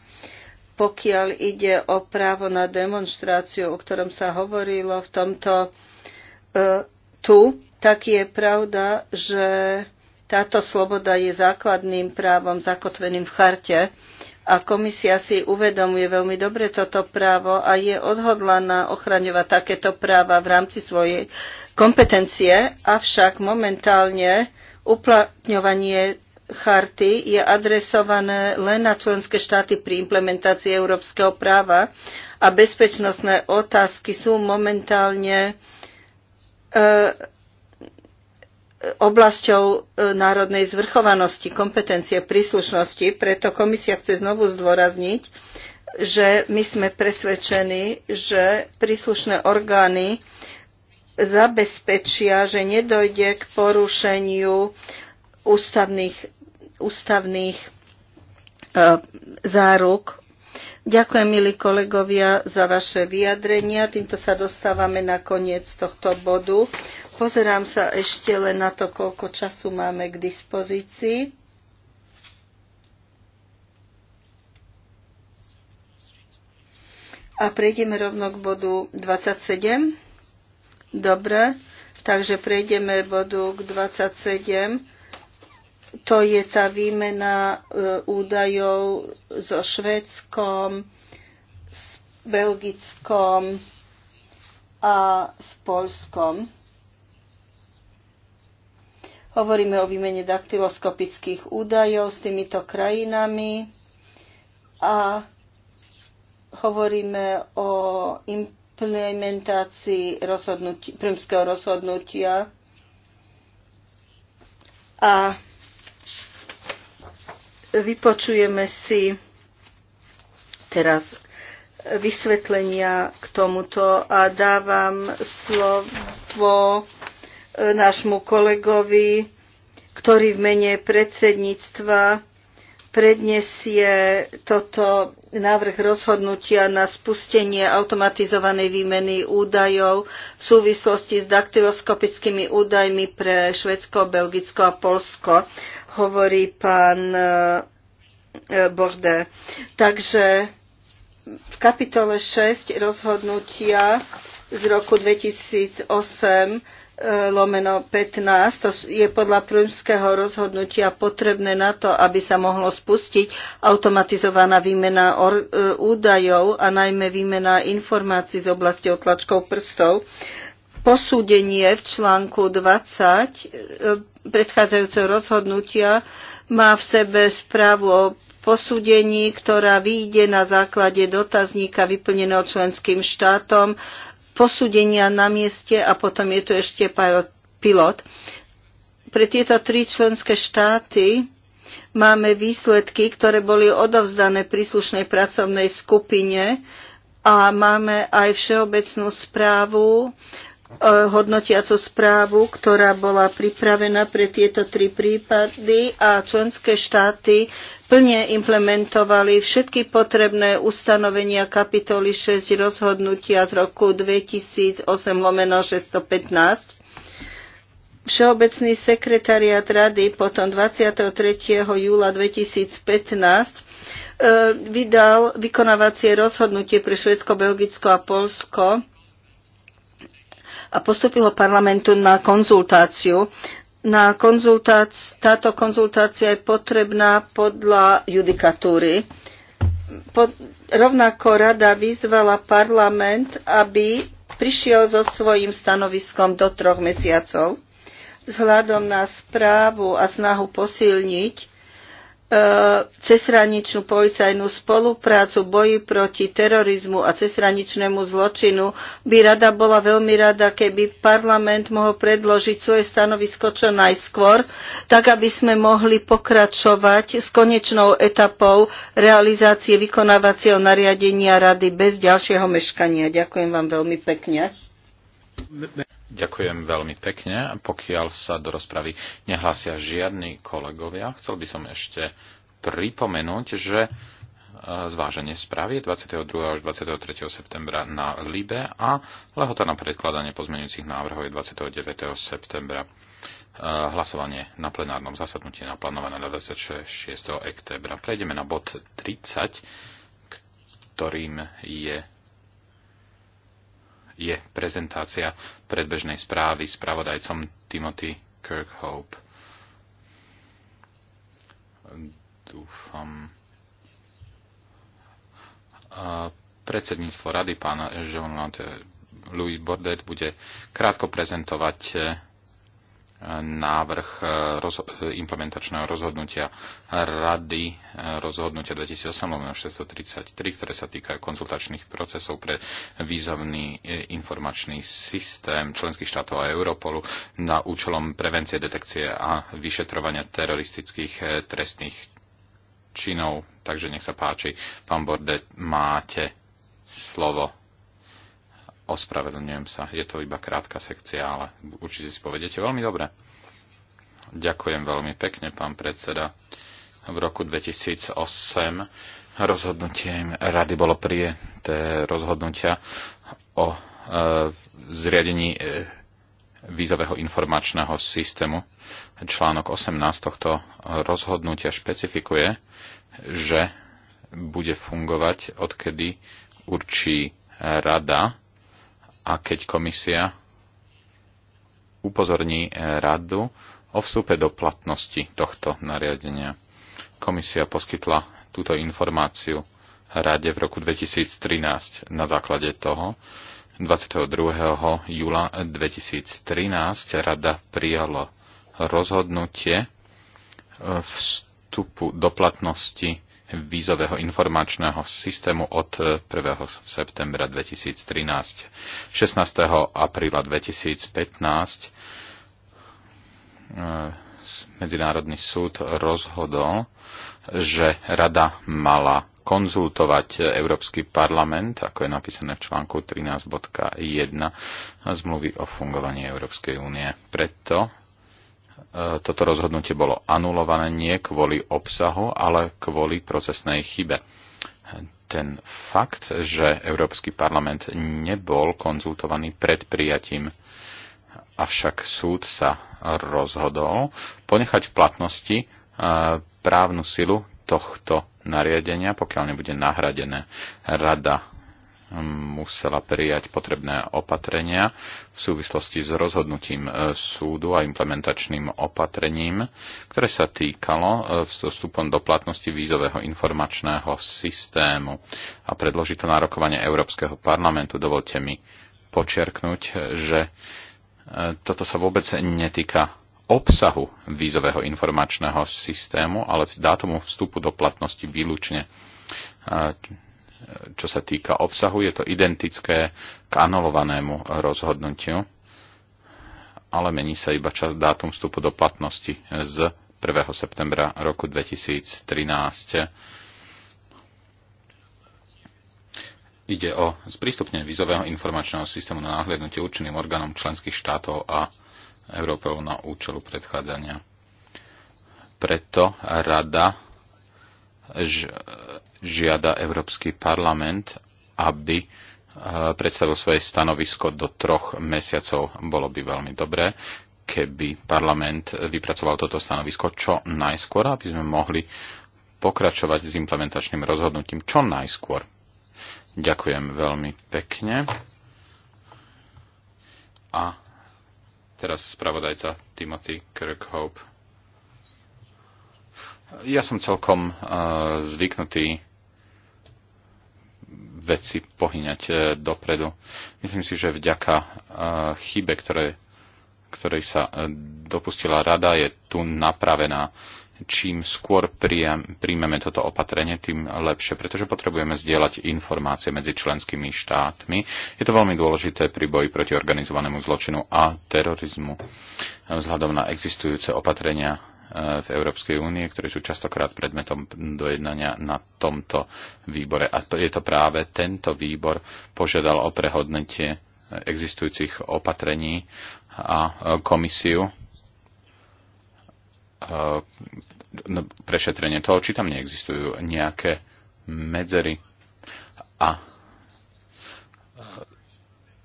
Pokiaľ ide o právo na demonstráciu, o ktorom sa hovorilo v tomto e, tu, tak je pravda, že táto sloboda je základným právom zakotveným v charte a komisia si uvedomuje veľmi dobre toto právo a je odhodlaná ochraňovať takéto práva v rámci svojej kompetencie, avšak momentálne uplatňovanie charty je adresované len na členské štáty pri implementácii európskeho práva a bezpečnostné otázky sú momentálne e, oblasťou e, národnej zvrchovanosti, kompetencie, príslušnosti. Preto komisia chce znovu zdôrazniť, že my sme presvedčení, že príslušné orgány zabezpečia, že nedojde k porušeniu ústavných, ústavných e, záruk. Ďakujem, milí kolegovia, za vaše vyjadrenia. Týmto sa dostávame na koniec tohto bodu. Pozerám sa ešte len na to, koľko času máme k dispozícii. A prejdeme rovno k bodu 27. Dobre, takže prejdeme bodu k 27. To je tá výmena e, údajov so Švedskom, s Belgickom a s Polskom Hovoríme o výmene daktyloskopických údajov s týmito krajinami a hovoríme o implementácii rozhodnutí, prímského rozhodnutia a vypočujeme si teraz vysvetlenia k tomuto a dávam slovo E, nášmu kolegovi, ktorý v mene predsedníctva predniesie toto návrh rozhodnutia na spustenie automatizovanej výmeny údajov v súvislosti s daktyloskopickými údajmi pre Švedsko, Belgicko a Polsko, hovorí pán e, e, Borde. Takže v kapitole 6 rozhodnutia z roku 2008 E, lomeno 15. To je podľa prúmského rozhodnutia potrebné na to, aby sa mohlo spustiť automatizovaná výmena e, údajov a najmä výmena informácií z oblasti otlačkov prstov. Posúdenie v článku 20 e, predchádzajúceho rozhodnutia má v sebe správu o posúdení, ktorá vyjde na základe dotazníka vyplneného členským štátom posúdenia na mieste a potom je tu ešte pilot. Pre tieto tri členské štáty máme výsledky, ktoré boli odovzdané príslušnej pracovnej skupine a máme aj všeobecnú správu E, hodnotiacu správu, ktorá bola pripravená pre tieto tri prípady a členské štáty plne implementovali všetky potrebné ustanovenia kapitoly 6 rozhodnutia z roku 2008 lomeno 615 Všeobecný sekretariat rady potom 23. júla 2015 e, vydal vykonávacie rozhodnutie pre Švedsko, Belgicko a Polsko a postupilo parlamentu na konzultáciu. Na konzultáci- táto konzultácia je potrebná podľa judikatúry. Po, rovnako rada vyzvala parlament, aby prišiel so svojím stanoviskom do troch mesiacov. Vzhľadom na správu a snahu posilniť cezhraničnú policajnú spoluprácu, boji proti terorizmu a cezhraničnému zločinu, by rada bola veľmi rada, keby parlament mohol predložiť svoje stanovisko čo najskôr, tak aby sme mohli pokračovať s konečnou etapou realizácie vykonávacieho nariadenia rady bez ďalšieho meškania. Ďakujem vám veľmi pekne. Ďakujem veľmi pekne. Pokiaľ sa do rozpravy nehlásia žiadni kolegovia, chcel by som ešte pripomenúť, že e, zváženie správy 22. až 23. septembra na Libe a lehota na predkladanie pozmeňujúcich návrhov je 29. septembra. E, hlasovanie na plenárnom zasadnutí je naplánované na 26. oktobra. Prejdeme na bod 30, ktorým je je prezentácia predbežnej správy s pravodajcom Timothy Kirkhope. Dúfam. Predsedníctvo rady pána Jean-Louis Bordet bude krátko prezentovať návrh eh, rozho- eh, implementačného rozhodnutia Rady eh, rozhodnutia 2008-633, ktoré sa týka konzultačných procesov pre výzovný informačný systém členských štátov a Europolu na účelom prevencie, detekcie a vyšetrovania teroristických trestných činov. Takže nech sa páči, pán Borde, máte slovo. Ospravedlňujem sa, je to iba krátka sekcia, ale určite si povedete veľmi dobre. Ďakujem veľmi pekne, pán predseda. V roku 2008 rozhodnutím rady bolo prijeté rozhodnutia o e, zriadení e, vízového informačného systému. Článok 18 tohto rozhodnutia špecifikuje, že bude fungovať, odkedy určí rada a keď komisia upozorní eh, radu o vstupe do platnosti tohto nariadenia. Komisia poskytla túto informáciu rade v roku 2013 na základe toho. 22. júla 2013 rada prijala rozhodnutie eh, vstupu do platnosti vízového informačného systému od 1. Eh, septembra 2013. 16. apríla 2015 eh, Medzinárodný súd rozhodol, že rada mala konzultovať eh, Európsky parlament, ako je napísané v článku 13.1 zmluvy o fungovaní Európskej únie. Preto E, toto rozhodnutie bolo anulované nie kvôli obsahu, ale kvôli procesnej chybe. Ten fakt, že Európsky parlament nebol konzultovaný pred prijatím, avšak súd sa rozhodol ponechať v platnosti e, právnu silu tohto nariadenia, pokiaľ nebude nahradené. Rada musela prijať potrebné opatrenia v súvislosti s rozhodnutím e, súdu a implementačným opatrením, ktoré sa týkalo e, dostupom do platnosti vízového informačného systému a predložiť to nárokovanie Európskeho parlamentu. Dovolte mi počerknúť, že e, toto sa vôbec netýka obsahu vízového informačného systému, ale dátumu vstupu do platnosti výlučne čo sa týka obsahu, je to identické k anulovanému rozhodnutiu, ale mení sa iba čas dátum vstupu do platnosti z 1. septembra roku 2013. Ide o sprístupnenie vízového informačného systému na náhľadnutie určeným orgánom členských štátov a Európov na účelu predchádzania. Preto rada žiada Európsky parlament, aby e, predstavil svoje stanovisko do troch mesiacov. Bolo by veľmi dobré, keby parlament vypracoval toto stanovisko čo najskôr, aby sme mohli pokračovať s implementačným rozhodnutím čo najskôr. Ďakujem veľmi pekne. A teraz spravodajca Timothy Kirkhope. Ja som celkom uh, zvyknutý veci pohyňať e, dopredu. Myslím si, že vďaka e, chybe, ktoré, ktorej sa e, dopustila rada, je tu napravená. Čím skôr príjmeme toto opatrenie, tým lepšie, pretože potrebujeme zdieľať informácie medzi členskými štátmi. Je to veľmi dôležité pri boji proti organizovanému zločinu a terorizmu. Vzhľadom na existujúce opatrenia v Európskej únie, ktoré sú častokrát predmetom dojednania na tomto výbore. A to, je to práve tento výbor požiadal o prehodnotie existujúcich opatrení a e, komisiu e, no, prešetrenie toho, či tam neexistujú nejaké medzery a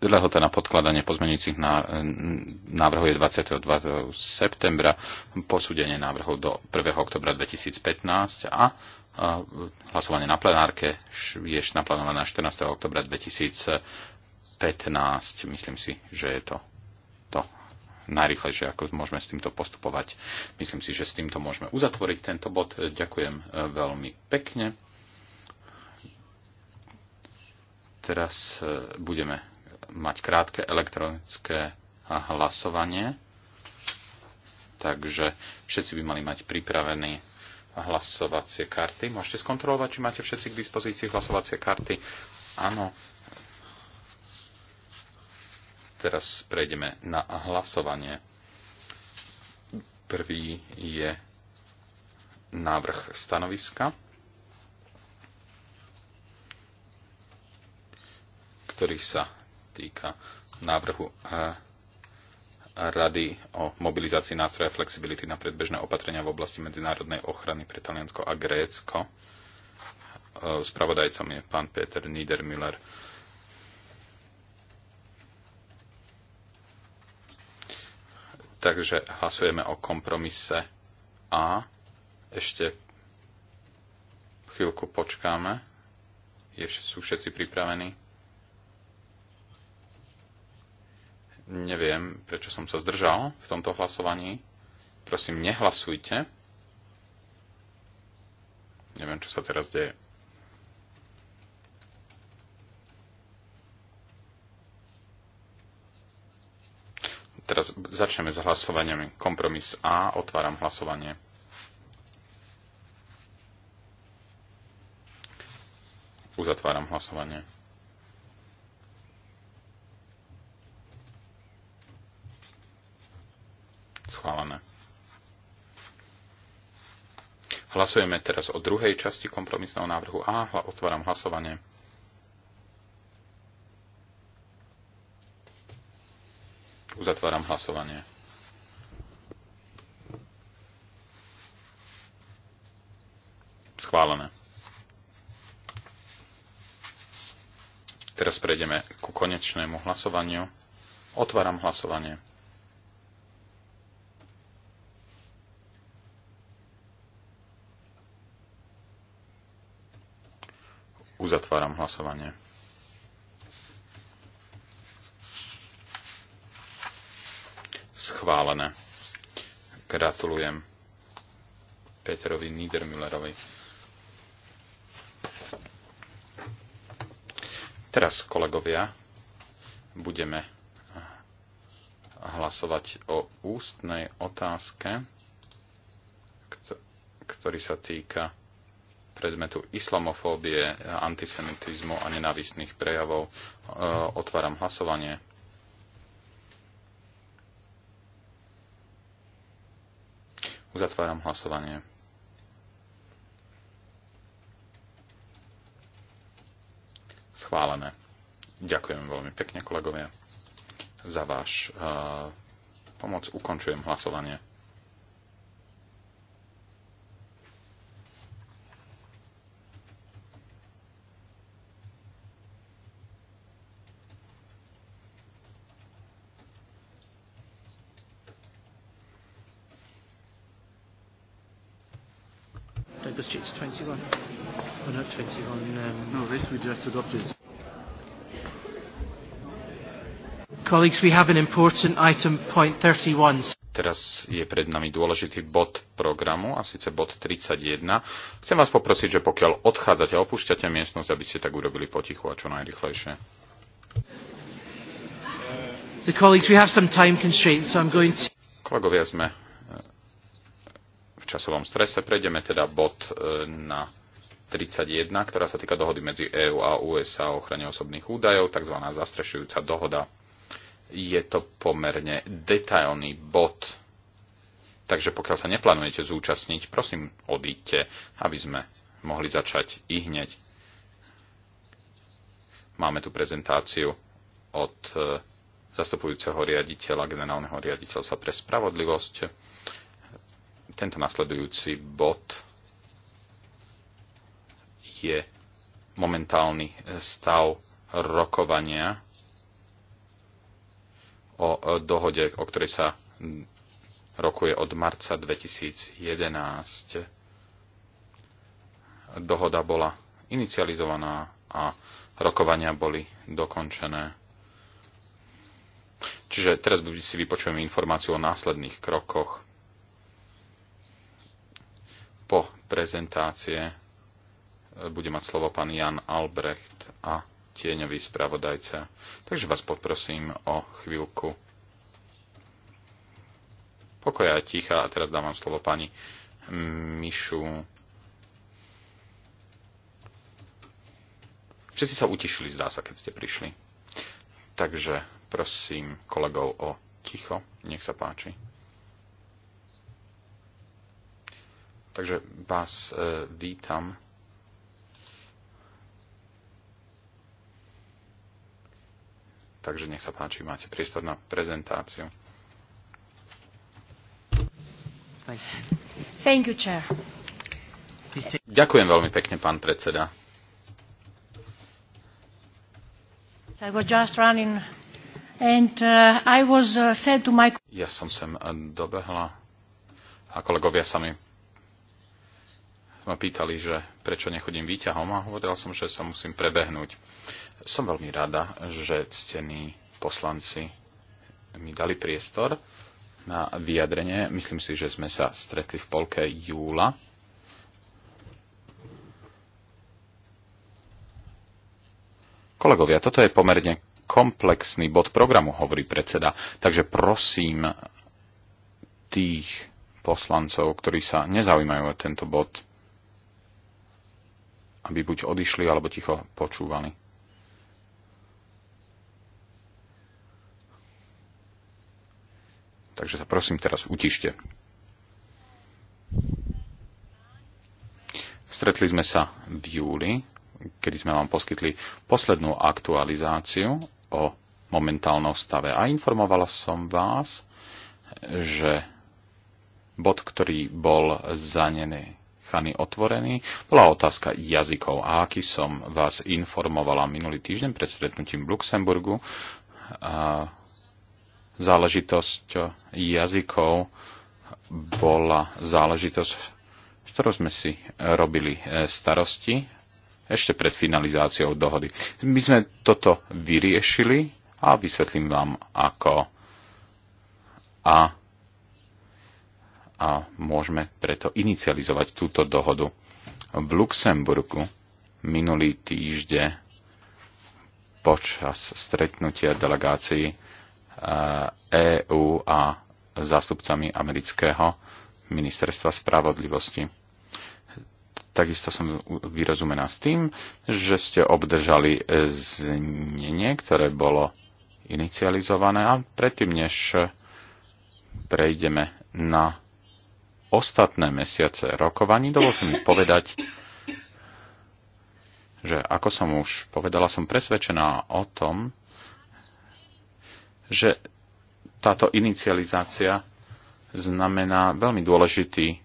Lehota na podkladanie pozmeňujúcich návrhov je 22. septembra, posúdenie návrhov do 1. oktobra 2015 a hlasovanie na plenárke je naplánované na 14. oktobra 2015. Myslím si, že je to to najrychlejšie, ako môžeme s týmto postupovať. Myslím si, že s týmto môžeme uzatvoriť tento bod. Ďakujem e, veľmi pekne. Teraz e, budeme mať krátke elektronické hlasovanie, takže všetci by mali mať pripravené hlasovacie karty. Môžete skontrolovať, či máte všetci k dispozícii hlasovacie karty. Áno. Teraz prejdeme na hlasovanie. Prvý je návrh stanoviska, ktorý sa týka návrhu eh, Rady o mobilizácii nástroja flexibility na predbežné opatrenia v oblasti medzinárodnej ochrany pre Taliansko a Grécko. Eh, spravodajcom je pán Peter Niedermüller. Takže hlasujeme o kompromise A. Ešte chvíľku počkáme. Je, sú všetci pripravení? Neviem, prečo som sa zdržal v tomto hlasovaní. Prosím, nehlasujte. Neviem, čo sa teraz deje. Teraz začneme s hlasovaniami. Kompromis A, otváram hlasovanie. Uzatváram hlasovanie. schválené. Hlasujeme teraz o druhej časti kompromisného návrhu A. Otváram hlasovanie. Uzatváram hlasovanie. Schválené. Teraz prejdeme ku konečnému hlasovaniu. Otváram hlasovanie. Uzatváram hlasovanie. Schválené. Gratulujem Peterovi Niedermüllerovi. Teraz, kolegovia, budeme hlasovať o ústnej otázke, ktorý sa týka predmetu islamofóbie, antisemitizmu a nenávistných prejavov. E, otváram hlasovanie. Uzatváram hlasovanie. Schválené. Ďakujem veľmi pekne, kolegovia, za váš uh, pomoc. Ukončujem hlasovanie. Colleagues, we have an important item, point 31. Teraz je pred nami dôležitý bod programu, a síce bod 31. Chcem vás poprosiť, že pokiaľ odchádzate a opúšťate miestnosť, aby ste tak urobili potichu a čo najrychlejšie. The colleagues, we have some time constraints, so I'm going to... Kolegovia, sme e, v časovom strese. Prejdeme teda bod e, na 31, ktorá sa týka dohody medzi EÚ a USA o ochrane osobných údajov, tzv. zastrešujúca dohoda je to pomerne detailný bod. Takže pokiaľ sa neplánujete zúčastniť, prosím, odíďte, aby sme mohli začať i hneď. Máme tu prezentáciu od e, zastupujúceho riaditeľa, generálneho riaditeľstva pre spravodlivosť. Tento nasledujúci bod je momentálny stav rokovania o dohode, o ktorej sa rokuje od marca 2011. Dohoda bola inicializovaná a rokovania boli dokončené. Čiže teraz si vypočujeme informáciu o následných krokoch po prezentácie bude mať slovo pán Jan Albrecht a tieňový spravodajca. Takže vás poprosím o chvíľku pokoja a ticha. A teraz dávam slovo pani Mišu. Všetci sa utišili, zdá sa, keď ste prišli. Takže prosím kolegov o ticho. Nech sa páči. Takže vás e, vítam Takže nech sa páči, máte priestor na prezentáciu. Thank you, chair. Ďakujem veľmi pekne, pán predseda. Uh, uh, ja som sem uh, dobehla a kolegovia sa mi ma pýtali, že prečo nechodím výťahom a hovoril som, že sa musím prebehnúť. Som veľmi rada, že ctení poslanci mi dali priestor na vyjadrenie. Myslím si, že sme sa stretli v polke júla. Kolegovia, toto je pomerne komplexný bod programu, hovorí predseda. Takže prosím tých poslancov, ktorí sa nezaujímajú o tento bod, aby buď odišli, alebo ticho počúvali. Takže sa prosím teraz utište. Stretli sme sa v júli, kedy sme vám poskytli poslednú aktualizáciu o momentálnom stave. A informovala som vás, že bod, ktorý bol zanený chany otvorený, bola otázka jazykov. A aký som vás informovala minulý týždeň pred stretnutím v Luxemburgu, záležitosť jazykov bola záležitosť, s ktorou sme si robili e, starosti ešte pred finalizáciou dohody. My sme toto vyriešili a vysvetlím vám ako. A, a môžeme preto inicializovať túto dohodu. V Luxemburgu minulý týždeň počas stretnutia delegácií EÚ e a zástupcami amerického ministerstva spravodlivosti. Takisto som vyrozumená s tým, že ste obdržali znenie, ktoré bolo inicializované a predtým, než prejdeme na ostatné mesiace rokovaní, dovolte mi povedať, že ako som už povedala, som presvedčená o tom, že táto inicializácia znamená veľmi dôležitý e,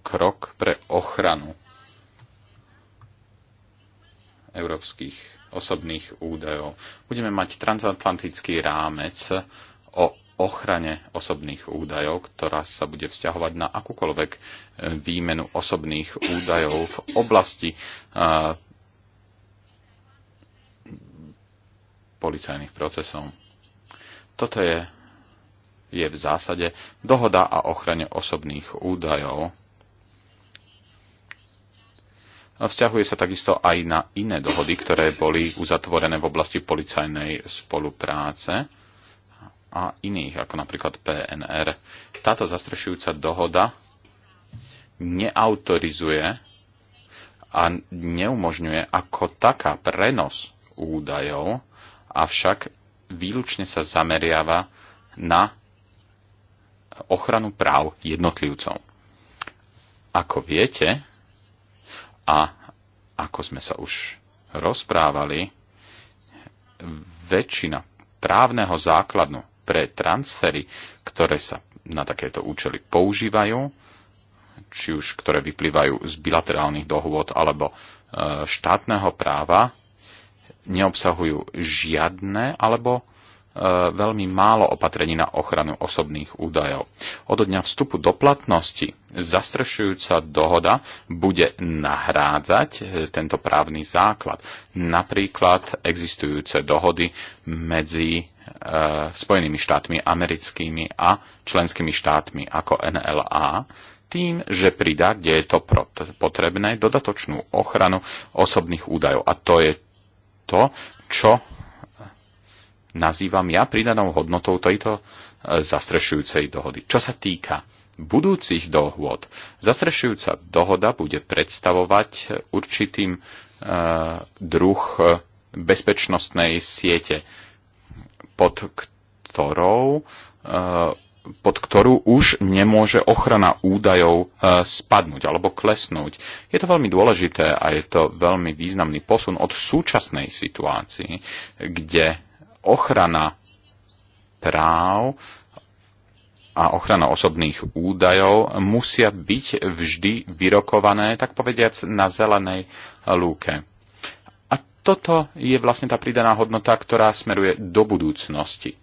krok pre ochranu európskych osobných údajov. Budeme mať transatlantický rámec o ochrane osobných údajov, ktorá sa bude vzťahovať na akúkoľvek e, výmenu osobných údajov v oblasti e, policajných procesov. Toto je, je v zásade dohoda a ochrane osobných údajov. Vzťahuje sa takisto aj na iné dohody, ktoré boli uzatvorené v oblasti policajnej spolupráce a iných, ako napríklad PNR. Táto zastrešujúca dohoda neautorizuje a neumožňuje ako taká prenos údajov, avšak výlučne sa zameriava na ochranu práv jednotlivcov. Ako viete, a ako sme sa už rozprávali, väčšina právneho základnu pre transfery, ktoré sa na takéto účely používajú, či už ktoré vyplývajú z bilaterálnych dohôd alebo e, štátneho práva, neobsahujú žiadne alebo e, veľmi málo opatrení na ochranu osobných údajov. Od dňa vstupu do platnosti zastrešujúca dohoda bude nahrádzať e, tento právny základ. Napríklad existujúce dohody medzi e, Spojenými štátmi americkými a členskými štátmi ako NLA tým, že pridá, kde je to potrebné, dodatočnú ochranu osobných údajov. A to je to, čo e, nazývam ja pridanou hodnotou tejto e, zastrešujúcej dohody. Čo sa týka budúcich dohôd, zastrešujúca dohoda bude predstavovať určitým e, druh e, bezpečnostnej siete, pod ktorou e, pod ktorú už nemôže ochrana údajov e, spadnúť alebo klesnúť. Je to veľmi dôležité a je to veľmi významný posun od súčasnej situácii, kde ochrana práv a ochrana osobných údajov musia byť vždy vyrokované, tak povediac, na zelenej lúke. A toto je vlastne tá pridaná hodnota, ktorá smeruje do budúcnosti.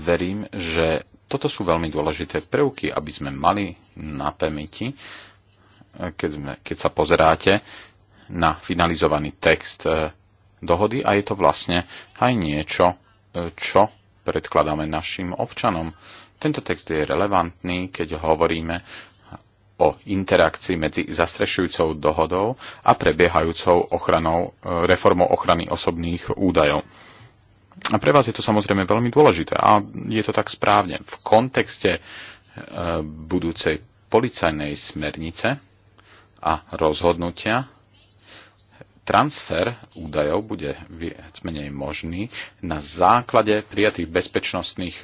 verím, že toto sú veľmi dôležité prvky, aby sme mali na pamäti, eh, keď, sme, keď sa pozeráte na finalizovaný text eh, dohody a je to vlastne aj niečo, eh, čo predkladáme našim občanom. Tento text je relevantný, keď hovoríme o interakcii medzi zastrešujúcou dohodou a prebiehajúcou ochranou, reformou ochrany osobných údajov. A pre vás je to samozrejme veľmi dôležité a je to tak správne. V kontexte e, budúcej policajnej smernice a rozhodnutia transfer údajov bude viac menej možný na základe prijatých bezpečnostných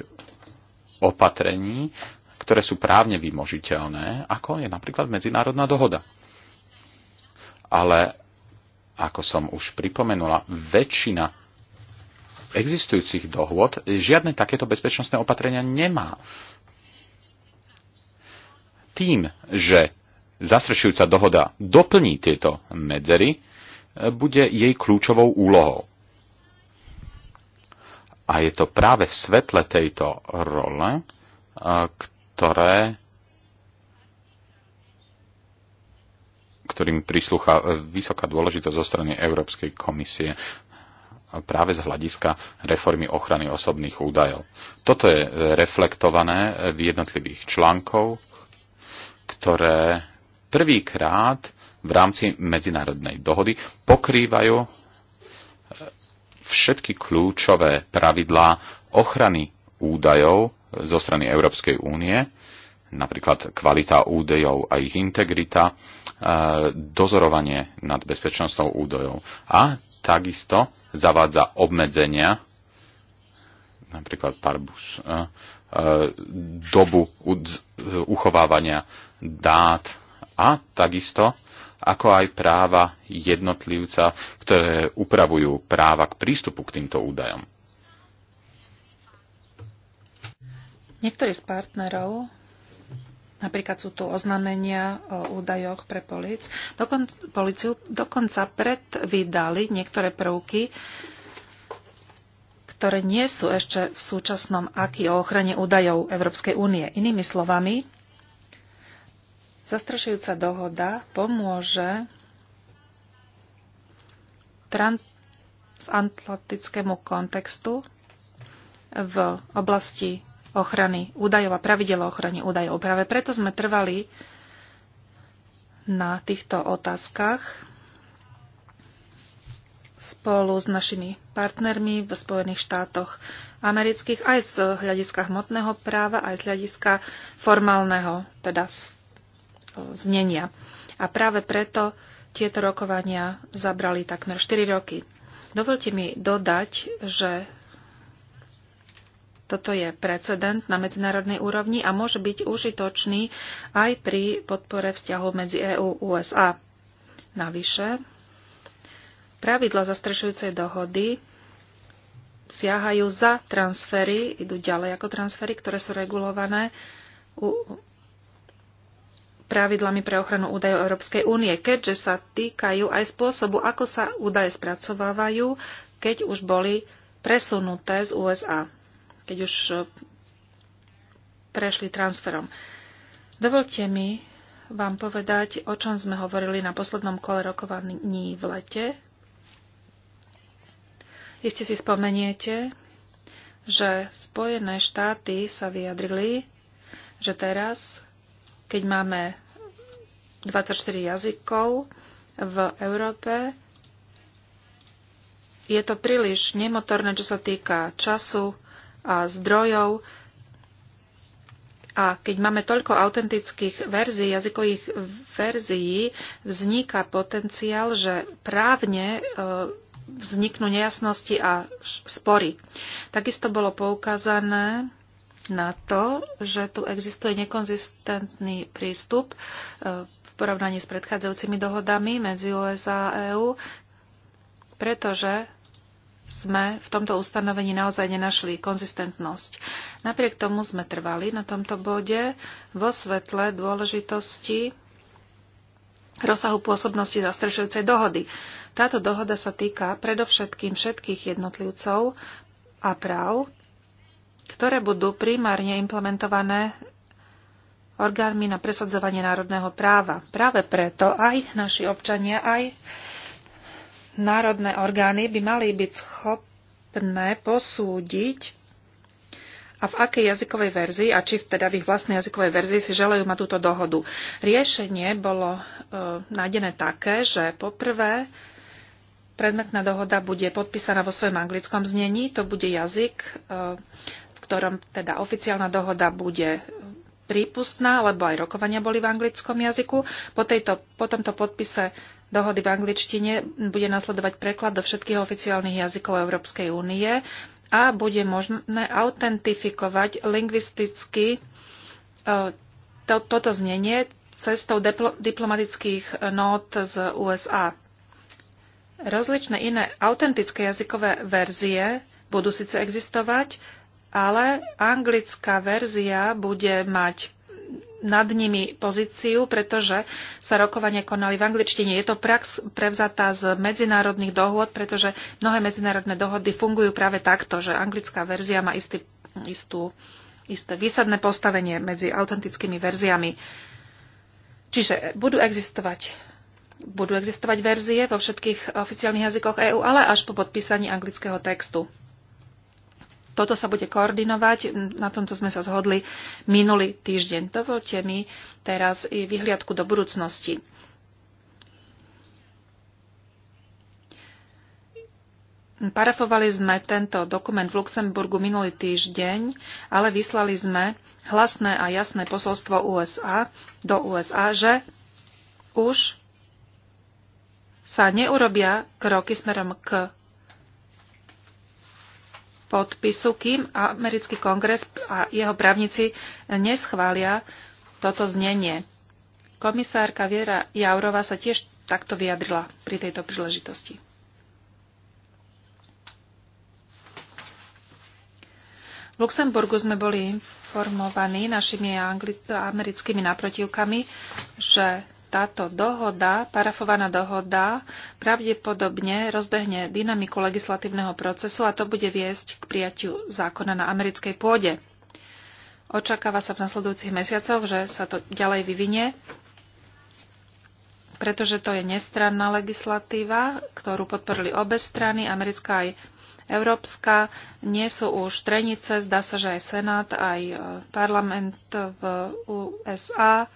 opatrení, ktoré sú právne vymožiteľné, ako je napríklad medzinárodná dohoda. Ale, ako som už pripomenula, väčšina existujúcich dohôd žiadne takéto bezpečnostné opatrenia nemá. Tým, že zastrešujúca dohoda doplní tieto medzery, e, bude jej kľúčovou úlohou. A je to práve v svetle tejto role, e, ktoré, ktorým prislúcha e, vysoká dôležitosť zo strany Európskej komisie práve z hľadiska reformy ochrany osobných údajov. Toto je e, reflektované e, v jednotlivých článkov, ktoré prvýkrát v rámci medzinárodnej dohody pokrývajú e, všetky kľúčové pravidlá ochrany údajov zo strany Európskej únie, napríklad kvalita údajov a ich integrita, dozorovanie nad bezpečnosťou údajov a takisto zavádza obmedzenia, napríklad parbus, e, e, dobu uchovávania dát a takisto ako aj práva jednotlivca, ktoré upravujú práva k prístupu k týmto údajom. Niektorí z partnerov Napríklad sú tu oznámenia o údajoch pre polic. Dokon, policiu dokonca predvydali niektoré prvky, ktoré nie sú ešte v súčasnom aký o ochrane údajov Európskej únie. Inými slovami, zastrašujúca dohoda pomôže transatlantickému kontextu v oblasti ochrany údajov a pravidel o ochrane údajov. Práve preto sme trvali na týchto otázkach spolu s našimi partnermi v Spojených štátoch amerických aj z hľadiska hmotného práva, aj z hľadiska formálneho, teda e, znenia. A práve preto tieto rokovania zabrali takmer 4 roky. Dovolte mi dodať, že toto je precedent na medzinárodnej úrovni a môže byť užitočný aj pri podpore vzťahov medzi EÚ a USA. Navyše, pravidla zastrešujúcej dohody siahajú za transfery, idú ďalej ako transfery, ktoré sú regulované pravidlami pre ochranu údajov Európskej únie, keďže sa týkajú aj spôsobu, ako sa údaje spracovávajú, keď už boli presunuté z USA keď už e, prešli transferom. Dovolte mi vám povedať, o čom sme hovorili na poslednom kole rokovaní v lete. Iste si spomeniete, že Spojené štáty sa vyjadrili, že teraz, keď máme 24 jazykov v Európe, je to príliš nemotorné, čo sa týka času, a zdrojov. A keď máme toľko autentických verzií, jazykových verzií, vzniká potenciál, že právne e, vzniknú nejasnosti a spory. Takisto bolo poukázané na to, že tu existuje nekonzistentný prístup e, v porovnaní s predchádzajúcimi dohodami medzi USA a EÚ, pretože sme v tomto ustanovení naozaj nenašli konzistentnosť. Napriek tomu sme trvali na tomto bode vo svetle dôležitosti rozsahu pôsobnosti zastrešujúcej dohody. Táto dohoda sa týka predovšetkým všetkých jednotlivcov a práv, ktoré budú primárne implementované orgánmi na presadzovanie národného práva. Práve preto aj naši občania, aj národné orgány by mali byť schopné posúdiť, a v akej jazykovej verzii a či teda v ich vlastnej jazykovej verzii si želajú mať túto dohodu. Riešenie bolo e, nájdené také, že poprvé predmetná dohoda bude podpísaná vo svojom anglickom znení, to bude jazyk, e, v ktorom teda oficiálna dohoda bude prípustná, lebo aj rokovania boli v anglickom jazyku. Po, tejto, po tomto podpise dohody v angličtine bude nasledovať preklad do všetkých oficiálnych jazykov Európskej únie a bude možné autentifikovať lingvisticky e, to, toto znenie cestou diplomatických nót z USA. Rozličné iné autentické jazykové verzie budú síce existovať, ale anglická verzia bude mať nad nimi pozíciu, pretože sa rokovania konali v angličtine. Je to prax prevzatá z medzinárodných dohôd, pretože mnohé medzinárodné dohody fungujú práve takto, že anglická verzia má istý, istú, isté výsadné postavenie medzi autentickými verziami. Čiže budú existovať budú existovať verzie vo všetkých oficiálnych jazykoch EÚ, ale až po podpísaní anglického textu toto sa bude koordinovať. Na tomto sme sa zhodli minulý týždeň. Dovolte mi teraz i vyhliadku do budúcnosti. Parafovali sme tento dokument v Luxemburgu minulý týždeň, ale vyslali sme hlasné a jasné posolstvo USA do USA, že už sa neurobia kroky smerom k podpisu, kým americký kongres a jeho právnici neschvália toto znenie. Komisárka Viera Jaurova sa tiež takto vyjadrila pri tejto príležitosti. V Luxemburgu sme boli informovaní našimi americkými naprotivkami, že táto dohoda, parafovaná dohoda, pravdepodobne rozbehne dynamiku legislatívneho procesu a to bude viesť k prijatiu zákona na americkej pôde. Očakáva sa v nasledujúcich mesiacoch, že sa to ďalej vyvinie, pretože to je nestranná legislatíva, ktorú podporili obe strany, americká aj európska. Nie sú už trenice, zdá sa, že aj Senát, aj e, parlament v USA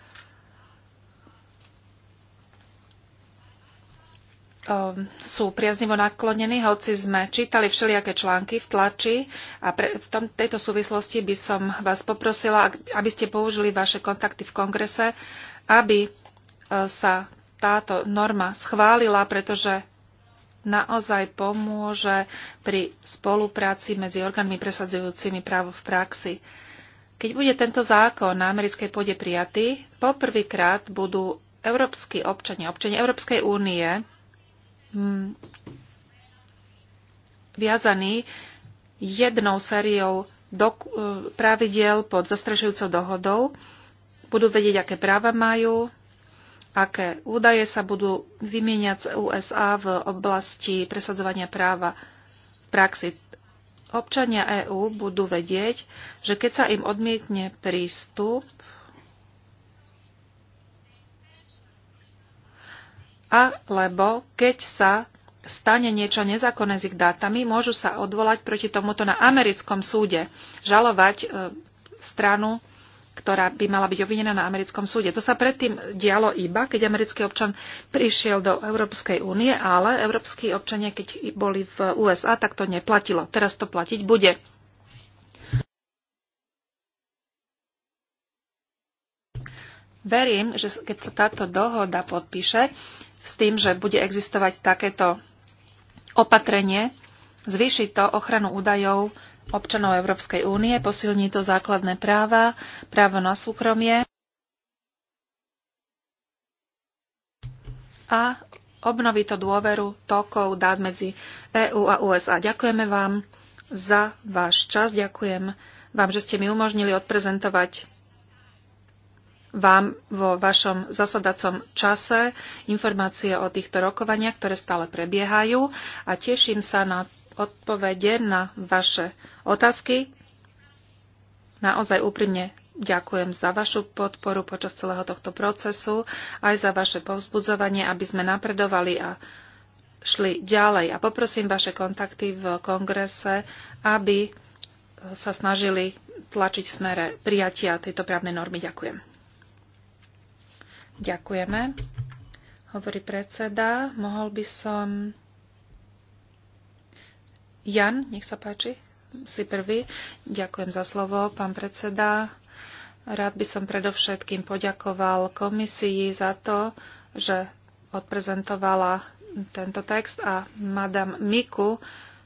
Ehm, sú priaznivo naklonení, hoci sme čítali všelijaké články v tlači a pre, v tom, tejto súvislosti by som vás poprosila, aby ste použili vaše kontakty v kongrese, aby e, sa táto norma schválila, pretože naozaj pomôže pri spolupráci medzi orgánmi presadzujúcimi právo v praxi. Keď bude tento zákon na americkej pôde prijatý, poprvýkrát budú európsky občania, občania Európskej únie, Hm, viazaný jednou sériou eh, pravidiel pod zastrešujúcou dohodou. Budú vedieť, aké práva majú, aké údaje sa budú vymieňať z USA v oblasti presadzovania práva v praxi. Občania EÚ budú vedieť, že keď sa im odmietne prístup alebo keď sa stane niečo nezákonné s ich dátami, môžu sa odvolať proti tomuto na americkom súde, žalovať e, stranu, ktorá by mala byť obvinená na americkom súde. To sa predtým dialo iba, keď americký občan prišiel do Európskej únie, ale európsky občania, keď boli v USA, tak to neplatilo. Teraz to platiť bude. Verím, že keď sa táto dohoda podpíše, s tým, že bude existovať takéto opatrenie, zvýši to ochranu údajov občanov Európskej únie, posilní to základné práva, právo na súkromie a obnoví to dôveru tokov dát medzi EÚ a USA. Ďakujeme vám za váš čas, ďakujem vám, že ste mi umožnili odprezentovať vám vo vašom zasadacom čase informácie o týchto rokovaniach, ktoré stále prebiehajú a teším sa na odpovede na vaše otázky. Naozaj úprimne ďakujem za vašu podporu počas celého tohto procesu, aj za vaše povzbudzovanie, aby sme napredovali a šli ďalej. A poprosím vaše kontakty v kongrese, aby sa snažili tlačiť v smere prijatia tejto právnej normy. Ďakujem. Ďakujeme, hovorí predseda. Mohol by som... Jan, nech sa páči, si prvý. Ďakujem za slovo, pán predseda. Rád by som predovšetkým poďakoval komisii za to, že odprezentovala tento text a madam Miku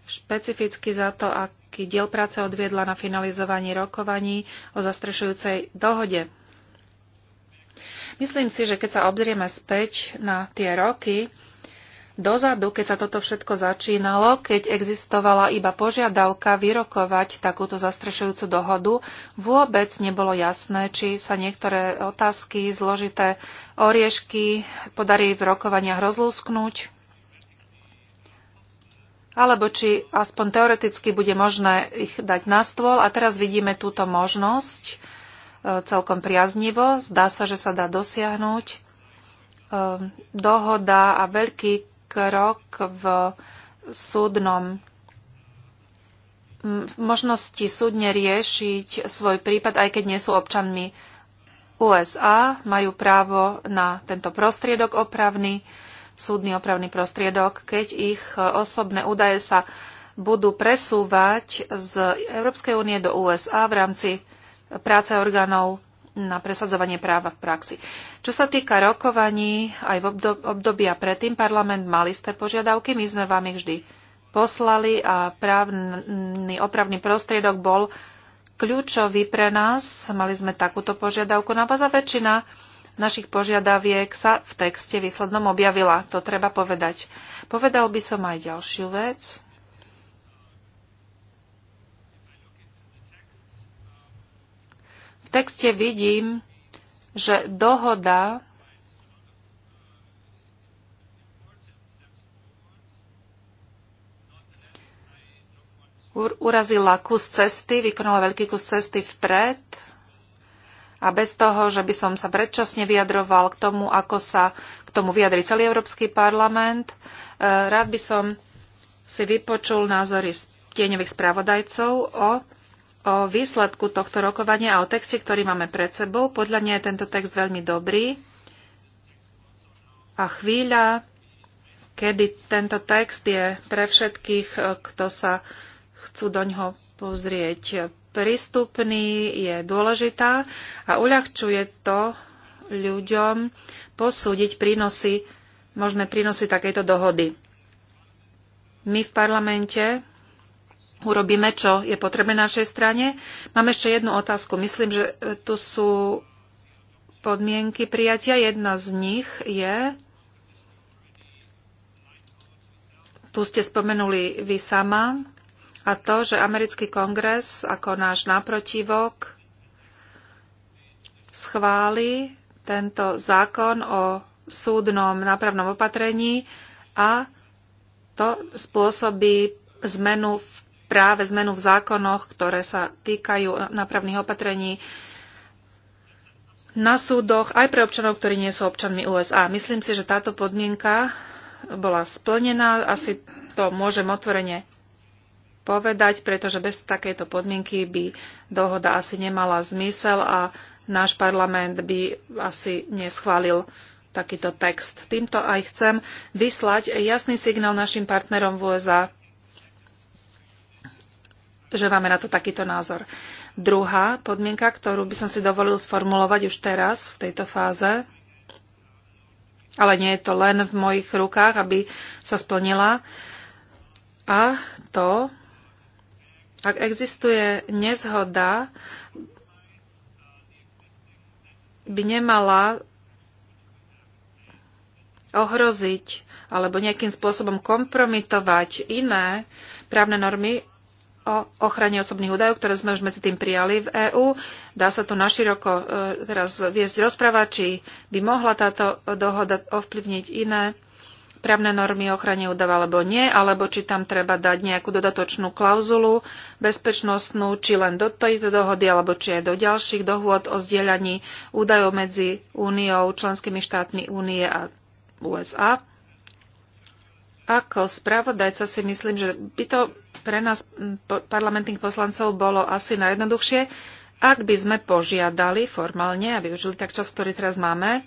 špecificky za to, aký diel práce odviedla na finalizovaní rokovaní o zastrešujúcej dohode. Myslím si, že keď sa obzrieme späť na tie roky, dozadu, keď sa toto všetko začínalo, keď existovala iba požiadavka vyrokovať takúto zastrešujúcu dohodu, vôbec nebolo jasné, či sa niektoré otázky, zložité oriešky podarí v rokovaniach rozlúsknúť, alebo či aspoň teoreticky bude možné ich dať na stôl. A teraz vidíme túto možnosť, celkom priaznivo. Zdá sa, že sa dá dosiahnuť ehm, dohoda a veľký krok v súdnom v možnosti súdne riešiť svoj prípad, aj keď nie sú občanmi USA, majú právo na tento prostriedok opravný, súdny opravný prostriedok, keď ich osobné údaje sa budú presúvať z Európskej únie do USA v rámci práce orgánov na presadzovanie práva v praxi. Čo sa týka rokovaní, aj v obdobia predtým parlament mal isté požiadavky, my sme vám ich vždy poslali a právny opravný prostriedok bol kľúčový pre nás. Mali sme takúto požiadavku na vás a väčšina našich požiadaviek sa v texte výslednom objavila. To treba povedať. Povedal by som aj ďalšiu vec. V texte vidím, že dohoda urazila kus cesty, vykonala veľký kus cesty vpred a bez toho, že by som sa predčasne vyjadroval k tomu, ako sa k tomu vyjadri celý Európsky parlament, e, rád by som si vypočul názory tieňových spravodajcov o o výsledku tohto rokovania a o texte, ktorý máme pred sebou. Podľa mňa je tento text veľmi dobrý. A chvíľa, kedy tento text je pre všetkých, e, kto sa chcú do ňoho pozrieť, prístupný, je dôležitá a uľahčuje to ľuďom posúdiť prínosy, možné prínosy takejto dohody. My v parlamente urobíme, čo je potrebné na našej strane. Mám ešte jednu otázku. Myslím, že e, tu sú podmienky prijatia. Jedna z nich je, tu ste spomenuli vy sama, a to, že americký kongres ako náš naprotivok schváli tento zákon o súdnom nápravnom opatrení a to spôsobí zmenu v práve zmenu v zákonoch, ktoré sa týkajú napravných opatrení na súdoch aj pre občanov, ktorí nie sú občanmi USA. Myslím si, že táto podmienka bola splnená. Asi to môžem otvorene povedať, pretože bez takejto podmienky by dohoda asi nemala zmysel a náš parlament by asi neschválil takýto text. Týmto aj chcem vyslať jasný signál našim partnerom v USA, že máme na to takýto názor. Druhá podmienka, ktorú by som si dovolil sformulovať už teraz, v tejto fáze, ale nie je to len v mojich rukách, aby sa splnila, a to, ak existuje nezhoda, by nemala ohroziť alebo nejakým spôsobom kompromitovať iné právne normy o ochrane osobných údajov, ktoré sme už medzi tým prijali v EÚ. Dá sa tu naširoko e, teraz viesť rozpráva, či by mohla táto dohoda ovplyvniť iné právne normy o ochrane údajov alebo nie, alebo či tam treba dať nejakú dodatočnú klauzulu bezpečnostnú, či len do tejto dohody, alebo či aj do ďalších dohôd o zdieľaní údajov medzi úniou, členskými štátmi únie a USA. Ako spravodajca si myslím, že by to pre nás parlamentných poslancov bolo asi najjednoduchšie, ak by sme požiadali formálne a využili tak čas, ktorý teraz máme,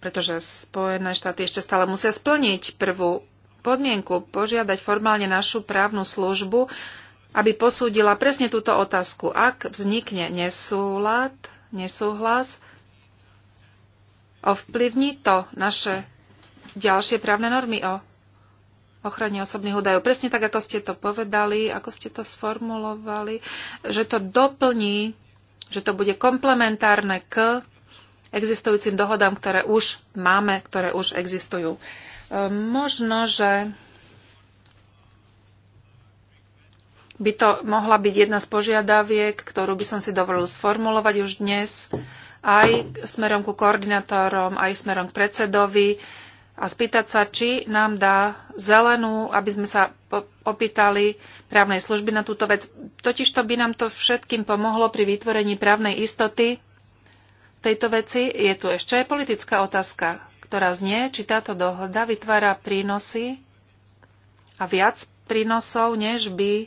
pretože Spojené štáty ešte stále musia splniť prvú podmienku, požiadať formálne našu právnu službu, aby posúdila presne túto otázku. Ak vznikne nesúlad, nesúhlas, ovplyvní to naše ďalšie právne normy o ochrane osobných údajov. Presne tak, ako ste to povedali, ako ste to sformulovali, že to doplní, že to bude komplementárne k existujúcim dohodám, ktoré už máme, ktoré už existujú. E, možno, že by to mohla byť jedna z požiadaviek, ktorú by som si dovolil sformulovať už dnes, aj smerom ku koordinátorom, aj smerom k predsedovi, a spýtať sa, či nám dá zelenú, aby sme sa opýtali právnej služby na túto vec. Totižto by nám to všetkým pomohlo pri vytvorení právnej istoty tejto veci. Je tu ešte aj politická otázka, ktorá znie, či táto dohoda vytvára prínosy a viac prínosov, než by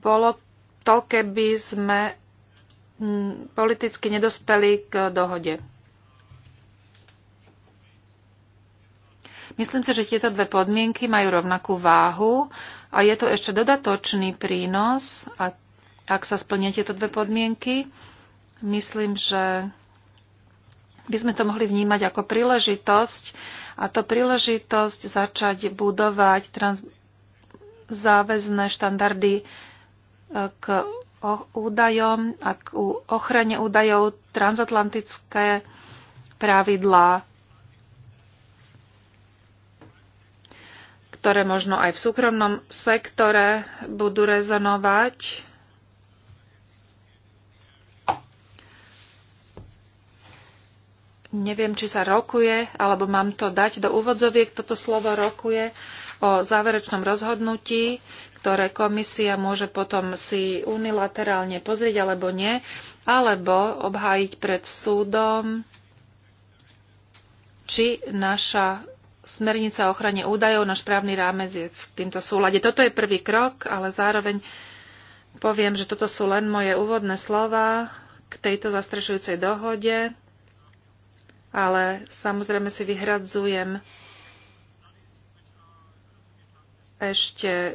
bolo to, keby sme mm, politicky nedospeli k dohode. Myslím si, že tieto dve podmienky majú rovnakú váhu a je to ešte dodatočný prínos, a ak sa splnia tieto dve podmienky. Myslím, že by sme to mohli vnímať ako príležitosť a to príležitosť začať budovať trans- záväzné štandardy k údajom a k ochrane údajov transatlantické pravidlá, ktoré možno aj v súkromnom sektore budú rezonovať neviem, či sa rokuje, alebo mám to dať do úvodzoviek, toto slovo rokuje o záverečnom rozhodnutí, ktoré komisia môže potom si unilaterálne pozrieť alebo nie, alebo obhájiť pred súdom, či naša smernica o ochrane údajov, náš právny rámec je v týmto súlade. Toto je prvý krok, ale zároveň poviem, že toto sú len moje úvodné slova k tejto zastrešujúcej dohode ale samozrejme si vyhradzujem ešte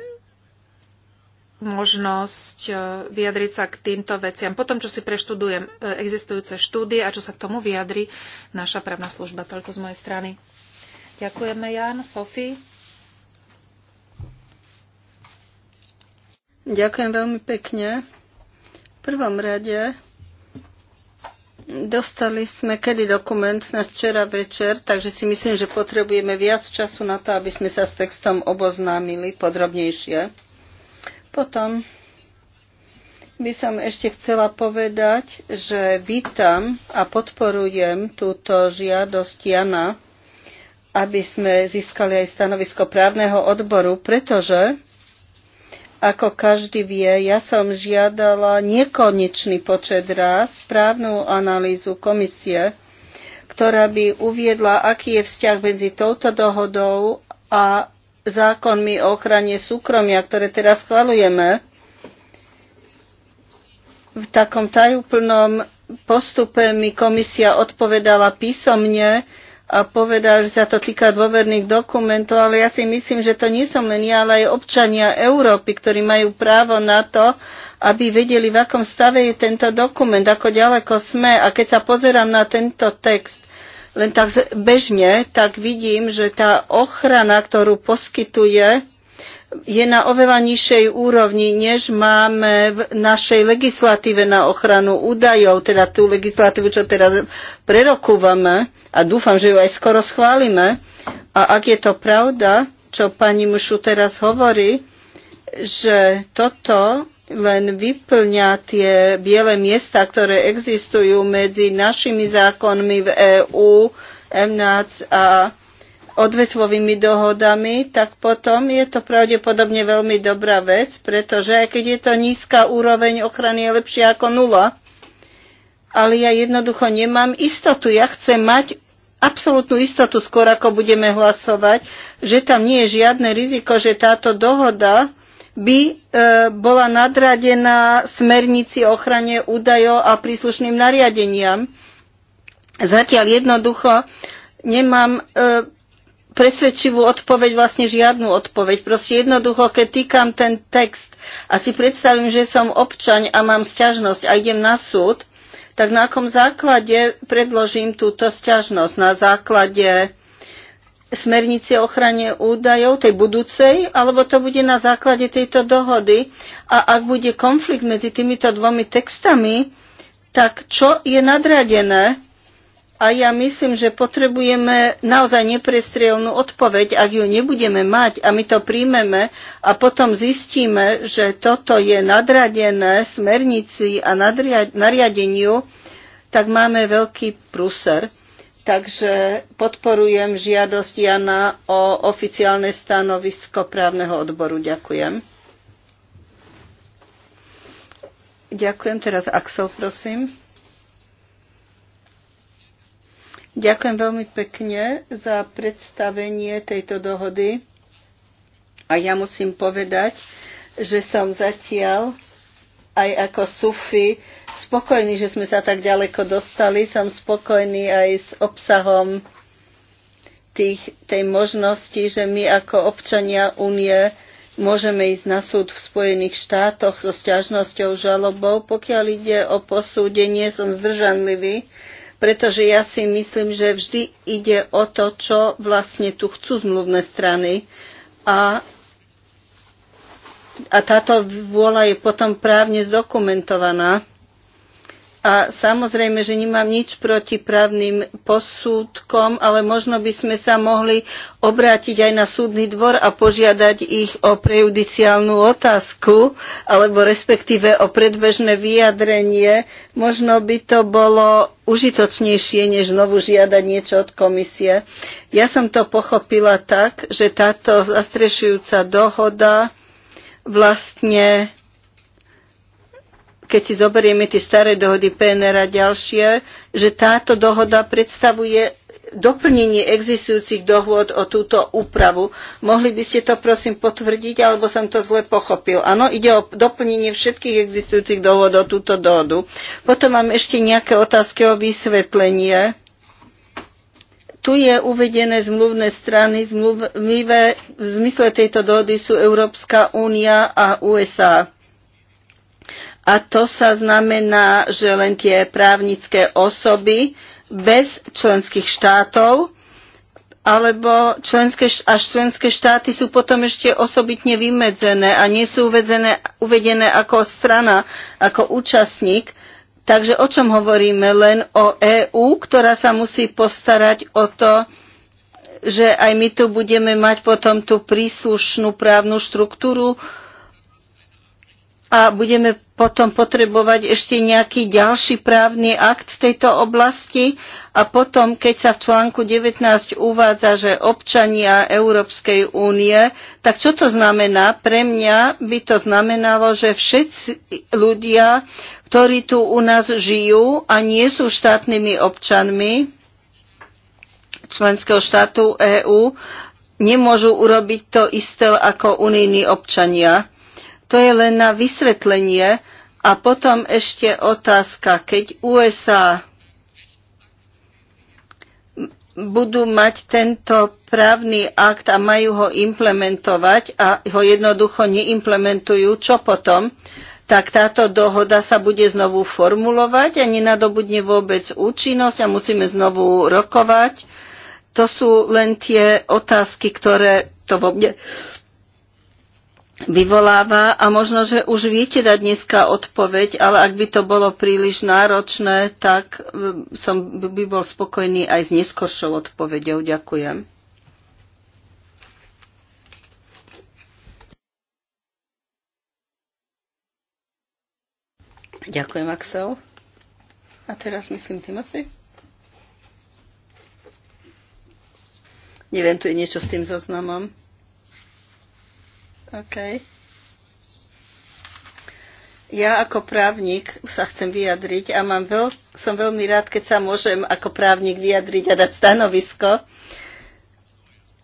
možnosť e, vyjadriť sa k týmto veciam. Potom, čo si preštudujem e, existujúce štúdie a čo sa k tomu vyjadri naša právna služba. Toľko z mojej strany. Ďakujeme, Jan, Sofi. Ďakujem veľmi pekne. V prvom rade Dostali sme kedy dokument na včera večer, takže si myslím, že potrebujeme viac času na to, aby sme sa s textom oboznámili podrobnejšie. Potom by som ešte chcela povedať, že vítam a podporujem túto žiadosť Jana, aby sme získali aj stanovisko právneho odboru, pretože ako každý vie, ja som žiadala nekonečný počet raz správnu analýzu komisie, ktorá by uviedla, aký je vzťah medzi touto dohodou a zákonmi o ochrane súkromia, ktoré teraz schvalujeme v takom tajúplnom postupe mi komisia odpovedala písomne, a povedal, že sa to týka dôverných dokumentov, ale ja si myslím, že to nie som len ja, ale aj občania Európy, ktorí majú právo na to, aby vedeli, v akom stave je tento dokument, ako ďaleko sme. A keď sa pozerám na tento text len tak bežne, tak vidím, že tá ochrana, ktorú poskytuje je na oveľa nižšej úrovni, než máme v našej legislatíve na ochranu údajov, teda tú legislatívu, čo teraz prerokúvame a dúfam, že ju aj skoro schválime. A ak je to pravda, čo pani Mušu teraz hovorí, že toto len vyplňa tie biele miesta, ktoré existujú medzi našimi zákonmi v EÚ, MNAC a odvetvovými dohodami, tak potom je to pravdepodobne veľmi dobrá vec, pretože aj keď je to nízka úroveň ochrany, je lepšia ako nula. Ale ja jednoducho nemám istotu. Ja chcem mať absolútnu istotu skôr, ako budeme hlasovať, že tam nie je žiadne riziko, že táto dohoda by e, bola nadradená smernici ochrane údajov a príslušným nariadeniam. Zatiaľ jednoducho nemám e, presvedčivú odpoveď, vlastne žiadnu odpoveď. Proste jednoducho, keď týkam ten text a si predstavím, že som občaň a mám sťažnosť a idem na súd, tak na akom základe predložím túto sťažnosť? Na základe smernice ochrane údajov, tej budúcej, alebo to bude na základe tejto dohody. A ak bude konflikt medzi týmito dvomi textami, tak čo je nadradené? A ja myslím, že potrebujeme naozaj neprestrielnú odpoveď, ak ju nebudeme mať a my to príjmeme a potom zistíme, že toto je nadradené smernici a nariadeniu, tak máme veľký pruser. Takže podporujem žiadosť Jana o oficiálne stanovisko právneho odboru. Ďakujem. Ďakujem teraz Axel, prosím. Ďakujem veľmi pekne za predstavenie tejto dohody. A ja musím povedať, že som zatiaľ aj ako sufi spokojný, že sme sa tak ďaleko dostali. Som spokojný aj s obsahom tých, tej možnosti, že my ako občania únie môžeme ísť na súd v Spojených štátoch so sťažnosťou žalobou. Pokiaľ ide o posúdenie, som zdržanlivý pretože ja si myslím, že vždy ide o to, čo vlastne tu chcú zmluvné strany a, a táto vôľa je potom právne zdokumentovaná. A samozrejme, že nemám nič proti právnym posúdkom, ale možno by sme sa mohli obrátiť aj na súdny dvor a požiadať ich o prejudiciálnu otázku, alebo respektíve o predbežné vyjadrenie. Možno by to bolo užitočnejšie, než znovu žiadať niečo od komisie. Ja som to pochopila tak, že táto zastrešujúca dohoda vlastne keď si zoberieme tie staré dohody PNR a ďalšie, že táto dohoda predstavuje doplnenie existujúcich dohôd o túto úpravu. Mohli by ste to prosím potvrdiť, alebo som to zle pochopil. Áno, ide o doplnenie všetkých existujúcich dohôd o túto dohodu. Potom mám ešte nejaké otázky o vysvetlenie. Tu je uvedené zmluvné strany. Zmluvlivé v zmysle tejto dohody sú Európska únia a USA. A to sa znamená, že len tie právnické osoby bez členských štátov alebo členské, až členské štáty sú potom ešte osobitne vymedzené a nie sú uvedené, uvedené ako strana, ako účastník. Takže o čom hovoríme? Len o EÚ, ktorá sa musí postarať o to, že aj my tu budeme mať potom tú príslušnú právnu štruktúru, a budeme potom potrebovať ešte nejaký ďalší právny akt v tejto oblasti a potom, keď sa v článku 19 uvádza, že občania Európskej únie, tak čo to znamená? Pre mňa by to znamenalo, že všetci ľudia, ktorí tu u nás žijú a nie sú štátnymi občanmi členského štátu EÚ, nemôžu urobiť to isté ako unijní občania to je len na vysvetlenie. A potom ešte otázka, keď USA budú mať tento právny akt a majú ho implementovať a ho jednoducho neimplementujú, čo potom? tak táto dohoda sa bude znovu formulovať a nenadobudne vôbec účinnosť a musíme znovu rokovať. To sú len tie otázky, ktoré to vo mne vyvoláva a možno, že už viete dať dneska odpoveď, ale ak by to bolo príliš náročné, tak um, som by bol spokojný aj s neskoršou odpoveďou. Ďakujem. Ďakujem, Axel. A teraz myslím asi? Neviem, tu je niečo s tým zoznamom. OK. Ja ako právnik sa chcem vyjadriť a mám veľ, som veľmi rád, keď sa môžem ako právnik vyjadriť a dať stanovisko.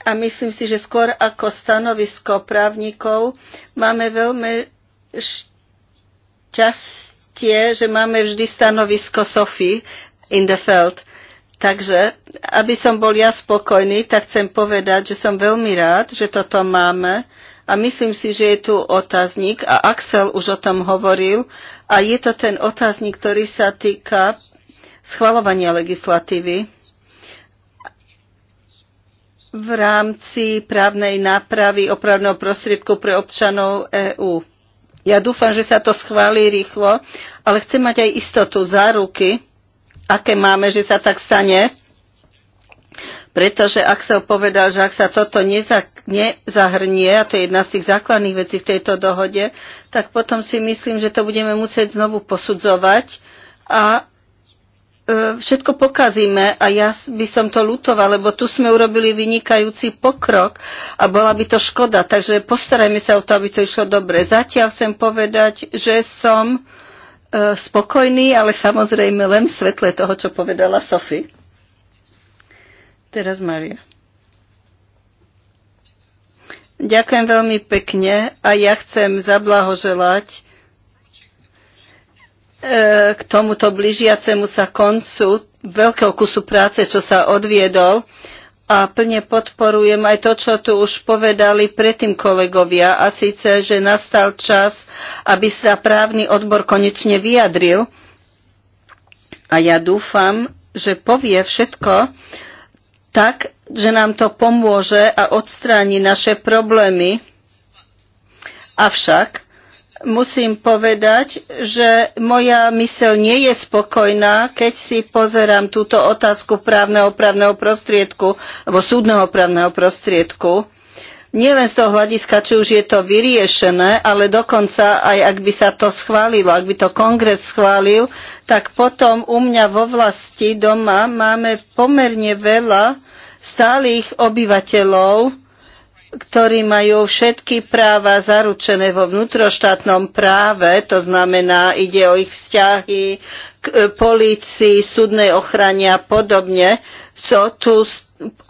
A myslím si, že skôr ako stanovisko právnikov máme veľmi šťastie, že máme vždy stanovisko Sophie in the field. Takže, aby som bol ja spokojný, tak chcem povedať, že som veľmi rád, že toto máme a myslím si, že je tu otáznik a Axel už o tom hovoril a je to ten otáznik, ktorý sa týka schvalovania legislatívy v rámci právnej nápravy opravného prostriedku pre občanov EÚ. Ja dúfam, že sa to schválí rýchlo, ale chcem mať aj istotu, záruky, aké máme, že sa tak stane pretože ak sa povedal, že ak sa toto neza, nezahrnie, a to je jedna z tých základných vecí v tejto dohode, tak potom si myslím, že to budeme musieť znovu posudzovať a e, všetko pokazíme a ja by som to lutovala, lebo tu sme urobili vynikajúci pokrok a bola by to škoda. Takže postarajme sa o to, aby to išlo dobre. Zatiaľ chcem povedať, že som e, spokojný, ale samozrejme len v svetle toho, čo povedala Sofie. Teraz Maria. Ďakujem veľmi pekne a ja chcem zablahoželať e, k tomuto blížiacemu sa koncu veľkého kusu práce, čo sa odviedol a plne podporujem aj to, čo tu už povedali predtým kolegovia a síce, že nastal čas, aby sa právny odbor konečne vyjadril a ja dúfam, že povie všetko, tak, že nám to pomôže a odstráni naše problémy. Avšak musím povedať, že moja myseľ nie je spokojná, keď si pozerám túto otázku právneho právneho prostriedku, alebo súdneho právneho prostriedku nielen z toho hľadiska, či už je to vyriešené, ale dokonca aj ak by sa to schválilo, ak by to kongres schválil, tak potom u mňa vo vlasti doma máme pomerne veľa stálych obyvateľov, ktorí majú všetky práva zaručené vo vnútroštátnom práve, to znamená, ide o ich vzťahy k e, polícii, súdnej ochrane a podobne, čo tu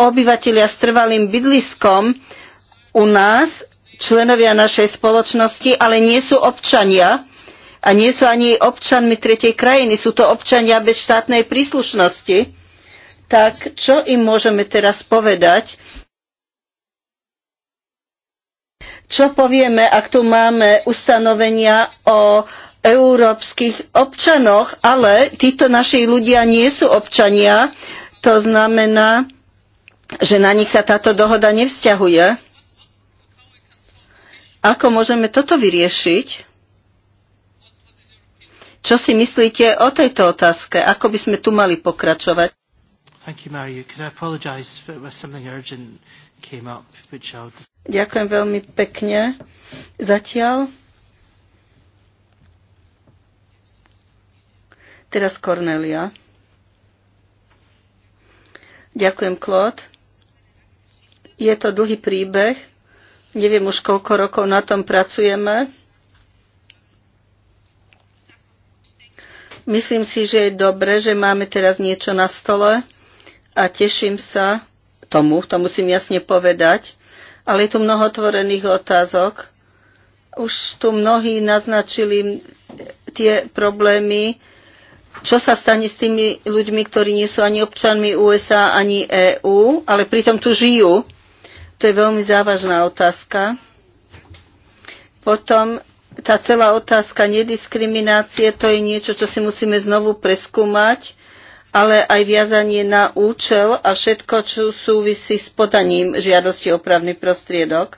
obyvateľia s trvalým bydliskom u nás členovia našej spoločnosti, ale nie sú občania a nie sú ani občanmi tretej krajiny, sú to občania bez štátnej príslušnosti, tak čo im môžeme teraz povedať? Čo povieme, ak tu máme ustanovenia o európskych občanoch, ale títo naši ľudia nie sú občania, to znamená, že na nich sa táto dohoda nevzťahuje. Ako môžeme toto vyriešiť? Čo si myslíte o tejto otázke? Ako by sme tu mali pokračovať? Ďakujem veľmi pekne. Zatiaľ. Teraz Cornelia. Ďakujem, Claude. Je to dlhý príbeh Neviem už, koľko rokov na tom pracujeme. Myslím si, že je dobre, že máme teraz niečo na stole a teším sa tomu, to musím jasne povedať, ale je tu mnoho otvorených otázok. Už tu mnohí naznačili tie problémy, čo sa stane s tými ľuďmi, ktorí nie sú ani občanmi USA, ani EÚ, ale pritom tu žijú to je veľmi závažná otázka. Potom tá celá otázka nediskriminácie, to je niečo, čo si musíme znovu preskúmať, ale aj viazanie na účel a všetko, čo súvisí s podaním žiadosti o právny prostriedok.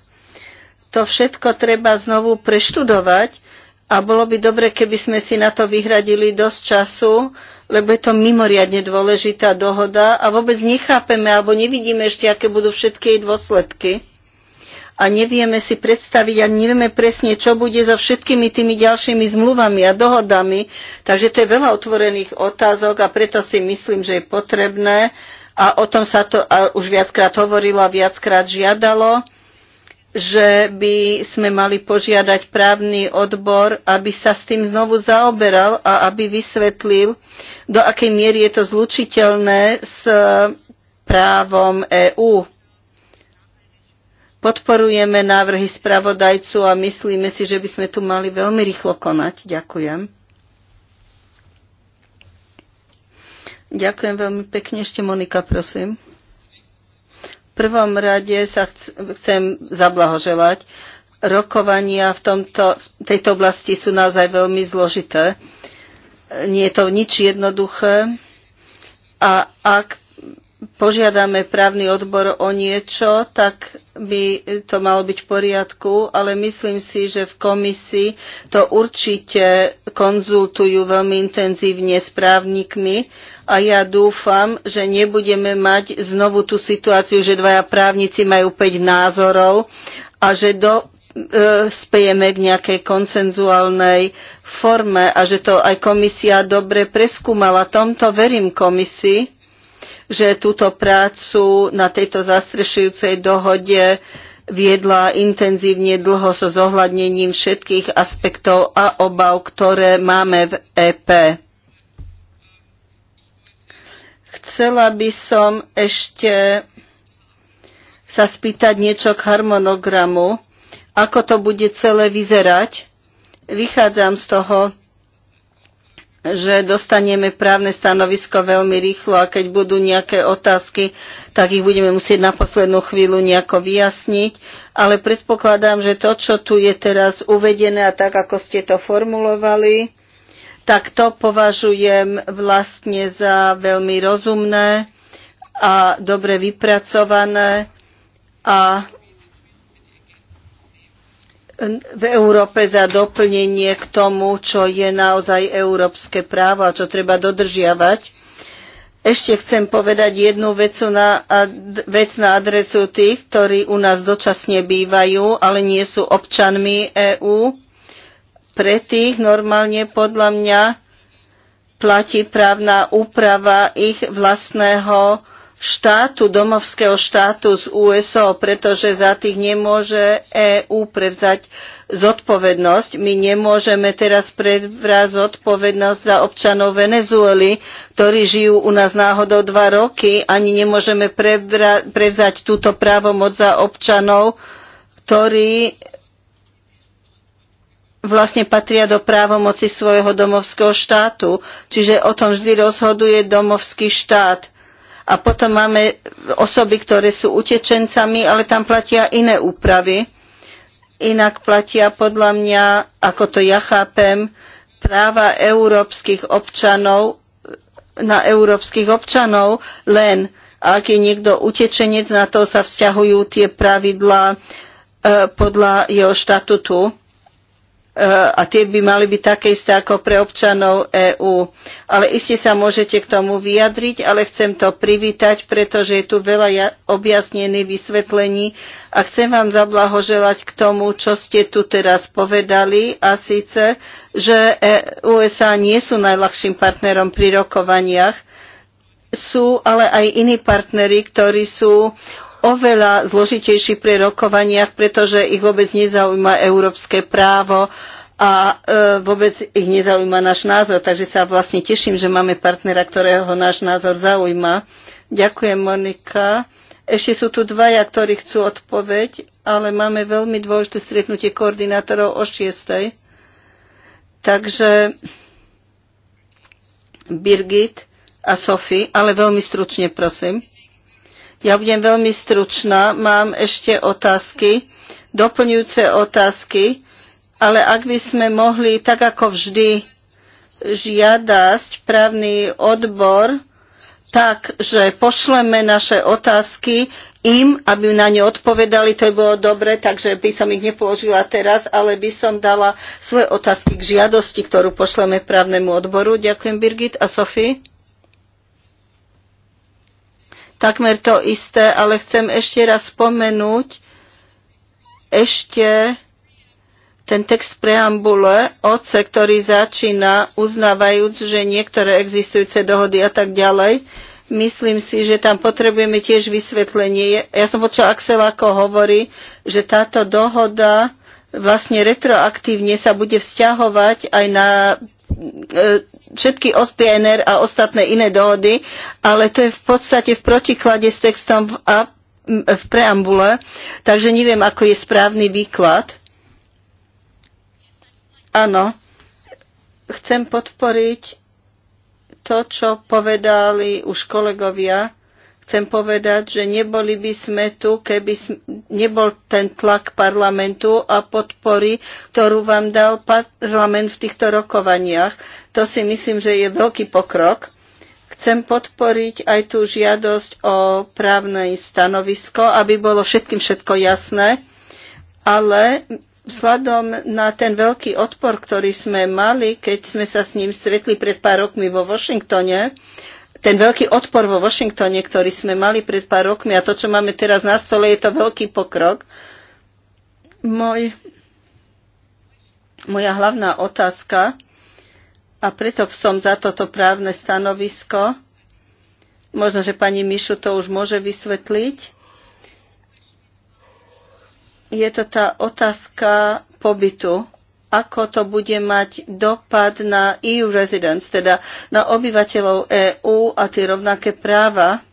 To všetko treba znovu preštudovať a bolo by dobre, keby sme si na to vyhradili dosť času lebo je to mimoriadne dôležitá dohoda a vôbec nechápeme alebo nevidíme ešte, aké budú všetky jej dôsledky. A nevieme si predstaviť a nevieme presne, čo bude so všetkými tými ďalšími zmluvami a dohodami. Takže to je veľa otvorených otázok a preto si myslím, že je potrebné, a o tom sa to už viackrát hovorilo a viackrát žiadalo, že by sme mali požiadať právny odbor, aby sa s tým znovu zaoberal a aby vysvetlil, do akej miery je to zlučiteľné s e, právom EÚ. Podporujeme návrhy spravodajcu a myslíme si, že by sme tu mali veľmi rýchlo konať. Ďakujem. Ďakujem veľmi pekne. Ešte Monika, prosím prvom rade sa chcem zablahoželať. Rokovania v, tomto, v tejto oblasti sú naozaj veľmi zložité. Nie je to nič jednoduché. A ak požiadame právny odbor o niečo, tak by to malo byť v poriadku, ale myslím si, že v komisii to určite konzultujú veľmi intenzívne s právnikmi, a ja dúfam, že nebudeme mať znovu tú situáciu, že dvaja právnici majú 5 názorov a že do, e, spejeme k nejakej koncenzuálnej forme a že to aj komisia dobre preskúmala. Tomto verím komisii, že túto prácu na tejto zastrešujúcej dohode viedla intenzívne dlho so zohľadnením všetkých aspektov a obav, ktoré máme v EP. Chcela by som ešte sa spýtať niečo k harmonogramu, ako to bude celé vyzerať. Vychádzam z toho, že dostaneme právne stanovisko veľmi rýchlo a keď budú nejaké otázky, tak ich budeme musieť na poslednú chvíľu nejako vyjasniť. Ale predpokladám, že to, čo tu je teraz uvedené a tak, ako ste to formulovali, tak to považujem vlastne za veľmi rozumné a dobre vypracované a v Európe za doplnenie k tomu, čo je naozaj európske právo a čo treba dodržiavať. Ešte chcem povedať jednu na, vec na adresu tých, ktorí u nás dočasne bývajú, ale nie sú občanmi EÚ. Pre tých normálne podľa mňa platí právna úprava ich vlastného štátu, domovského štátu z USO, pretože za tých nemôže EÚ prevzať zodpovednosť. My nemôžeme teraz prebrať zodpovednosť za občanov Venezuely, ktorí žijú u nás náhodou dva roky, ani nemôžeme prevzať túto právomoc za občanov, ktorí vlastne patria do právomoci svojho domovského štátu. Čiže o tom vždy rozhoduje domovský štát. A potom máme osoby, ktoré sú utečencami, ale tam platia iné úpravy. Inak platia podľa mňa, ako to ja chápem, práva európskych občanov na európskych občanov len ak je niekto utečenec, na to sa vzťahujú tie pravidlá eh, podľa jeho štatutu a tie by mali byť také isté ako pre občanov EÚ. Ale iste sa môžete k tomu vyjadriť, ale chcem to privítať, pretože je tu veľa objasnených vysvetlení a chcem vám zablahoželať k tomu, čo ste tu teraz povedali a síce, že e USA nie sú najľahším partnerom pri rokovaniach, sú ale aj iní partnery, ktorí sú oveľa zložitejší pri rokovaniach, pretože ich vôbec nezaujíma európske právo a e, vôbec ich nezaujíma náš názor. Takže sa vlastne teším, že máme partnera, ktorého náš názor zaujíma. Ďakujem, Monika. Ešte sú tu dvaja, ktorí chcú odpoveď, ale máme veľmi dôležité stretnutie koordinátorov o 6. Takže Birgit a Sofie, ale veľmi stručne, prosím. Ja budem veľmi stručná, mám ešte otázky, doplňujúce otázky, ale ak by sme mohli, tak ako vždy, žiadať právny odbor, tak, že pošleme naše otázky im, aby na ne odpovedali, to by bolo dobre, takže by som ich nepoložila teraz, ale by som dala svoje otázky k žiadosti, ktorú pošleme právnemu odboru. Ďakujem, Birgit a Sofie takmer to isté, ale chcem ešte raz spomenúť ešte ten text preambule, oce, ktorý začína uznávajúc, že niektoré existujúce dohody a tak ďalej, myslím si, že tam potrebujeme tiež vysvetlenie. Ja som počula Axel, ako hovorí, že táto dohoda vlastne retroaktívne sa bude vzťahovať aj na E, všetky OSPNR a ostatné iné dohody, ale to je v podstate v protiklade s textom v, a, v preambule, takže neviem, ako je správny výklad. Áno, chcem podporiť to, čo povedali už kolegovia Chcem povedať, že neboli by sme tu, keby nebol ten tlak parlamentu a podpory, ktorú vám dal parlament v týchto rokovaniach. To si myslím, že je veľký pokrok. Chcem podporiť aj tú žiadosť o právne stanovisko, aby bolo všetkým všetko jasné, ale vzhľadom na ten veľký odpor, ktorý sme mali, keď sme sa s ním stretli pred pár rokmi vo Washingtone, ten veľký odpor vo Washingtone, ktorý sme mali pred pár rokmi a to, čo máme teraz na stole, je to veľký pokrok. Môj, moja hlavná otázka, a preto som za toto právne stanovisko, možno, že pani Mišu to už môže vysvetliť, je to tá otázka pobytu ako to bude mať dopad na EU residents, teda na obyvateľov EÚ a tie rovnaké práva.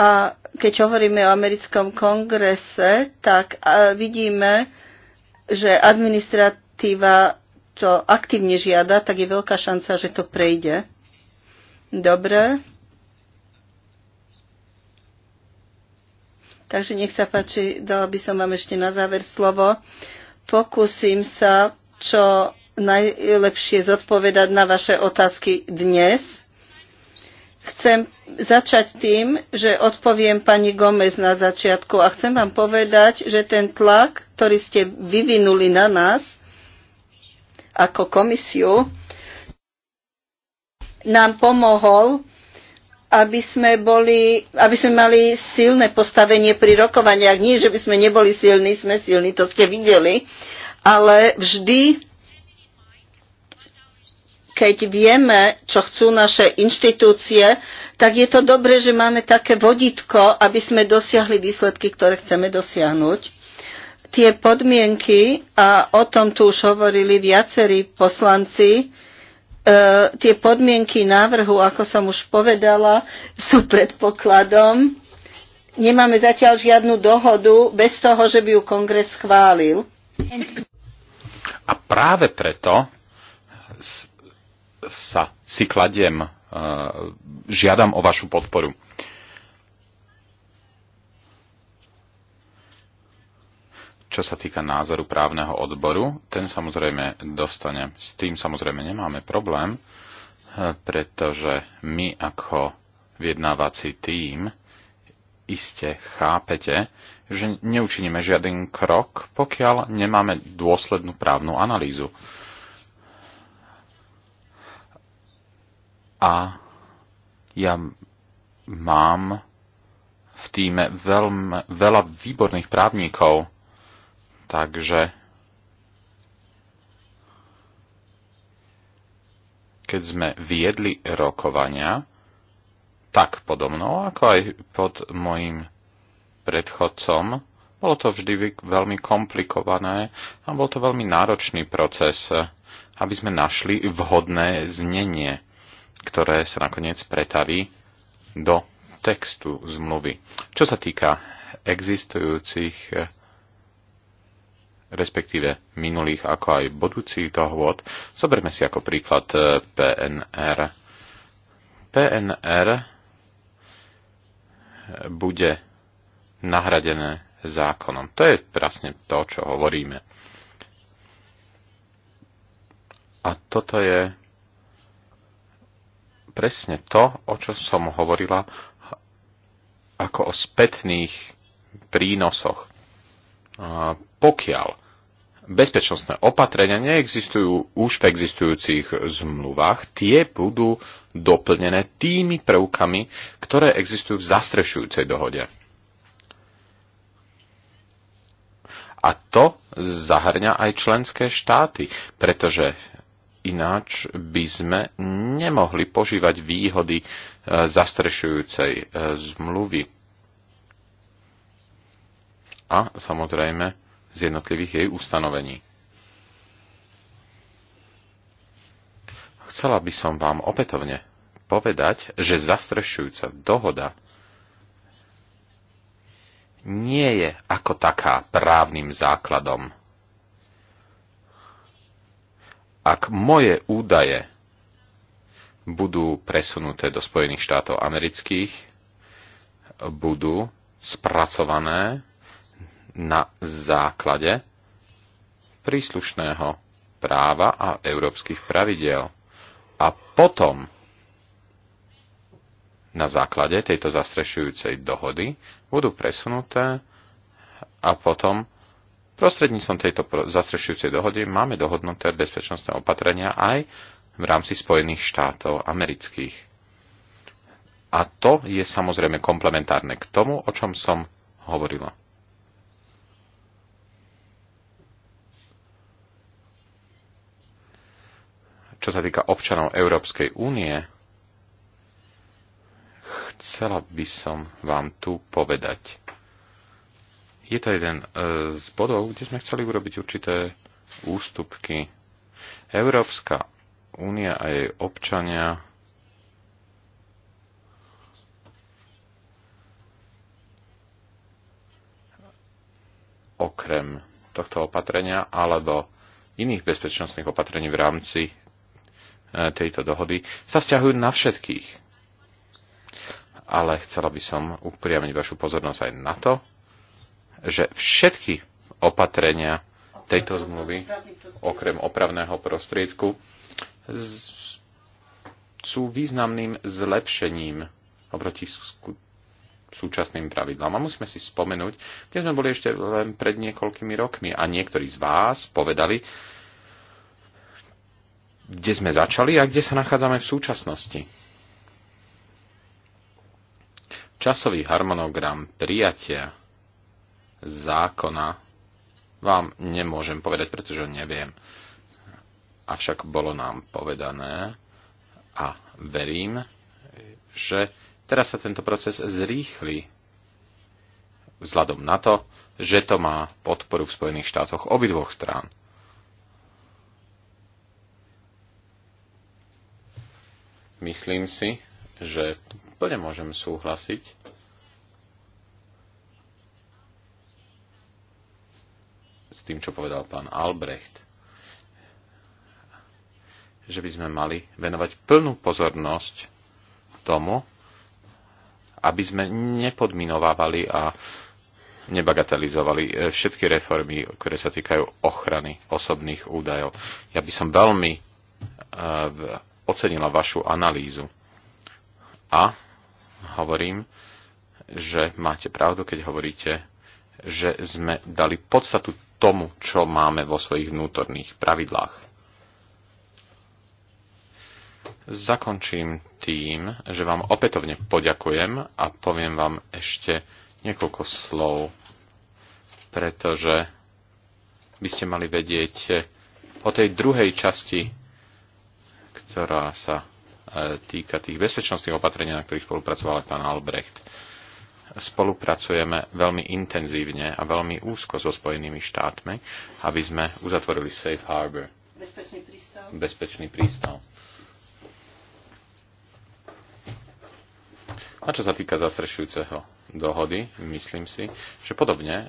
A keď hovoríme o americkom kongrese, tak vidíme, že administratíva to aktívne žiada, tak je veľká šanca, že to prejde. Dobre. Takže nech sa páči, dala by som vám ešte na záver slovo. Pokúsim sa čo najlepšie zodpovedať na vaše otázky dnes. Chcem začať tým, že odpoviem pani Gomez na začiatku a chcem vám povedať, že ten tlak, ktorý ste vyvinuli na nás ako komisiu, nám pomohol aby sme, boli, aby sme mali silné postavenie pri rokovaniach. Nie, že by sme neboli silní, sme silní, to ste videli, ale vždy, keď vieme, čo chcú naše inštitúcie, tak je to dobré, že máme také vodítko, aby sme dosiahli výsledky, ktoré chceme dosiahnuť. Tie podmienky, a o tom tu už hovorili viacerí poslanci, E, tie podmienky návrhu, ako som už povedala, sú predpokladom. Nemáme zatiaľ žiadnu dohodu bez toho, že by ju kongres schválil. A práve preto sa si kladiem, e, žiadam o vašu podporu. Čo sa týka názoru právneho odboru, ten samozrejme dostane. S tým samozrejme nemáme problém, eh, pretože my ako vyjednávací tím iste chápete, že neučiníme žiaden krok, pokiaľ nemáme dôslednú právnu analýzu. A ja mám v týme veľmi, veľa výborných právnikov, Takže keď sme viedli rokovania, tak podobno, ako aj pod mojim predchodcom, bolo to vždy veľmi komplikované a bol to veľmi náročný proces, aby sme našli vhodné znenie, ktoré sa nakoniec pretaví do textu zmluvy. Čo sa týka existujúcich respektíve minulých ako aj budúcich dohôd, zoberme si ako príklad e, PNR. PNR bude nahradené zákonom. To je presne to, čo hovoríme. A toto je presne to, o čo som hovorila ako o spätných prínosoch. Pokiaľ bezpečnostné opatrenia neexistujú už v existujúcich zmluvách, tie budú doplnené tými prvkami, ktoré existujú v zastrešujúcej dohode. A to zahrňa aj členské štáty, pretože ináč by sme nemohli požívať výhody e, zastrešujúcej e, zmluvy. A samozrejme, z jednotlivých jej ustanovení. Chcela by som vám opätovne povedať, že zastrešujúca dohoda nie je ako taká právnym základom. Ak moje údaje budú presunuté do Spojených štátov amerických, budú spracované na základe príslušného práva a európskych pravidiel. A potom na základe tejto zastrešujúcej dohody budú presunuté a potom prostredníctvom tejto zastrešujúcej dohody máme dohodnuté bezpečnostné opatrenia aj v rámci Spojených štátov amerických. A to je samozrejme komplementárne k tomu, o čom som hovorila. čo sa týka občanov Európskej únie, chcela by som vám tu povedať. Je to jeden e, z bodov, kde sme chceli urobiť určité ústupky. Európska únia a jej občania okrem tohto opatrenia alebo iných bezpečnostných opatrení v rámci E, tejto dohody sa vzťahujú na všetkých. Ale chcela by som upriamiť vašu pozornosť aj na to, že všetky opatrenia tejto zmluvy, okrem opravného prostriedku, sú významným zlepšením oproti súčasným pravidlám. A musíme si spomenúť, kde sme boli ešte len pred niekoľkými rokmi a niektorí z vás povedali, kde sme začali a kde sa nachádzame v súčasnosti. Časový harmonogram prijatia zákona vám nemôžem povedať, pretože neviem. Avšak bolo nám povedané a verím, že teraz sa tento proces zrýchli vzhľadom na to, že to má podporu v Spojených štátoch obidvoch strán. Myslím si, že plne môžem súhlasiť. s tým, čo povedal pán Albrecht, že by sme mali venovať plnú pozornosť tomu, aby sme nepodminovávali a nebagatelizovali eh, všetky reformy, ktoré sa týkajú ochrany osobných údajov. Ja by som veľmi eh, ocenila vašu analýzu. A hovorím, že máte pravdu, keď hovoríte, že sme dali podstatu tomu, čo máme vo svojich vnútorných pravidlách. Zakončím tým, že vám opätovne poďakujem a poviem vám ešte niekoľko slov, pretože by ste mali vedieť o tej druhej časti ktorá sa e, týka tých bezpečnostných opatrení, na ktorých spolupracoval aj pán Albrecht. Spolupracujeme veľmi intenzívne a veľmi úzko so Spojenými štátmi, aby sme uzatvorili Safe Harbor. Bezpečný prístav. Bezpečný prístav. A čo sa týka zastrešujúceho dohody, myslím si, že podobne e,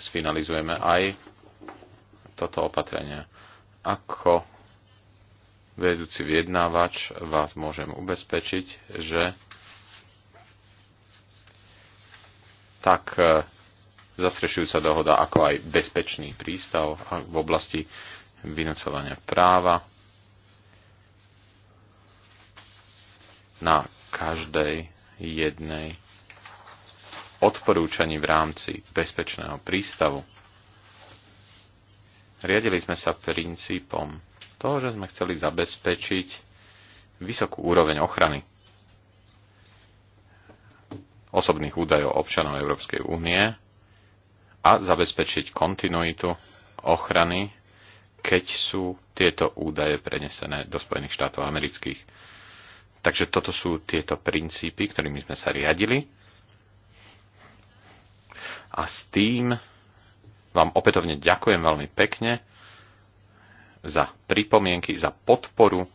sfinalizujeme aj toto opatrenie. Ako vedúci vyjednávač, vás môžem ubezpečiť, že tak e, zastrešujúca dohoda, ako aj bezpečný prístav v oblasti vynúcovania práva na každej jednej odporúčaní v rámci bezpečného prístavu. Riadili sme sa princípom toho, že sme chceli zabezpečiť vysokú úroveň ochrany osobných údajov občanov Európskej únie a zabezpečiť kontinuitu ochrany, keď sú tieto údaje prenesené do Spojených štátov amerických. Takže toto sú tieto princípy, ktorými sme sa riadili. A s tým vám opätovne ďakujem veľmi pekne za pripomienky, za podporu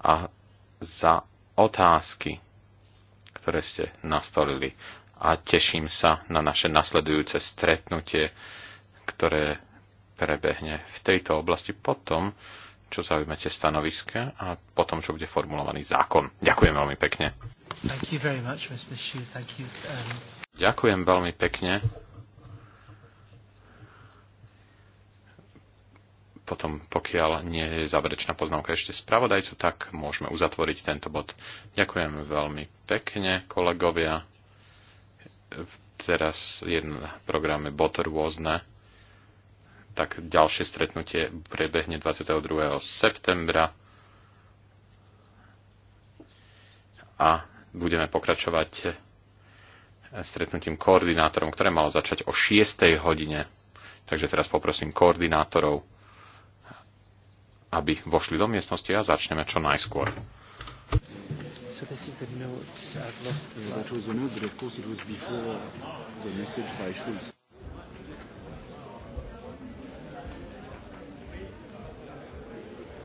a za otázky, ktoré ste nastolili. A teším sa na naše nasledujúce stretnutie, ktoré prebehne v tejto oblasti potom, čo zaujímate stanoviska a potom, čo bude formulovaný zákon. Ďakujem veľmi pekne. Much, um... Ďakujem veľmi pekne. potom, pokiaľ nie je záverečná poznámka ešte spravodajcu, tak môžeme uzatvoriť tento bod. Ďakujem veľmi pekne, kolegovia. Teraz je na programe bod rôzne. Tak ďalšie stretnutie prebehne 22. septembra. A budeme pokračovať stretnutím koordinátorom, ktoré malo začať o 6. hodine. Takže teraz poprosím koordinátorov, aby vošli do miestnosti a začneme čo najskôr. So this is the note. I've lost the. That was note, but of course it was before the message by Schulz.